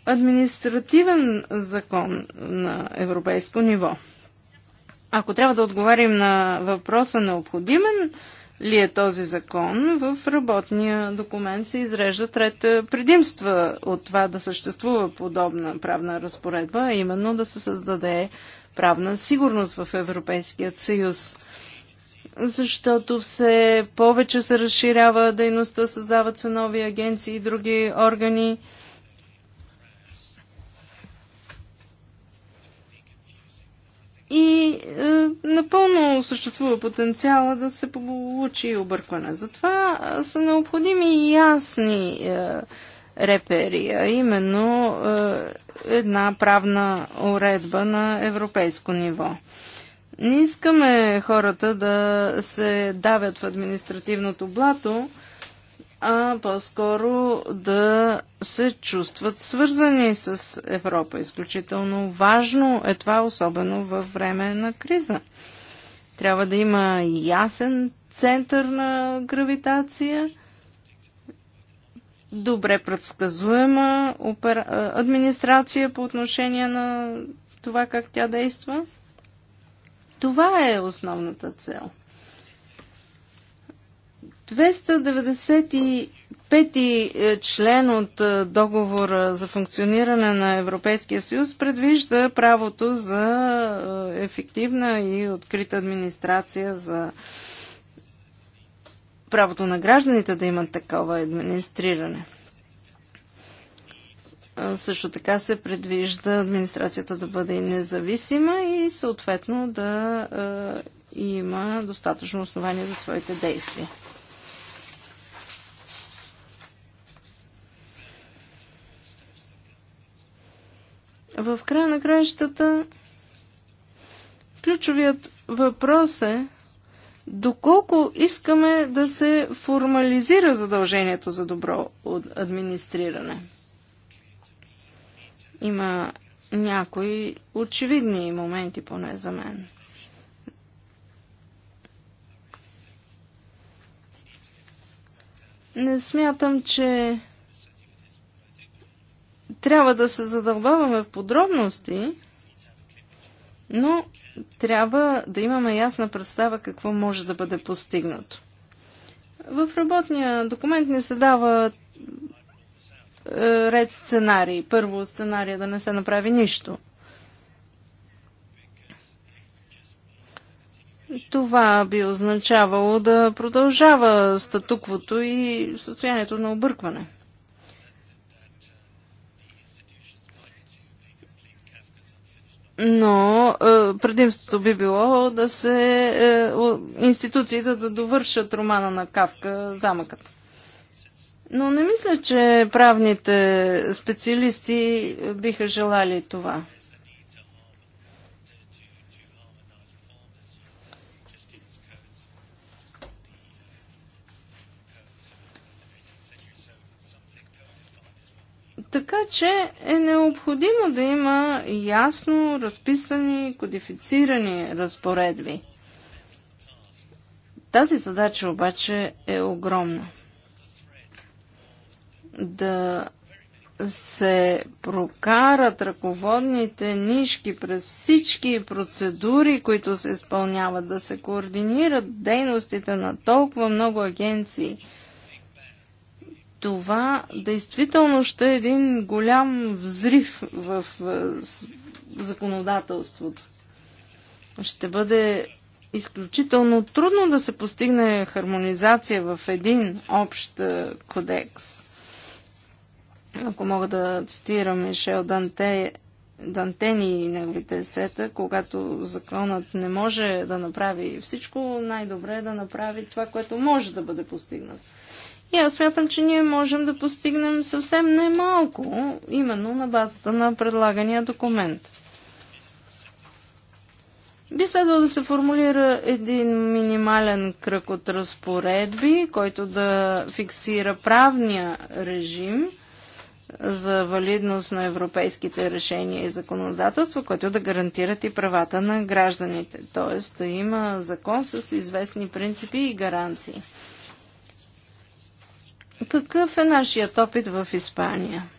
административен закон на европейско ниво. Ако трябва да отговарим на въпроса необходимен, ли е този закон, в работния документ се изреждат трета предимства от това да съществува подобна правна разпоредба, а именно да се създаде правна сигурност в Европейският съюз. Защото все повече се разширява дейността, създават се нови агенции и други органи И е, напълно съществува потенциала да се получи объркване. Затова е, са необходими ясни е, репери, а именно е, една правна уредба на европейско ниво. Не искаме хората да се давят в административното блато, а по-скоро да се чувстват свързани с Европа. Изключително важно е това, особено във време на криза. Трябва да има ясен център на гравитация, добре предсказуема опера... администрация по отношение на това как тя действа. Това е основната цел – 295 е, член от е, договора за функциониране на Европейския съюз предвижда правото за е, ефективна и открита администрация за правото на гражданите да имат такова администриране. Също така се предвижда администрацията да бъде независима и съответно да има достатъчно основание за своите действия. В края на краищата ключовият въпрос е доколко искаме да се формализира задължението за добро администриране. Има някои очевидни моменти, поне за мен. Не смятам, че трябва да се задълбаваме в подробности, но трябва да имаме ясна представа какво може да бъде постигнато. В работния документ не се дава е, ред сценарии. Първо сценария да не се направи нищо. Това би означавало да продължава статуквото и състоянието на объркване. но е, предимството би било да се е, институциите да довършат романа на Кавка замъкът. Но не мисля, че правните специалисти биха желали това. Така че е необходимо да има ясно разписани, кодифицирани разпоредби. Тази задача обаче е огромна. Да се прокарат ръководните нишки през всички процедури, които се изпълняват, да се координират дейностите на толкова много агенции – това действително ще е един голям взрив в законодателството. Ще бъде изключително трудно да се постигне хармонизация в един общ е, кодекс. Ако мога да цитирам Мишел Данте, Дантени и неговите сета, когато законът не може да направи всичко, най-добре е да направи това, което може да бъде постигнато. И аз смятам, че ние можем да постигнем съвсем немалко, именно на базата на предлагания документ. Би следвало да се формулира един минимален кръг от разпоредби, който да фиксира правния режим за валидност на европейските решения и законодателство, което да гарантират и правата на гражданите. Т.е. да има закон с известни принципи и гаранции. Какъв е нашият опит в Испания?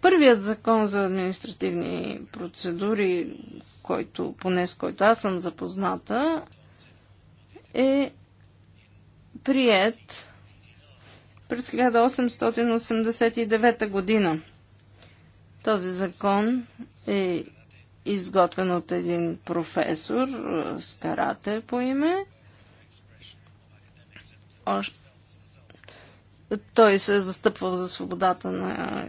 Първият закон за административни процедури, който, поне с който аз съм запозната, е прият през 1889 година. Този закон е изготвен от един професор с карате по име – той се е застъпвал за свободата на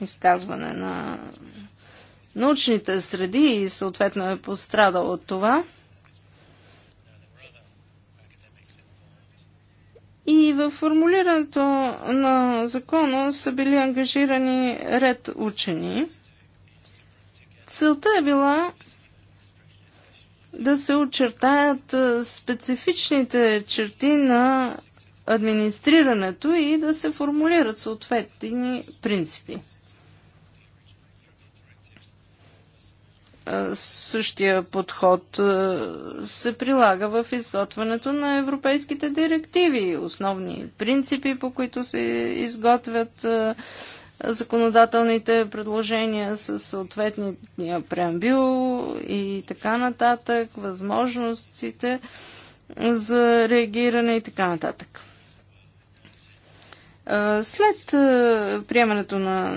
изказване на научните среди и съответно е пострадал от това. И в формулирането на закона са били ангажирани ред учени. Целта е била да се очертаят специфичните черти на администрирането и да се формулират съответни принципи. Същия подход се прилага в изготвянето на европейските директиви, основни принципи, по които се изготвят законодателните предложения с съответния преамбил и така нататък, възможностите за реагиране и така нататък. След приемането на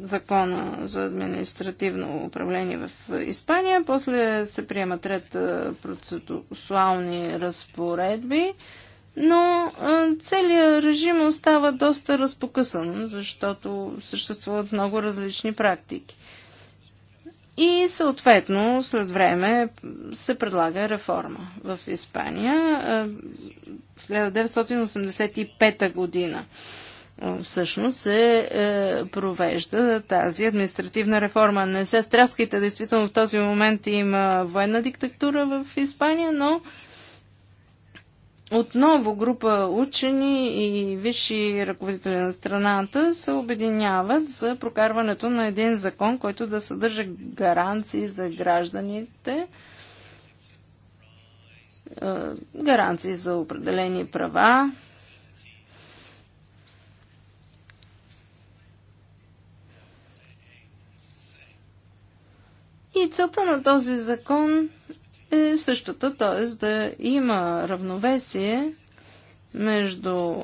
закона за административно управление в Испания, после се приемат ред процесуални разпоредби, но целият режим остава доста разпокъсан, защото съществуват много различни практики. И съответно, след време се предлага реформа в Испания. 1985 година всъщност се е, провежда тази административна реформа. Не се стряскайте, действително в този момент има военна диктатура в Испания, но отново група учени и висши ръководители на страната се обединяват за прокарването на един закон, който да съдържа гаранции за гражданите, гаранции за определени права. И целта на този закон е същата, т.е. да има равновесие между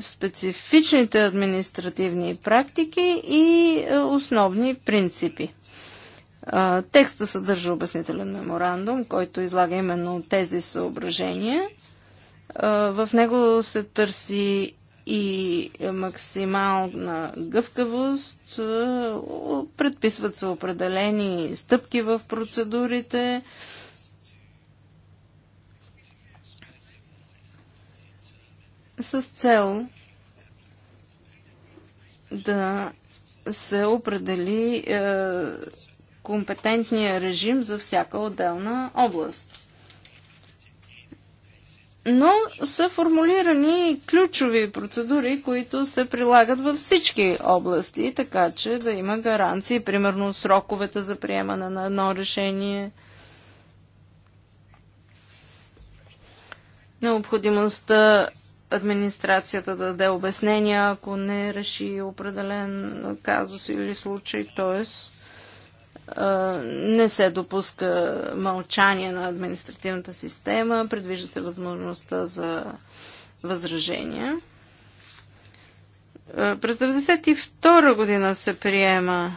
специфичните административни практики и е, основни принципи. Текста съдържа обяснителен меморандум, който излага именно тези съображения. В него се търси и максимална гъвкавост. Е, предписват се определени стъпки в процедурите. С цел да се определи е, компетентния режим за всяка отделна област но са формулирани ключови процедури, които се прилагат във всички области, така че да има гаранции, примерно сроковете за приемане на едно решение, необходимостта администрацията да даде обяснения, ако не реши определен казус или случай, т.е не се допуска мълчание на административната система, предвижда се възможността за възражения. През 1992 година се приема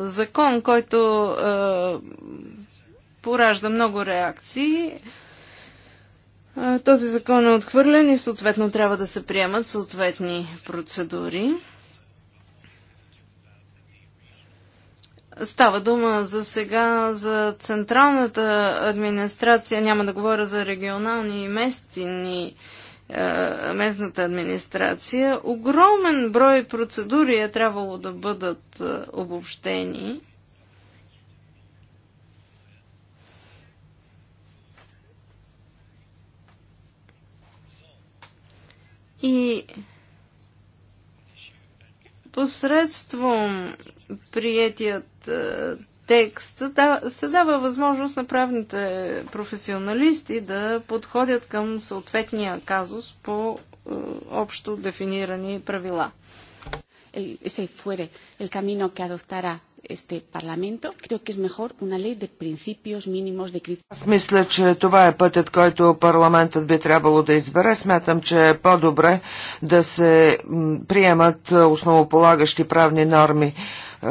закон, който поражда много реакции. този закон е отхвърлен и съответно трябва да се приемат съответни процедури. Става дума за сега за централната администрация, няма да говоря за регионални и местни е, местната администрация. Огромен брой процедури е трябвало да бъдат е, обобщени. И посредством приятият е, текст да, се дава възможност на правните професионалисти да подходят към съответния казус по е, общо дефинирани правила. Ese е, fuere el camino que adoptará este Parlamento. Creo que es mejor una ley de principios mínimos de criterio. Аз мисля, че това е пътят, който парламентът би трябвало да избере. Смятам, че е по-добре да се приемат основополагащи правни норми. Е,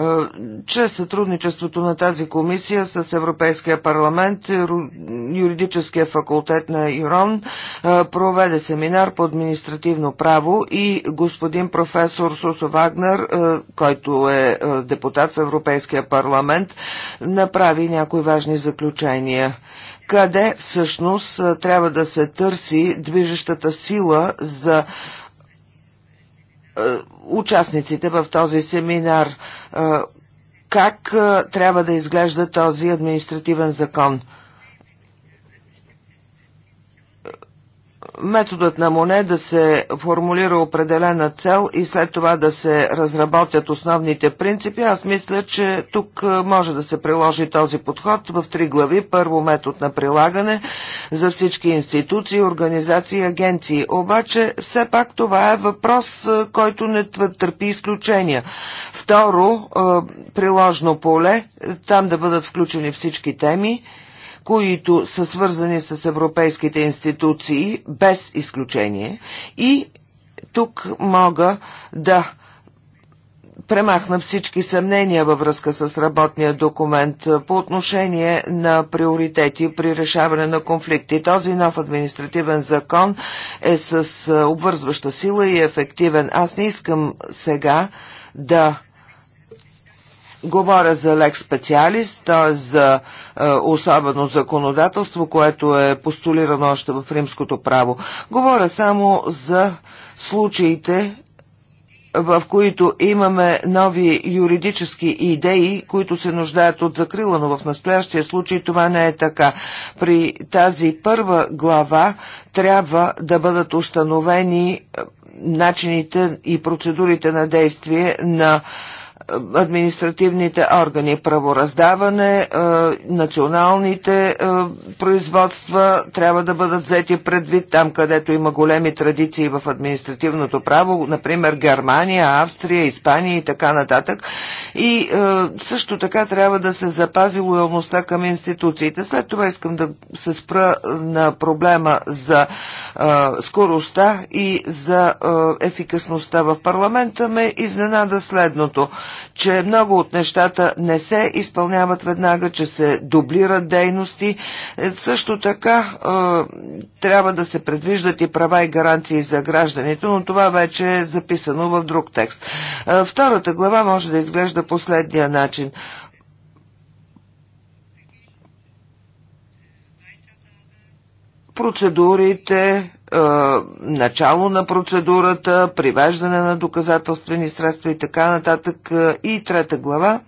чрез сътрудничеството на тази комисия с Европейския парламент, юридическия факултет на ЮРОН е, проведе семинар по административно право и господин професор Сусо Вагнер, е, който е депутат в Европейския парламент, направи някои важни заключения къде всъщност трябва да се търси движещата сила за участниците в този семинар как трябва да изглежда този административен закон. методът на Моне да се формулира определена цел и след това да се разработят основните принципи, аз мисля, че тук може да се приложи този подход в три глави. Първо метод на прилагане за всички институции, организации и агенции. Обаче все пак това е въпрос, който не търпи изключения. Второ, приложно поле, там да бъдат включени всички теми които са свързани с европейските институции, без изключение. И тук мога да премахна всички съмнения във връзка с работния документ по отношение на приоритети при решаване на конфликти. Този нов административен закон е с обвързваща сила и ефективен. Аз не искам сега да Говоря за лек специалист, т.е. за е, особено законодателство, което е постулирано още в римското право. Говоря само за случаите, в които имаме нови юридически идеи, които се нуждаят от закрила, но в настоящия случай това не е така. При тази първа глава трябва да бъдат установени е, начините и процедурите на действие на административните органи, правораздаване, е, националните е, производства трябва да бъдат взети предвид там, където има големи традиции в административното право, например Германия, Австрия, Испания и така нататък. И е, също така трябва да се запази лоялността към институциите. След това искам да се спра на проблема за скоростта и за ефикасността в парламента ме изненада следното че много от нещата не се изпълняват веднага, че се дублират дейности. Е, също така е, трябва да се предвиждат и права и гаранции за гражданите, но това вече е записано в друг текст. Е, втората глава може да изглежда последния начин. процедурите, е, начало на процедурата, привеждане на доказателствени средства и така нататък. Е, и трета глава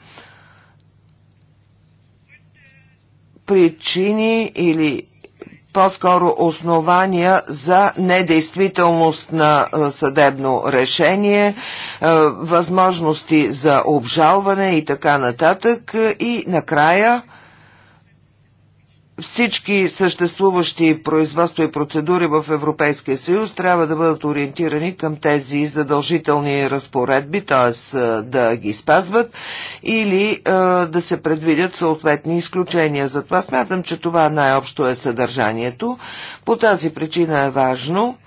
причини или по-скоро основания за недействителност на е, съдебно решение, възможности за обжалване и така нататък. И накрая всички съществуващи производства и процедури в Европейския съюз трябва да бъдат ориентирани към тези задължителни разпоредби, т.е. да ги спазват или е, да се предвидят съответни изключения. Затова смятам, че това най-общо е съдържанието. По тази причина е важно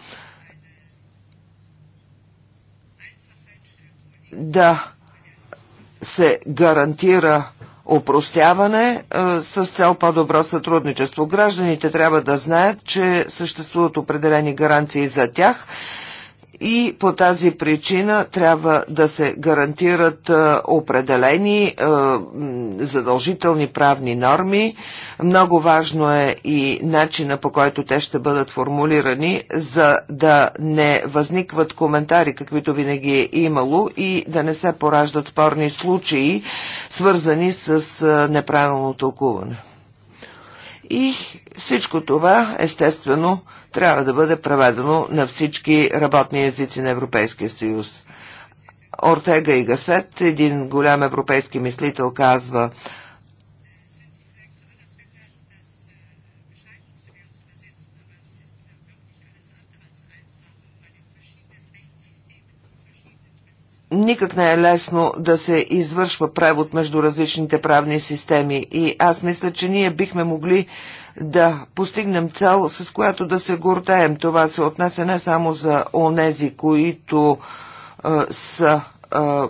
да се гарантира Опростяване е, с цел по-добро сътрудничество. Гражданите трябва да знаят, че съществуват определени гаранции за тях и по тази причина трябва да се гарантират е, определени е, задължителни правни норми. Много важно е и начина по който те ще бъдат формулирани, за да не възникват коментари, каквито винаги е имало и да не се пораждат спорни случаи, свързани с е, неправилно толкуване. И всичко това, естествено, трябва да бъде преведено на всички работни езици на Европейския съюз. Ортега и Гасет, един голям европейски мислител, казва Никак не е лесно да се извършва превод между различните правни системи и аз мисля, че ние бихме могли да постигнем цел, с която да се гордеем. Това се отнесе не само за онези, които а, са а,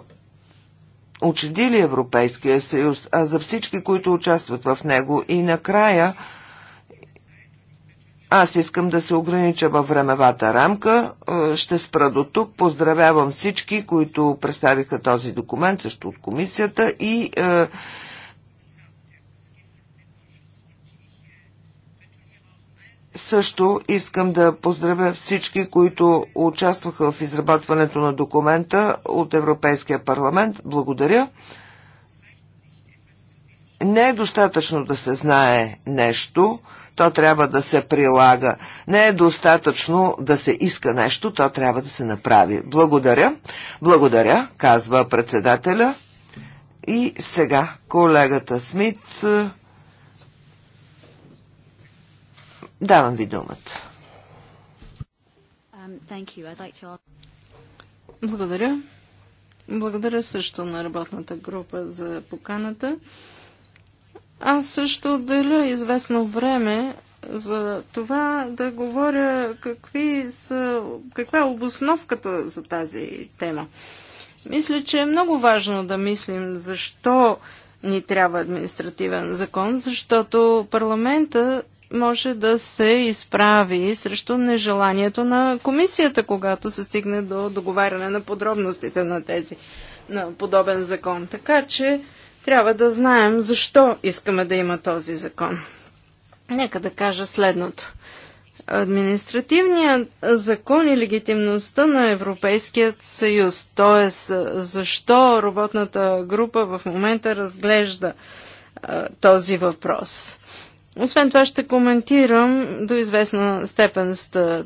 учредили Европейския съюз, а за всички, които участват в него. И накрая аз искам да се огранича във времевата рамка. Ще спра до тук. Поздравявам всички, които представиха този документ, също от комисията и е, Също искам да поздравя всички, които участваха в изработването на документа от Европейския парламент. Благодаря. Не е достатъчно да се знае нещо, то трябва да се прилага. Не е достатъчно да се иска нещо, то трябва да се направи. Благодаря. Благодаря, казва председателя. И сега колегата Смит. Давам ви думата. Um, Благодаря. Благодаря също на работната група за поканата. Аз също отделя известно време за това да говоря какви са, каква е обосновката за тази тема. Мисля, че е много важно да мислим защо ни трябва административен закон, защото парламента може да се изправи срещу нежеланието на комисията, когато се стигне до договаряне на подробностите на тези на подобен закон. Така че трябва да знаем защо искаме да има този закон. Нека да кажа следното. Административният закон и легитимността на Европейският съюз, т.е. защо работната група в момента разглежда този въпрос. Освен това ще коментирам до известна степен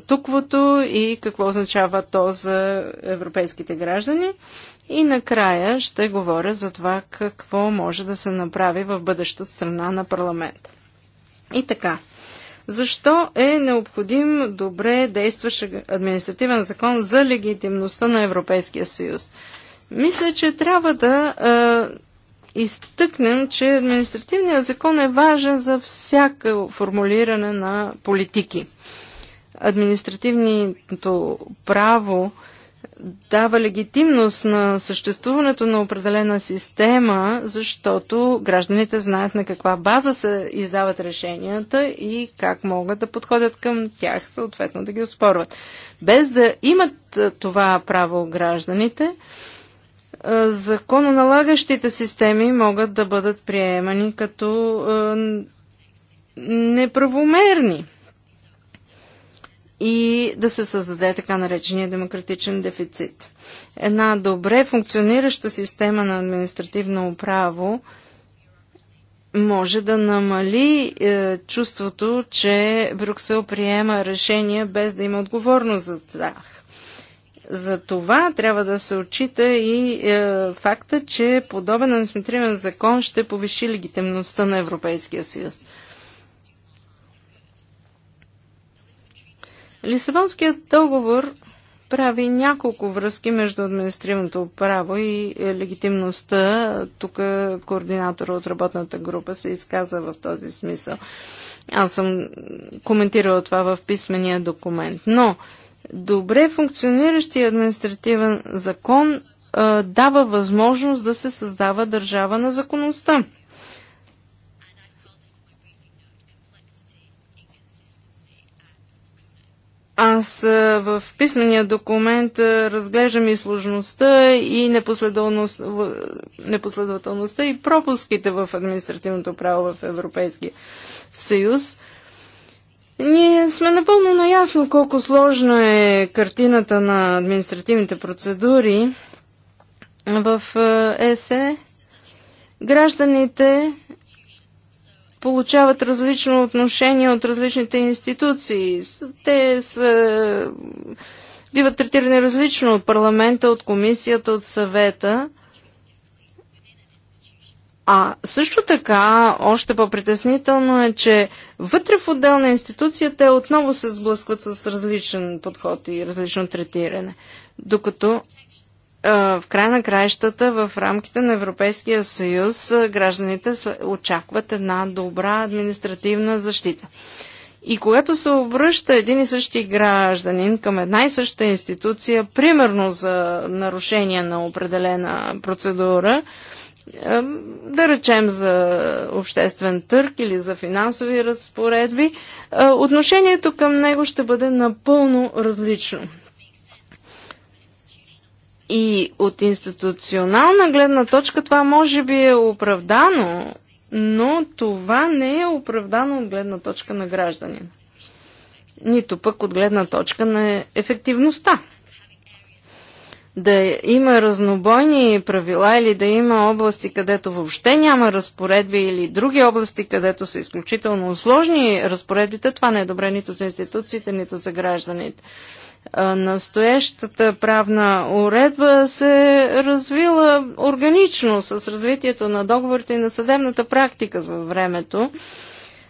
туквото и какво означава то за европейските граждани. И накрая ще говоря за това какво може да се направи в бъдещата страна на парламента. И така. Защо е необходим добре действащ административен закон за легитимността на Европейския съюз? Мисля, че трябва да е, изтъкнем, че административният закон е важен за всяко формулиране на политики. Административното право дава легитимност на съществуването на определена система, защото гражданите знаят на каква база се издават решенията и как могат да подходят към тях, съответно да ги оспорват. Без да имат това право гражданите, е, закононалагащите системи могат да бъдат приемани като е, неправомерни и да се създаде така наречения демократичен дефицит. Една добре функционираща система на административно право може да намали е, чувството, че Брюксел приема решения без да има отговорност за тях. За това трябва да се отчита и е, факта, че подобен асиметричен закон ще повиши легитимността на Европейския съюз. Лисабонският договор прави няколко връзки между административното право и е, легитимността. Тук координатора от работната група се изказа в този смисъл. Аз съм коментирала това в писмения документ. Но добре функциониращия административен закон а, дава възможност да се създава държава на законността. Аз в писмения документ разглеждам и сложността, и непоследователността, и пропуските в административното право в Европейския съюз. Ние сме напълно наясно колко сложна е картината на административните процедури в ЕСЕ. Е гражданите получават различно отношение от различните институции. Те са, биват третирани различно от парламента, от комисията, от съвета. А също така, още по-притеснително е, че вътре в отделна институция те отново се сблъскват с различен подход и различно третиране. Докато в край на краищата, в рамките на Европейския съюз, гражданите очакват една добра административна защита. И когато се обръща един и същи гражданин към една и съща институция, примерно за нарушение на определена процедура, да речем за обществен търг или за финансови разпоредби, е, отношението към него ще бъде напълно различно. И от институционална гледна точка това може би е оправдано, но това не е оправдано от гледна точка на гражданин. Нито пък от гледна точка на ефективността да има разнобойни правила или да има области, където въобще няма разпоредби или други области, където са изключително сложни разпоредбите, това не е добре нито за институциите, нито за гражданите. Настоящата правна уредба се развила органично с развитието на договорите и на съдебната практика във времето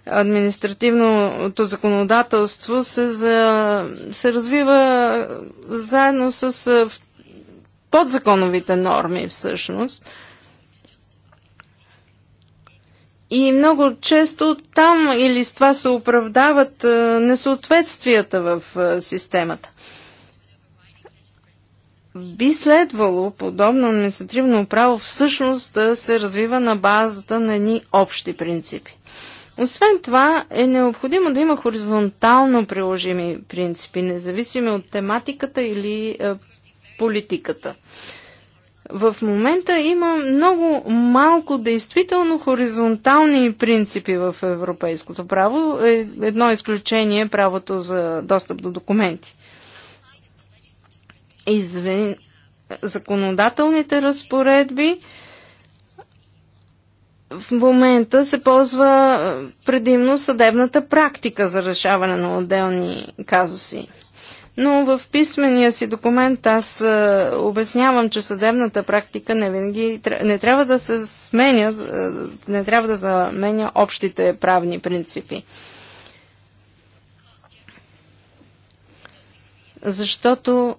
административното законодателство се, за, се развива заедно с подзаконовите норми всъщност. И много често там или с това се оправдават е, несъответствията в е, системата. Би следвало подобно административно право всъщност да се развива на базата на едни общи принципи. Освен това е необходимо да има хоризонтално приложими принципи, независими от тематиката или е, политиката. В момента има много малко действително хоризонтални принципи в европейското право. Е, едно изключение е правото за достъп до документи. Извин... Законодателните разпоредби в момента се ползва е, предимно съдебната практика за решаване на отделни казуси но в писмения си документ аз е, обяснявам, че съдебната практика не винаги не трябва да се сменя, е, не трябва да заменя общите правни принципи. Защото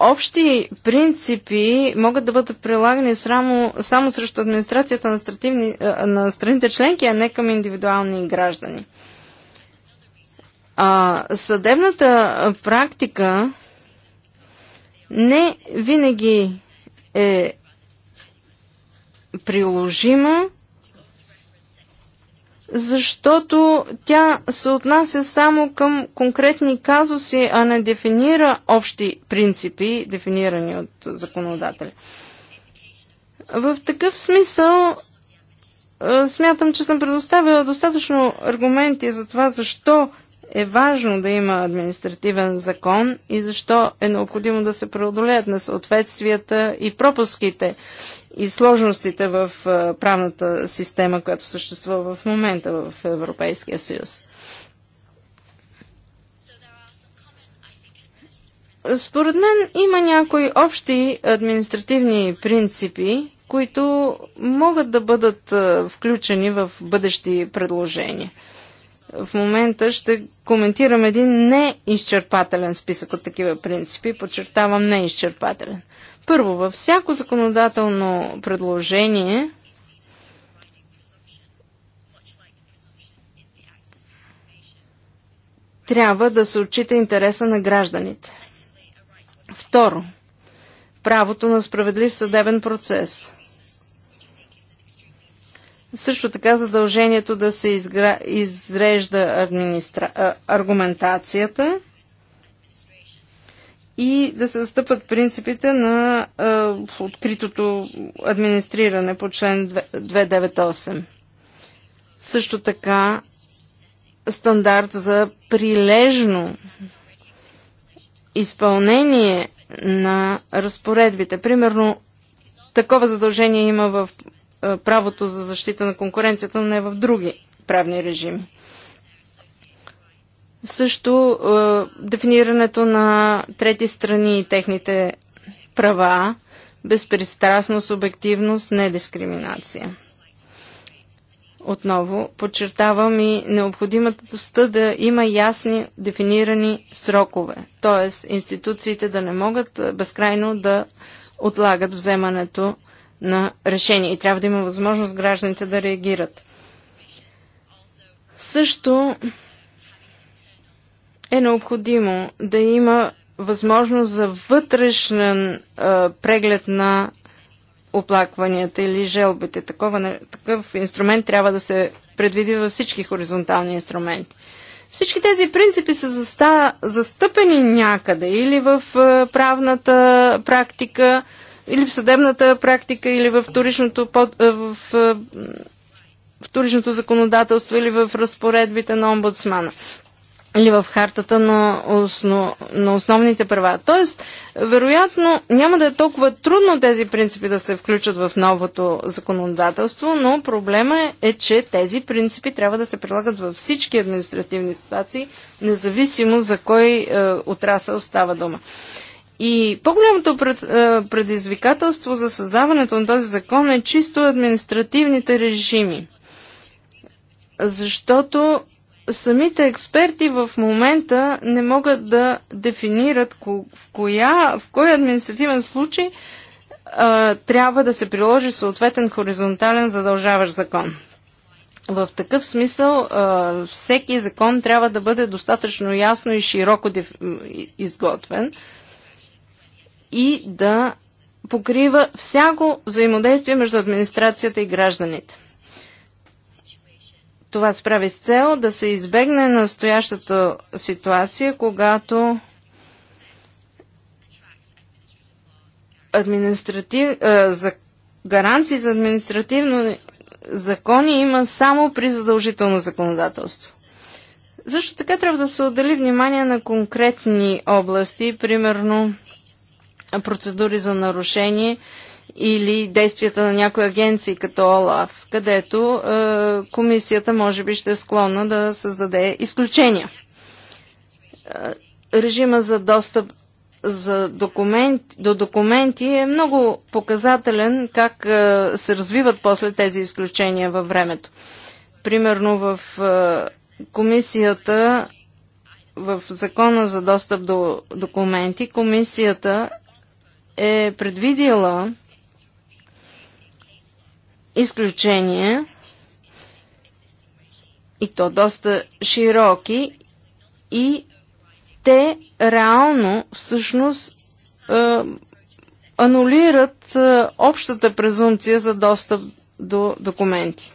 общи принципи могат да бъдат прилагани само, само срещу администрацията на, е, на страните членки, а не към индивидуални граждани. А, съдебната практика не винаги е приложима, защото тя се отнася само към конкретни казуси, а не дефинира общи принципи, дефинирани от законодателя. В такъв смисъл смятам, че съм предоставила достатъчно аргументи за това, защо е важно да има административен закон и защо е необходимо да се преодолеят на съответствията и пропуските и сложностите в е, правната система, която съществува в момента в Европейския съюз. Според мен има някои общи административни принципи, които могат да бъдат е, включени в бъдещи предложения в момента ще коментирам един неизчерпателен списък от такива принципи. Подчертавам неизчерпателен. Първо, във всяко законодателно предложение трябва да се отчита интереса на гражданите. Второ, правото на справедлив съдебен процес. Също така задължението да се изгра... изрежда администра... аргументацията и да се стъпат принципите на а, откритото администриране по член 298. Също така стандарт за прилежно изпълнение на разпоредбите. Примерно, такова задължение има в е, правото за защита на конкуренцията, но не в други правни режими. Също е, дефинирането на трети страни и техните права, безпристрастност, обективност, недискриминация. Отново подчертавам и необходимостта да има ясни дефинирани срокове, т.е. институциите да не могат е, безкрайно да отлагат вземането на решение и трябва да има възможност гражданите да реагират. Също е необходимо да има възможност за вътрешен а, преглед на оплакванията или желбите. Такова, такъв инструмент трябва да се предвиди във всички хоризонтални инструменти. Всички тези принципи са заста, застъпени някъде или в правната практика, или в съдебната практика, или в вторичното, под, е, в, е, в вторичното законодателство, или в разпоредбите на омбудсмана или в хартата на, основ, на основните права. Тоест, вероятно, няма да е толкова трудно тези принципи да се включат в новото законодателство, но проблема е, че тези принципи трябва да се прилагат във всички административни ситуации, независимо за кой е, отрасъл става дума. И по-голямото е, предизвикателство за създаването на този закон е чисто административните режими. Защото самите експерти в момента не могат да дефинират в, коя, в кой административен случай а, е, трябва да се приложи съответен хоризонтален задължаващ закон. В такъв смисъл а, е, всеки закон трябва да бъде достатъчно ясно и широко изготвен, и да покрива всяко взаимодействие между администрацията и гражданите. Това се прави с цел да се избегне настоящата ситуация, когато административ, е, за, гаранции за административно закони има само при задължително законодателство. Също така трябва да се отдели внимание на конкретни области, примерно процедури за нарушение или действията на някои агенции като ОЛАФ, където е, комисията може би ще е склонна да създаде изключения. Е, режима за достъп за документ, до документи е много показателен как е, се развиват после тези изключения във времето. Примерно в е, комисията в закона за достъп до документи, комисията е предвидила изключение и то доста широки и те реално всъщност е, анулират е, общата презумпция за достъп до документи.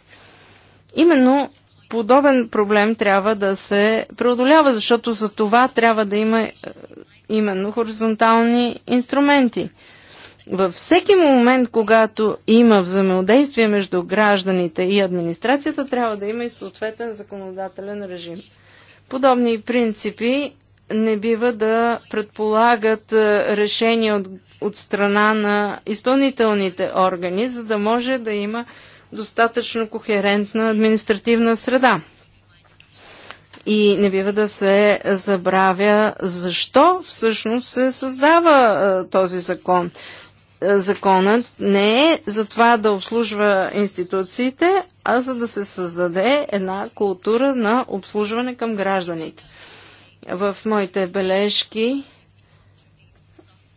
Именно подобен проблем трябва да се преодолява, защото за това трябва да има е, именно хоризонтални инструменти. Във всеки момент, когато има взаимодействие между гражданите и администрацията, трябва да има и съответен законодателен режим. Подобни принципи не бива да предполагат е, решения от, от страна на изпълнителните органи, за да може да има достатъчно кохерентна административна среда. И не бива да се забравя защо всъщност се създава е, този закон. Е, законът не е за това да обслужва институциите, а за да се създаде една култура на обслужване към гражданите. В моите бележки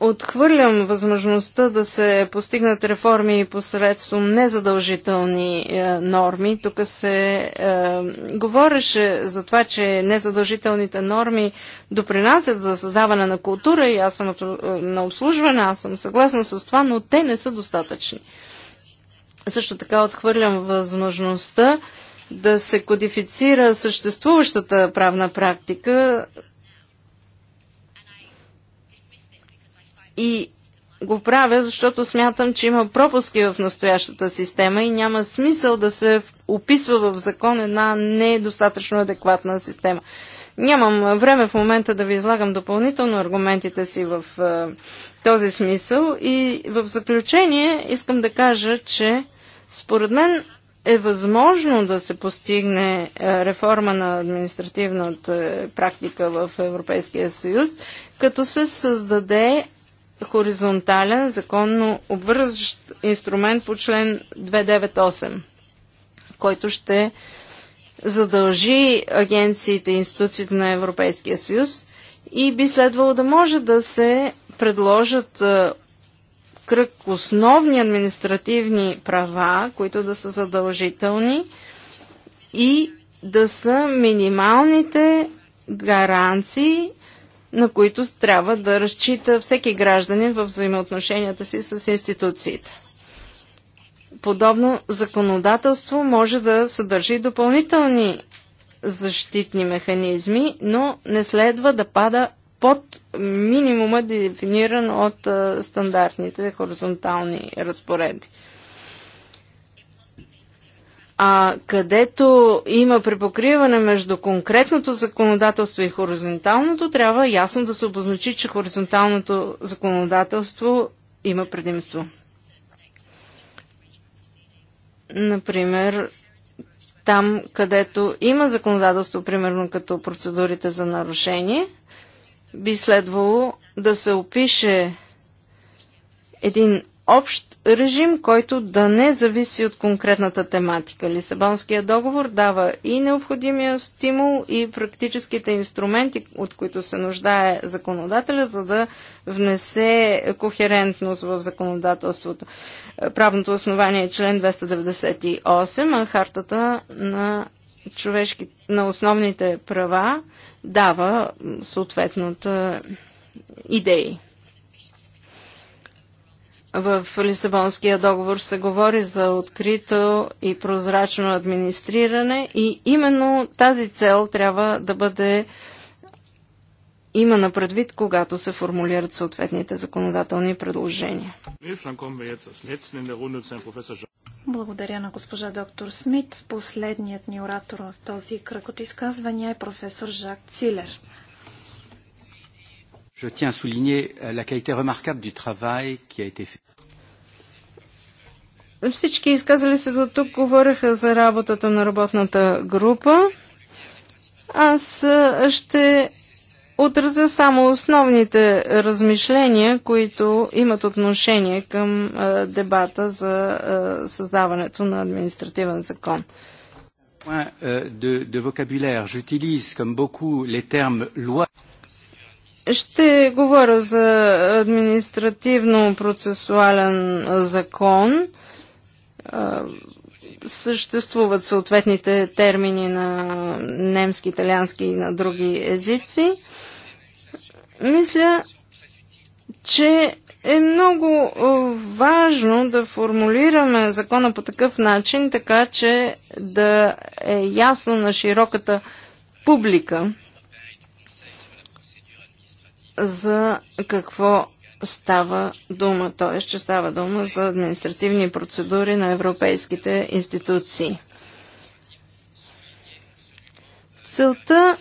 Отхвърлям възможността да се постигнат реформи посредством незадължителни е, норми. Тук се е, говореше за това, че незадължителните норми допринасят за създаване на култура и аз съм е, на обслужване, аз съм съгласна с това, но те не са достатъчни. Също така отхвърлям възможността да се кодифицира съществуващата правна практика И го правя, защото смятам, че има пропуски в настоящата система и няма смисъл да се описва в закон една недостатъчно адекватна система. Нямам време в момента да ви излагам допълнително аргументите си в е, този смисъл и в заключение искам да кажа, че според мен е възможно да се постигне е, реформа на административната е, практика в Европейския съюз, като се създаде хоризонтален, законно обвързващ инструмент по член 298, който ще задължи агенциите и институциите на Европейския съюз и би следвало да може да се предложат е, кръг основни административни права, които да са задължителни и да са минималните гаранции на които трябва да разчита всеки гражданин в взаимоотношенията си с институциите. Подобно законодателство може да съдържи допълнителни защитни механизми, но не следва да пада под минимума, дефиниран от стандартните хоризонтални разпоредби. А където има препокриване между конкретното законодателство и хоризонталното, трябва ясно да се обозначи, че хоризонталното законодателство има предимство. Например, там, където има законодателство, примерно като процедурите за нарушение, би следвало да се опише един общ режим, който да не зависи от конкретната тематика. Лисабонския договор дава и необходимия стимул и практическите инструменти, от които се нуждае законодателя, за да внесе кохерентност в законодателството. Правното основание е член 298, а хартата на, човешки, на основните права дава съответната идеи. В Лисабонския договор се говори за открито и прозрачно администриране и именно тази цел трябва да бъде има на предвид, когато се формулират съответните законодателни предложения. Благодаря на госпожа доктор Смит. Последният ни оратор в този кръг от изказвания е професор Жак Цилер. Je tiens à souligner euh, la qualité remarquable du travail qui a été fait. Всички изказали се до тук говориха за работата на работната група. Аз ще отразя само основните размишления, които имат отношение към дебата за създаването на административен закон. Euh, de, de vocabulaire, j'utilise comme beaucoup les termes loi. Ще говоря за административно-процесуален закон. Съществуват съответните термини на немски, италиански и на други езици. Мисля, че е много важно да формулираме закона по такъв начин, така че да е ясно на широката публика за какво става дума, т.е. че става дума за административни процедури на европейските институции. Целта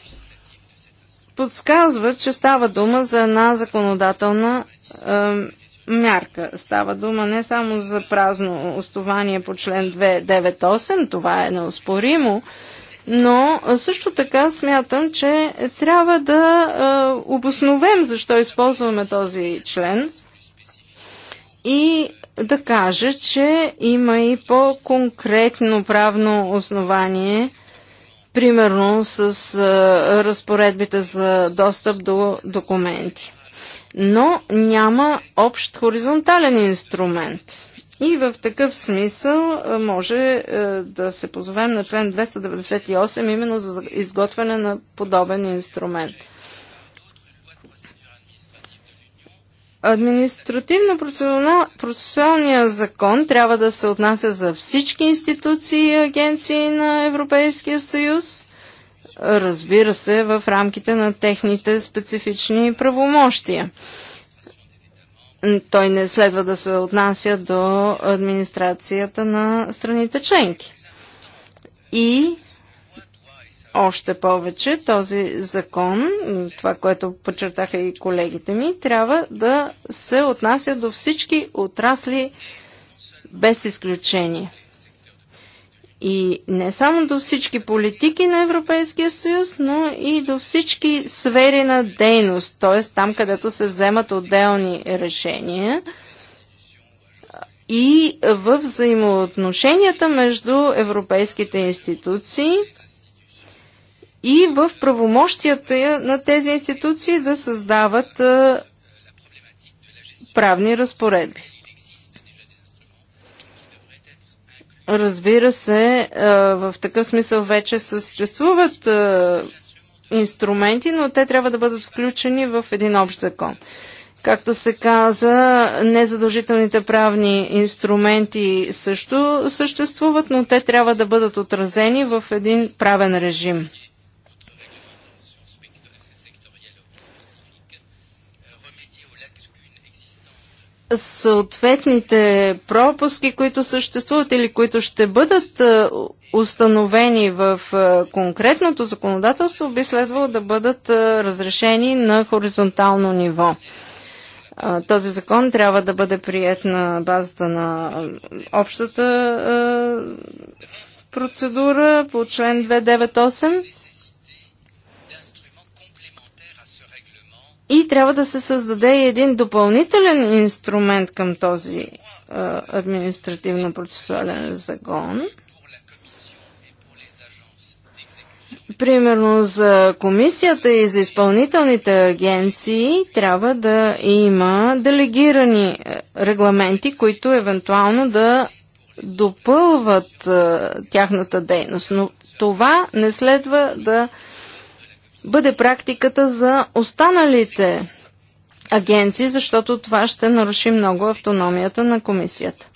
подсказва, че става дума за една законодателна е, мярка. Става дума не само за празно основание по член 298, това е неоспоримо, но също така смятам, че трябва да е, обосновем защо използваме този член и да кажа, че има и по-конкретно правно основание, примерно с разпоредбите за достъп до документи. Но няма общ хоризонтален инструмент. И в такъв смисъл е, може е, да се позовем на член 298 именно за изготвяне на подобен инструмент. Административно-процесуалният закон трябва да се отнася за всички институции и агенции на Европейския съюз, разбира се, в рамките на техните специфични правомощия той не следва да се отнася до администрацията на страните членки. И още повече този закон, това, което подчертаха и колегите ми, трябва да се отнася до всички отрасли без изключение. И не само до всички политики на Европейския съюз, но и до всички сфери на дейност, т.е. там, където се вземат отделни решения и в взаимоотношенията между европейските институции и в правомощията на тези институции да създават правни разпоредби. Разбира се, в такъв смисъл вече съществуват инструменти, но те трябва да бъдат включени в един общ закон. Както се каза, незадължителните правни инструменти също съществуват, но те трябва да бъдат отразени в един правен режим. съответните пропуски, които съществуват или които ще бъдат е, установени в е, конкретното законодателство, би следвало да бъдат е, разрешени на хоризонтално ниво. Този закон трябва да бъде прият на базата на общата процедура по член 298 И трябва да се създаде и един допълнителен инструмент към този е, административно-процесуален закон. Примерно за комисията и за изпълнителните агенции трябва да има делегирани е, регламенти, които евентуално да допълват е, тяхната дейност. Но това не следва да бъде практиката за останалите агенции, защото това ще наруши много автономията на комисията.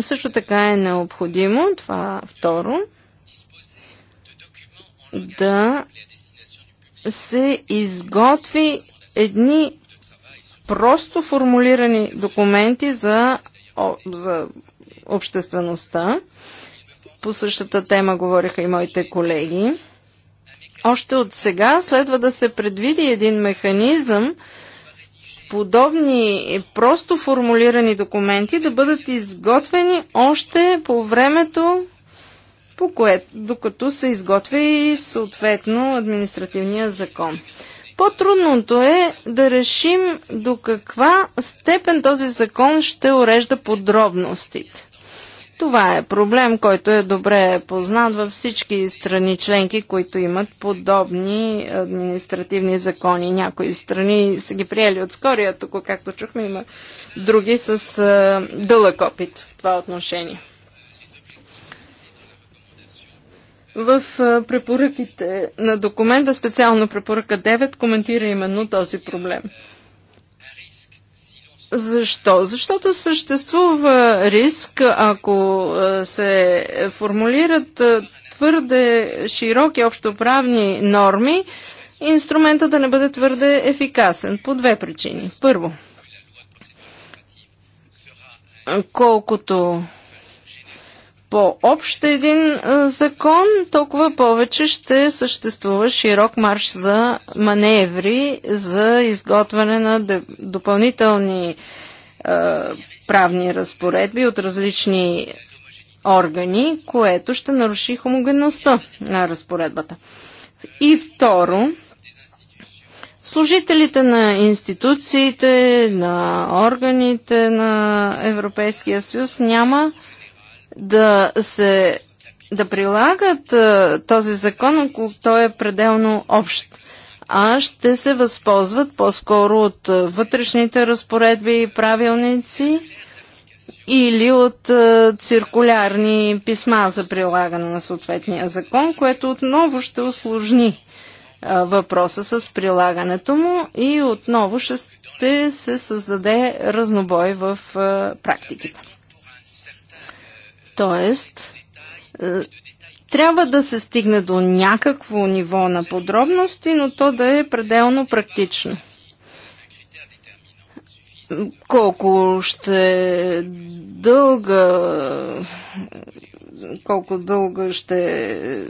Също така е необходимо, това второ, да се изготви едни просто формулирани документи за, за обществеността, по същата тема говориха и моите колеги. Още от сега следва да се предвиди един механизъм, подобни просто формулирани документи да бъдат изготвени още по времето, по което, докато се изготвя и съответно административния закон. По-трудното е да решим до каква степен този закон ще урежда подробностите. Това е проблем, който е добре познат във всички страни членки, които имат подобни административни закони. Някои страни са ги приели от а тук, както чухме, има други с дълъг опит в това отношение. В препоръките на документа, специално препоръка 9, коментира именно този проблем – защо? Защото съществува риск, ако е, се формулират е, твърде широки общоправни норми, инструмента да не бъде твърде ефикасен. По две причини. Първо, колкото по-общ един закон, толкова повече ще съществува широк марш за маневри, за изготвяне на допълнителни е, правни разпоредби от различни органи, което ще наруши хомогенността на разпоредбата. И второ, служителите на институциите, на органите на Европейския съюз няма да се да прилагат а, този закон, ако той е пределно общ, а ще се възползват по-скоро от а, вътрешните разпоредби и правилници или от а, циркулярни писма за прилагане на съответния закон, което отново ще осложни въпроса с прилагането му и отново ще се създаде разнобой в практиките. Тоест, е, трябва да се стигне до някакво ниво на подробности, но то да е пределно практично. Колко ще дълга колко дълга ще е,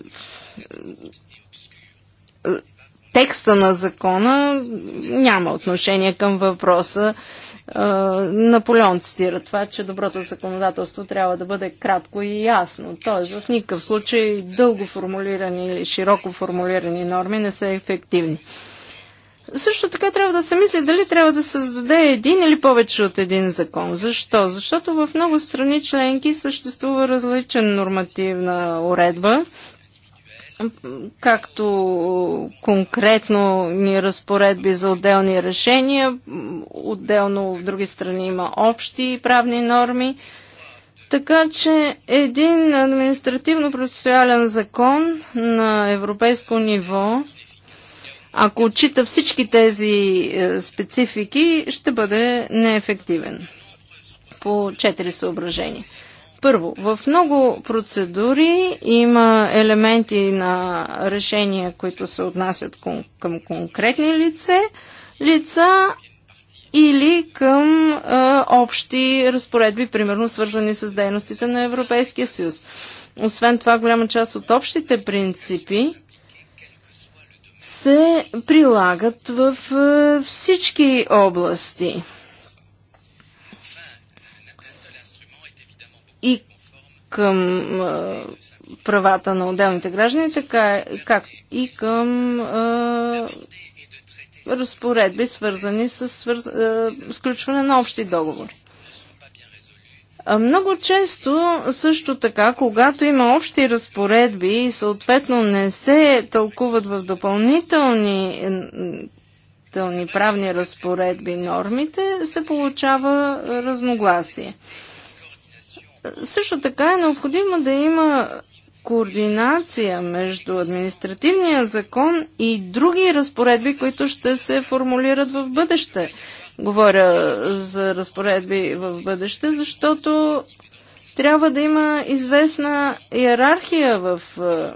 текста на закона няма отношение към въпроса Наполеон цитира това, че доброто законодателство трябва да бъде кратко и ясно. Т.е. в никакъв случай дълго формулирани или широко формулирани норми не са ефективни. Също така трябва да се мисли дали трябва да създаде един или повече от един закон. Защо? Защото в много страни членки съществува различен нормативна уредба както конкретно ни разпоредби за отделни решения, отделно в други страни има общи правни норми. Така че един административно-процесуален закон на европейско ниво, ако отчита всички тези е, специфики, ще бъде неефективен по четири съображения. Първо, в много процедури има елементи на решения, които се отнасят към, конкретни лице, лица или към е, общи разпоредби, примерно свързани с дейностите на Европейския съюз. Освен това, голяма част от общите принципи се прилагат в е, всички области. към правата на отделните граждани, така е, как и към разпоредби, свързани с свърз... сключване на общи договори. Много често също така, когато има общи разпоредби и съответно не се тълкуват в допълнителни правни разпоредби нормите, се получава разногласие. Също така е необходимо да има координация между административния закон и други разпоредби, които ще се формулират в бъдеще. Говоря за разпоредби в бъдеще, защото трябва да има известна иерархия в е,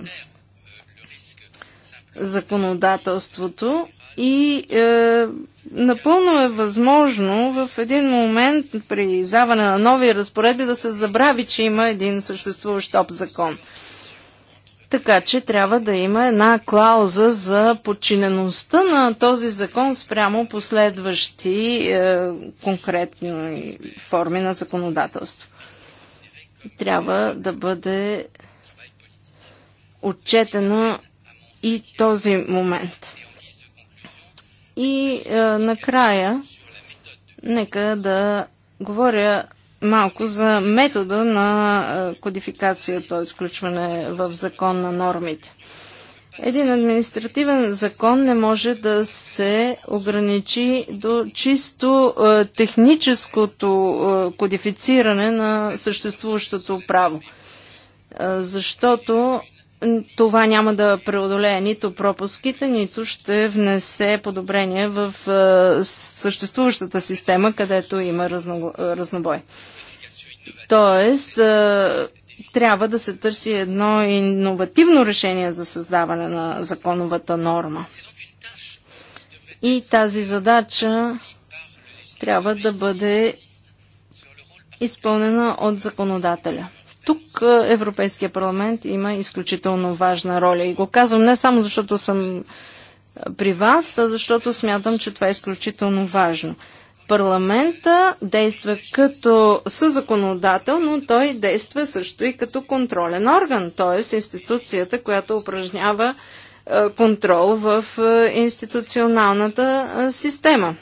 законодателството и е, напълно е възможно в един момент при издаване на нови разпоредби да се забрави, че има един съществуващ топ закон. Така че трябва да има една клауза за подчинеността на този закон спрямо последващи е, конкретни форми на законодателство. Трябва да бъде отчетена и този момент. И е, накрая, нека да говоря малко за метода на е, кодификация, т.е. включване в закон на нормите. Един административен закон не може да се ограничи до чисто е, техническото е, кодифициране на съществуващото право, защото това няма да преодолее нито пропуските, нито ще внесе подобрение в е, съществуващата система, където има разно, разнобой. Тоест, е, трябва да се търси едно иновативно решение за създаване на законовата норма. И тази задача трябва да бъде изпълнена от законодателя. Тук е, Европейския парламент има изключително важна роля и го казвам не само защото съм е, при вас, а защото смятам, че това е изключително важно. Парламента действа като съзаконодател, но той действа също и като контролен орган, т.е. институцията, която упражнява е, контрол в институционалната система.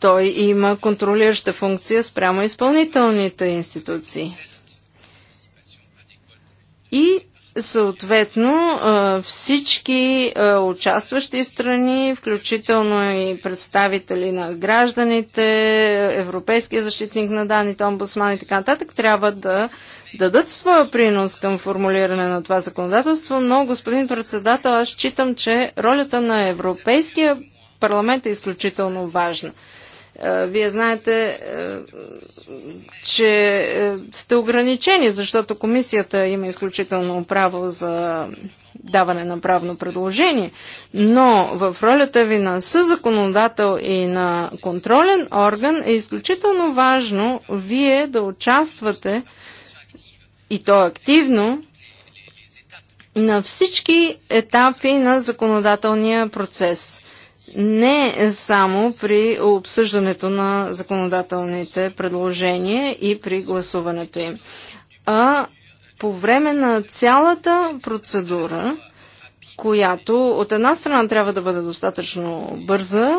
той има контролираща функция спрямо изпълнителните институции. И съответно всички участващи страни, включително и представители на гражданите, Европейския защитник на данните, омбудсман и така нататък, трябва да дадат своя принос към формулиране на това законодателство, но, господин председател, аз считам, че ролята на Европейския парламент е изключително важна. Вие знаете, е, че е, сте ограничени, защото комисията има изключително право за даване на правно предложение, но в ролята ви на съзаконодател и на контролен орган е изключително важно вие да участвате и то активно на всички етапи на законодателния процес не само при обсъждането на законодателните предложения и при гласуването им, а по време на цялата процедура, която от една страна трябва да бъде достатъчно бърза,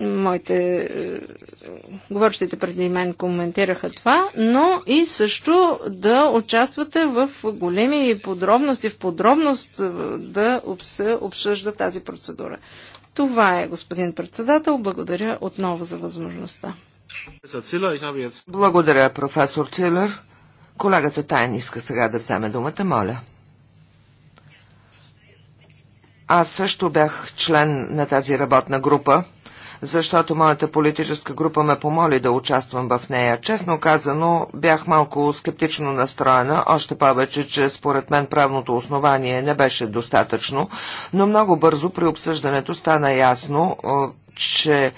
моите е, говорещите преди мен коментираха това, но и също да участвате в големи подробности, в подробност е, да се обсъжда тази процедура. Това е, господин председател. Благодаря отново за възможността. Благодаря, професор Цилер. Колегата Тайн иска сега да вземе думата, моля. Аз също бях член на тази работна група защото моята политическа група ме помоли да участвам в нея. Честно казано, бях малко скептично настроена, още повече, че според мен правното основание не беше достатъчно, но много бързо при обсъждането стана ясно, че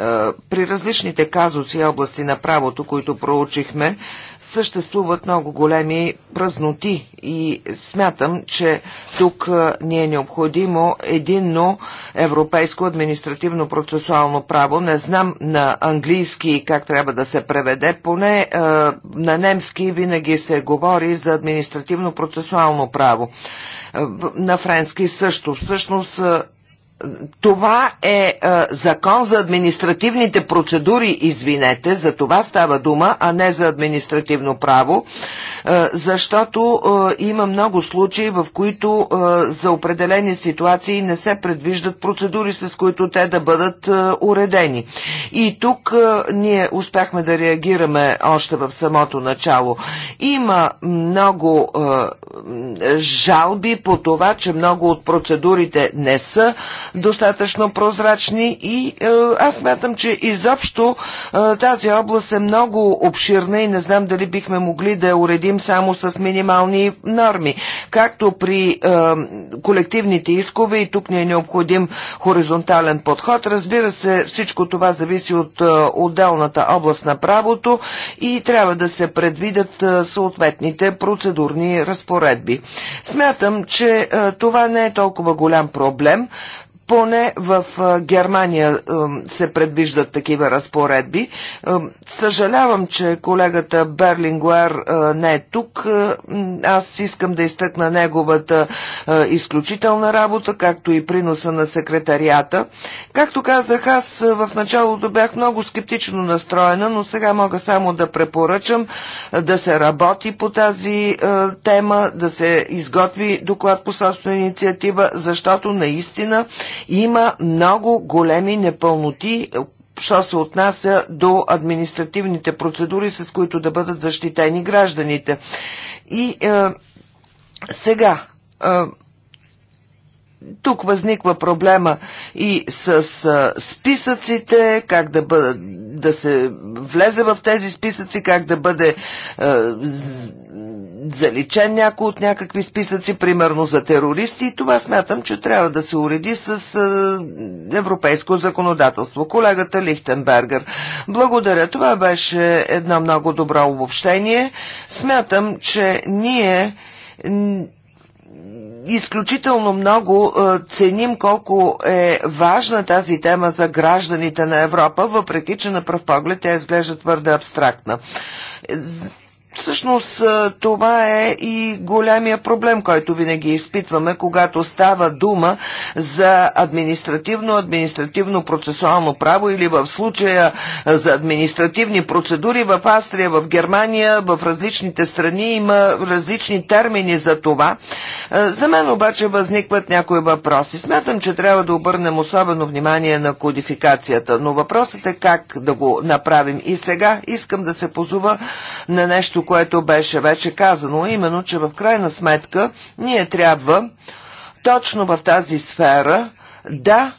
е, при различните казуси и области на правото, които проучихме, съществуват много големи празноти и смятам, че тук е, ни е необходимо единно европейско административно-процесуално право. Не знам на английски как трябва да се преведе, поне е, на немски винаги се говори за административно-процесуално право. Е, на френски също. Всъщност това е а, е, закон за административните процедури, извинете, за това става дума, а не за административно право, а, е, защото а, е, има много случаи, в които а, за определени ситуации не се предвиждат процедури, с които те да бъдат а, уредени. И тук а, ние успяхме да реагираме още в самото начало. Има много а, жалби по това, че много от процедурите не са достатъчно прозрачни и е, аз смятам, че изобщо е, тази област е много обширна и не знам дали бихме могли да я уредим само с минимални норми. Както при е, колективните искове и тук ни е необходим хоризонтален подход. Разбира се, всичко това зависи от отделната област на правото и трябва да се предвидят съответните процедурни разпоредби. Смятам, че това не е толкова голям проблем. Поне в Германия се предвиждат такива разпоредби. Съжалявам, че колегата Берлингуер не е тук. Аз искам да изтъкна неговата изключителна работа, както и приноса на секретарията. Както казах, аз в началото бях много скептично настроена, но сега мога само да препоръчам да се работи по тази тема, да се изготви доклад по собствена инициатива, защото наистина има много големи непълноти, що се отнася до административните процедури, с които да бъдат защитени гражданите. И е, сега, е, тук възниква проблема и с а, списъците, как да, бъ, да се влезе в тези списъци, как да бъде а, заличен някой от някакви списъци, примерно за терористи. И това смятам, че трябва да се уреди с а, европейско законодателство. Колегата Лихтенбергер. Благодаря. Това беше едно много добро обобщение. Смятам, че ние изключително много е, ценим колко е важна тази тема за гражданите на Европа, въпреки че на пръв поглед тя изглежда твърде абстрактна. Е, Всъщност това е и големия проблем, който винаги изпитваме, когато става дума за административно, административно-процесуално право или в случая за административни процедури в Австрия, в Германия, в различните страни има различни термини за това. За мен обаче възникват някои въпроси. Смятам, че трябва да обърнем особено внимание на кодификацията, но въпросът е как да го направим. И сега искам да се позова на нещо, нещо, което беше вече казано, именно, че в крайна сметка ние трябва точно в тази сфера да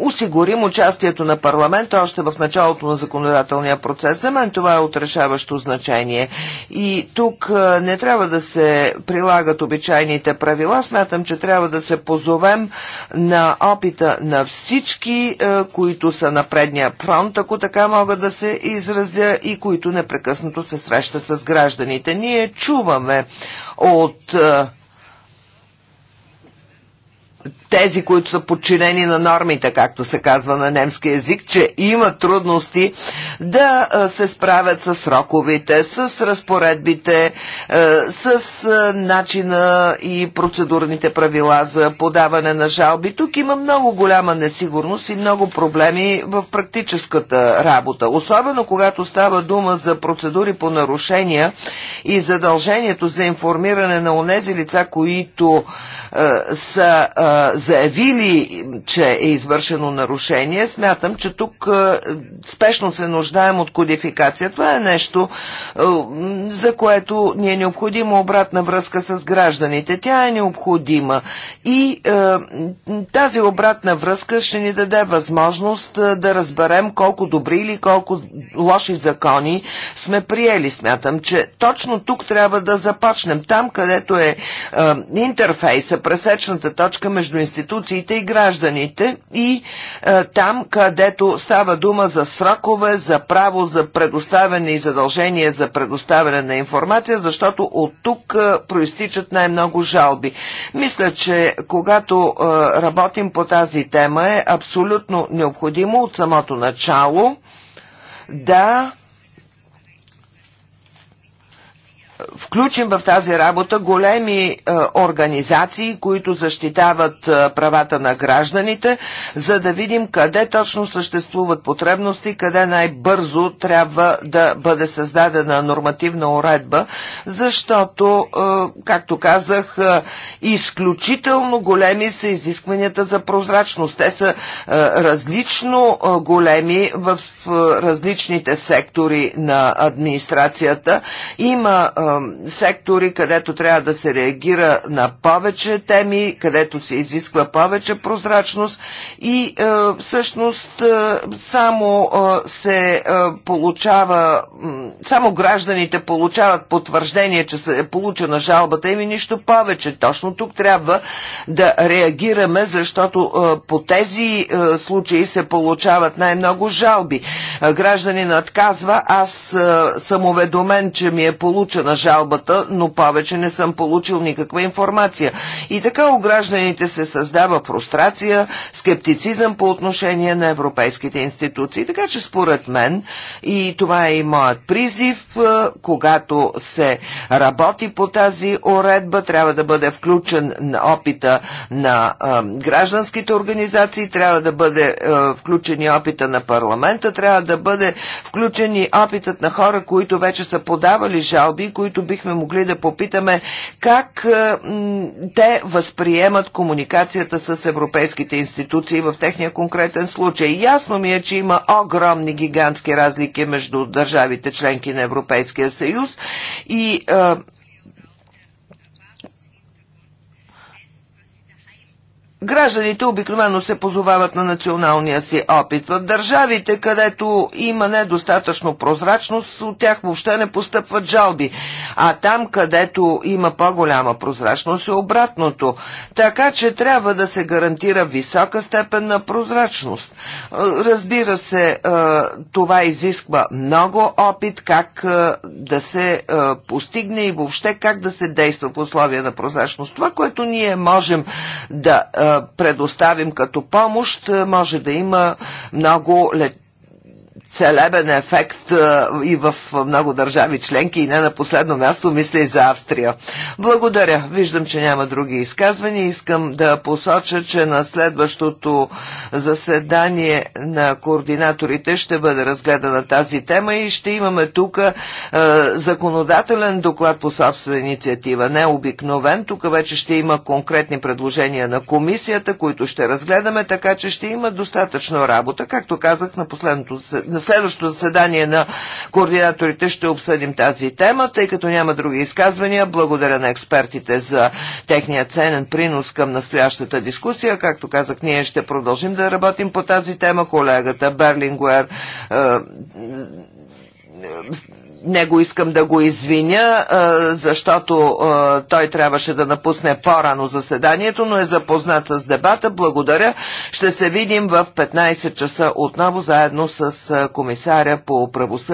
осигурим участието на парламента още в началото на законодателния процес. За мен това е отрешаващо значение. И тук не трябва да се прилагат обичайните правила. Смятам, че трябва да се позовем на опита на всички, които са на предния фронт, ако така могат да се изразя, и които непрекъснато се срещат с гражданите. Ние чуваме от тези, които са подчинени на нормите, както се казва на немски язик, че има трудности да се справят с сроковите, с разпоредбите, с начина и процедурните правила за подаване на жалби. Тук има много голяма несигурност и много проблеми в практическата работа, особено когато става дума за процедури по нарушения и задължението за информиране на онези лица, които са заявили, че е извършено нарушение, смятам, че тук е, спешно се нуждаем от кодификация. Това е нещо, е, за което ни е необходима обратна връзка с гражданите. Тя е необходима и е, тази обратна връзка ще ни даде възможност да разберем колко добри или колко лоши закони сме приели. Смятам, че точно тук трябва да започнем. Там, където е интерфейса, пресечната точка между институциите, институциите и гражданите и е, там, където става дума за срокове, за право за предоставяне и задължение за предоставяне на информация, защото от тук е, проистичат най-много жалби. Мисля, че когато е, работим по тази тема е абсолютно необходимо от самото начало да включим в тази работа големи е, организации, които защитават е, правата на гражданите, за да видим къде точно съществуват потребности, къде най-бързо трябва да бъде създадена нормативна уредба, защото, е, както казах, е, изключително големи са изискванията за прозрачност. Те са е, различно е, големи в различните сектори на администрацията. Има сектори, където трябва да се реагира на повече теми, където се изисква повече прозрачност и е, всъщност е, само е, се получава, само гражданите получават потвърждение, че се е получена жалбата им и нищо повече. Точно тук трябва да реагираме, защото по тези случаи се получават най-много жалби. Гражданин отказва, аз съм уведомен, че ми е получена жалбата, но повече не съм получил никаква информация. И така у гражданите се създава прострация, скептицизъм по отношение на европейските институции. Така че според мен, и това е и моят призив, когато се работи по тази уредба, трябва да бъде включен на опита на гражданските организации, трябва да бъде включен и опита на парламента, трябва да бъде включен и опитът на хора, които вече са подавали жалби, които които бихме могли да попитаме как е, те възприемат комуникацията с европейските институции в техния конкретен случай. Ясно ми е, че има огромни гигантски разлики между държавите членки на Европейския съюз и е, Гражданите обикновено се позовават на националния си опит. В държавите, където има недостатъчно прозрачност, от тях въобще не постъпват жалби. А там, където има по-голяма прозрачност, е обратното. Така че трябва да се гарантира висока степен на прозрачност. Е, разбира се, е, това изисква много опит как е, да се постигне и въобще как да се действа по условия на прозрачност. Това, което ние можем да предоставим като помощ, може да има много лет целебен ефект и в много държави членки и не на последно място мисля и за Австрия. Благодаря. Виждам, че няма други изказвания. Искам да посоча, че на следващото заседание на координаторите ще бъде разгледана тази тема и ще имаме тук е, законодателен доклад по собствена инициатива. Не обикновен. Тук вече ще има конкретни предложения на комисията, които ще разгледаме, така че ще има достатъчно работа. Както казах на последното на на следващото заседание на координаторите ще обсъдим тази тема, тъй като няма други изказвания. Благодаря на експертите за техния ценен принос към настоящата дискусия. Както казах, ние ще продължим да работим по тази тема. Колегата Берлингуер е, него искам да го извиня, защото той трябваше да напусне по-рано заседанието, но е запознат с дебата. Благодаря. Ще се видим в 15 часа отново заедно с комисаря по правосъдие.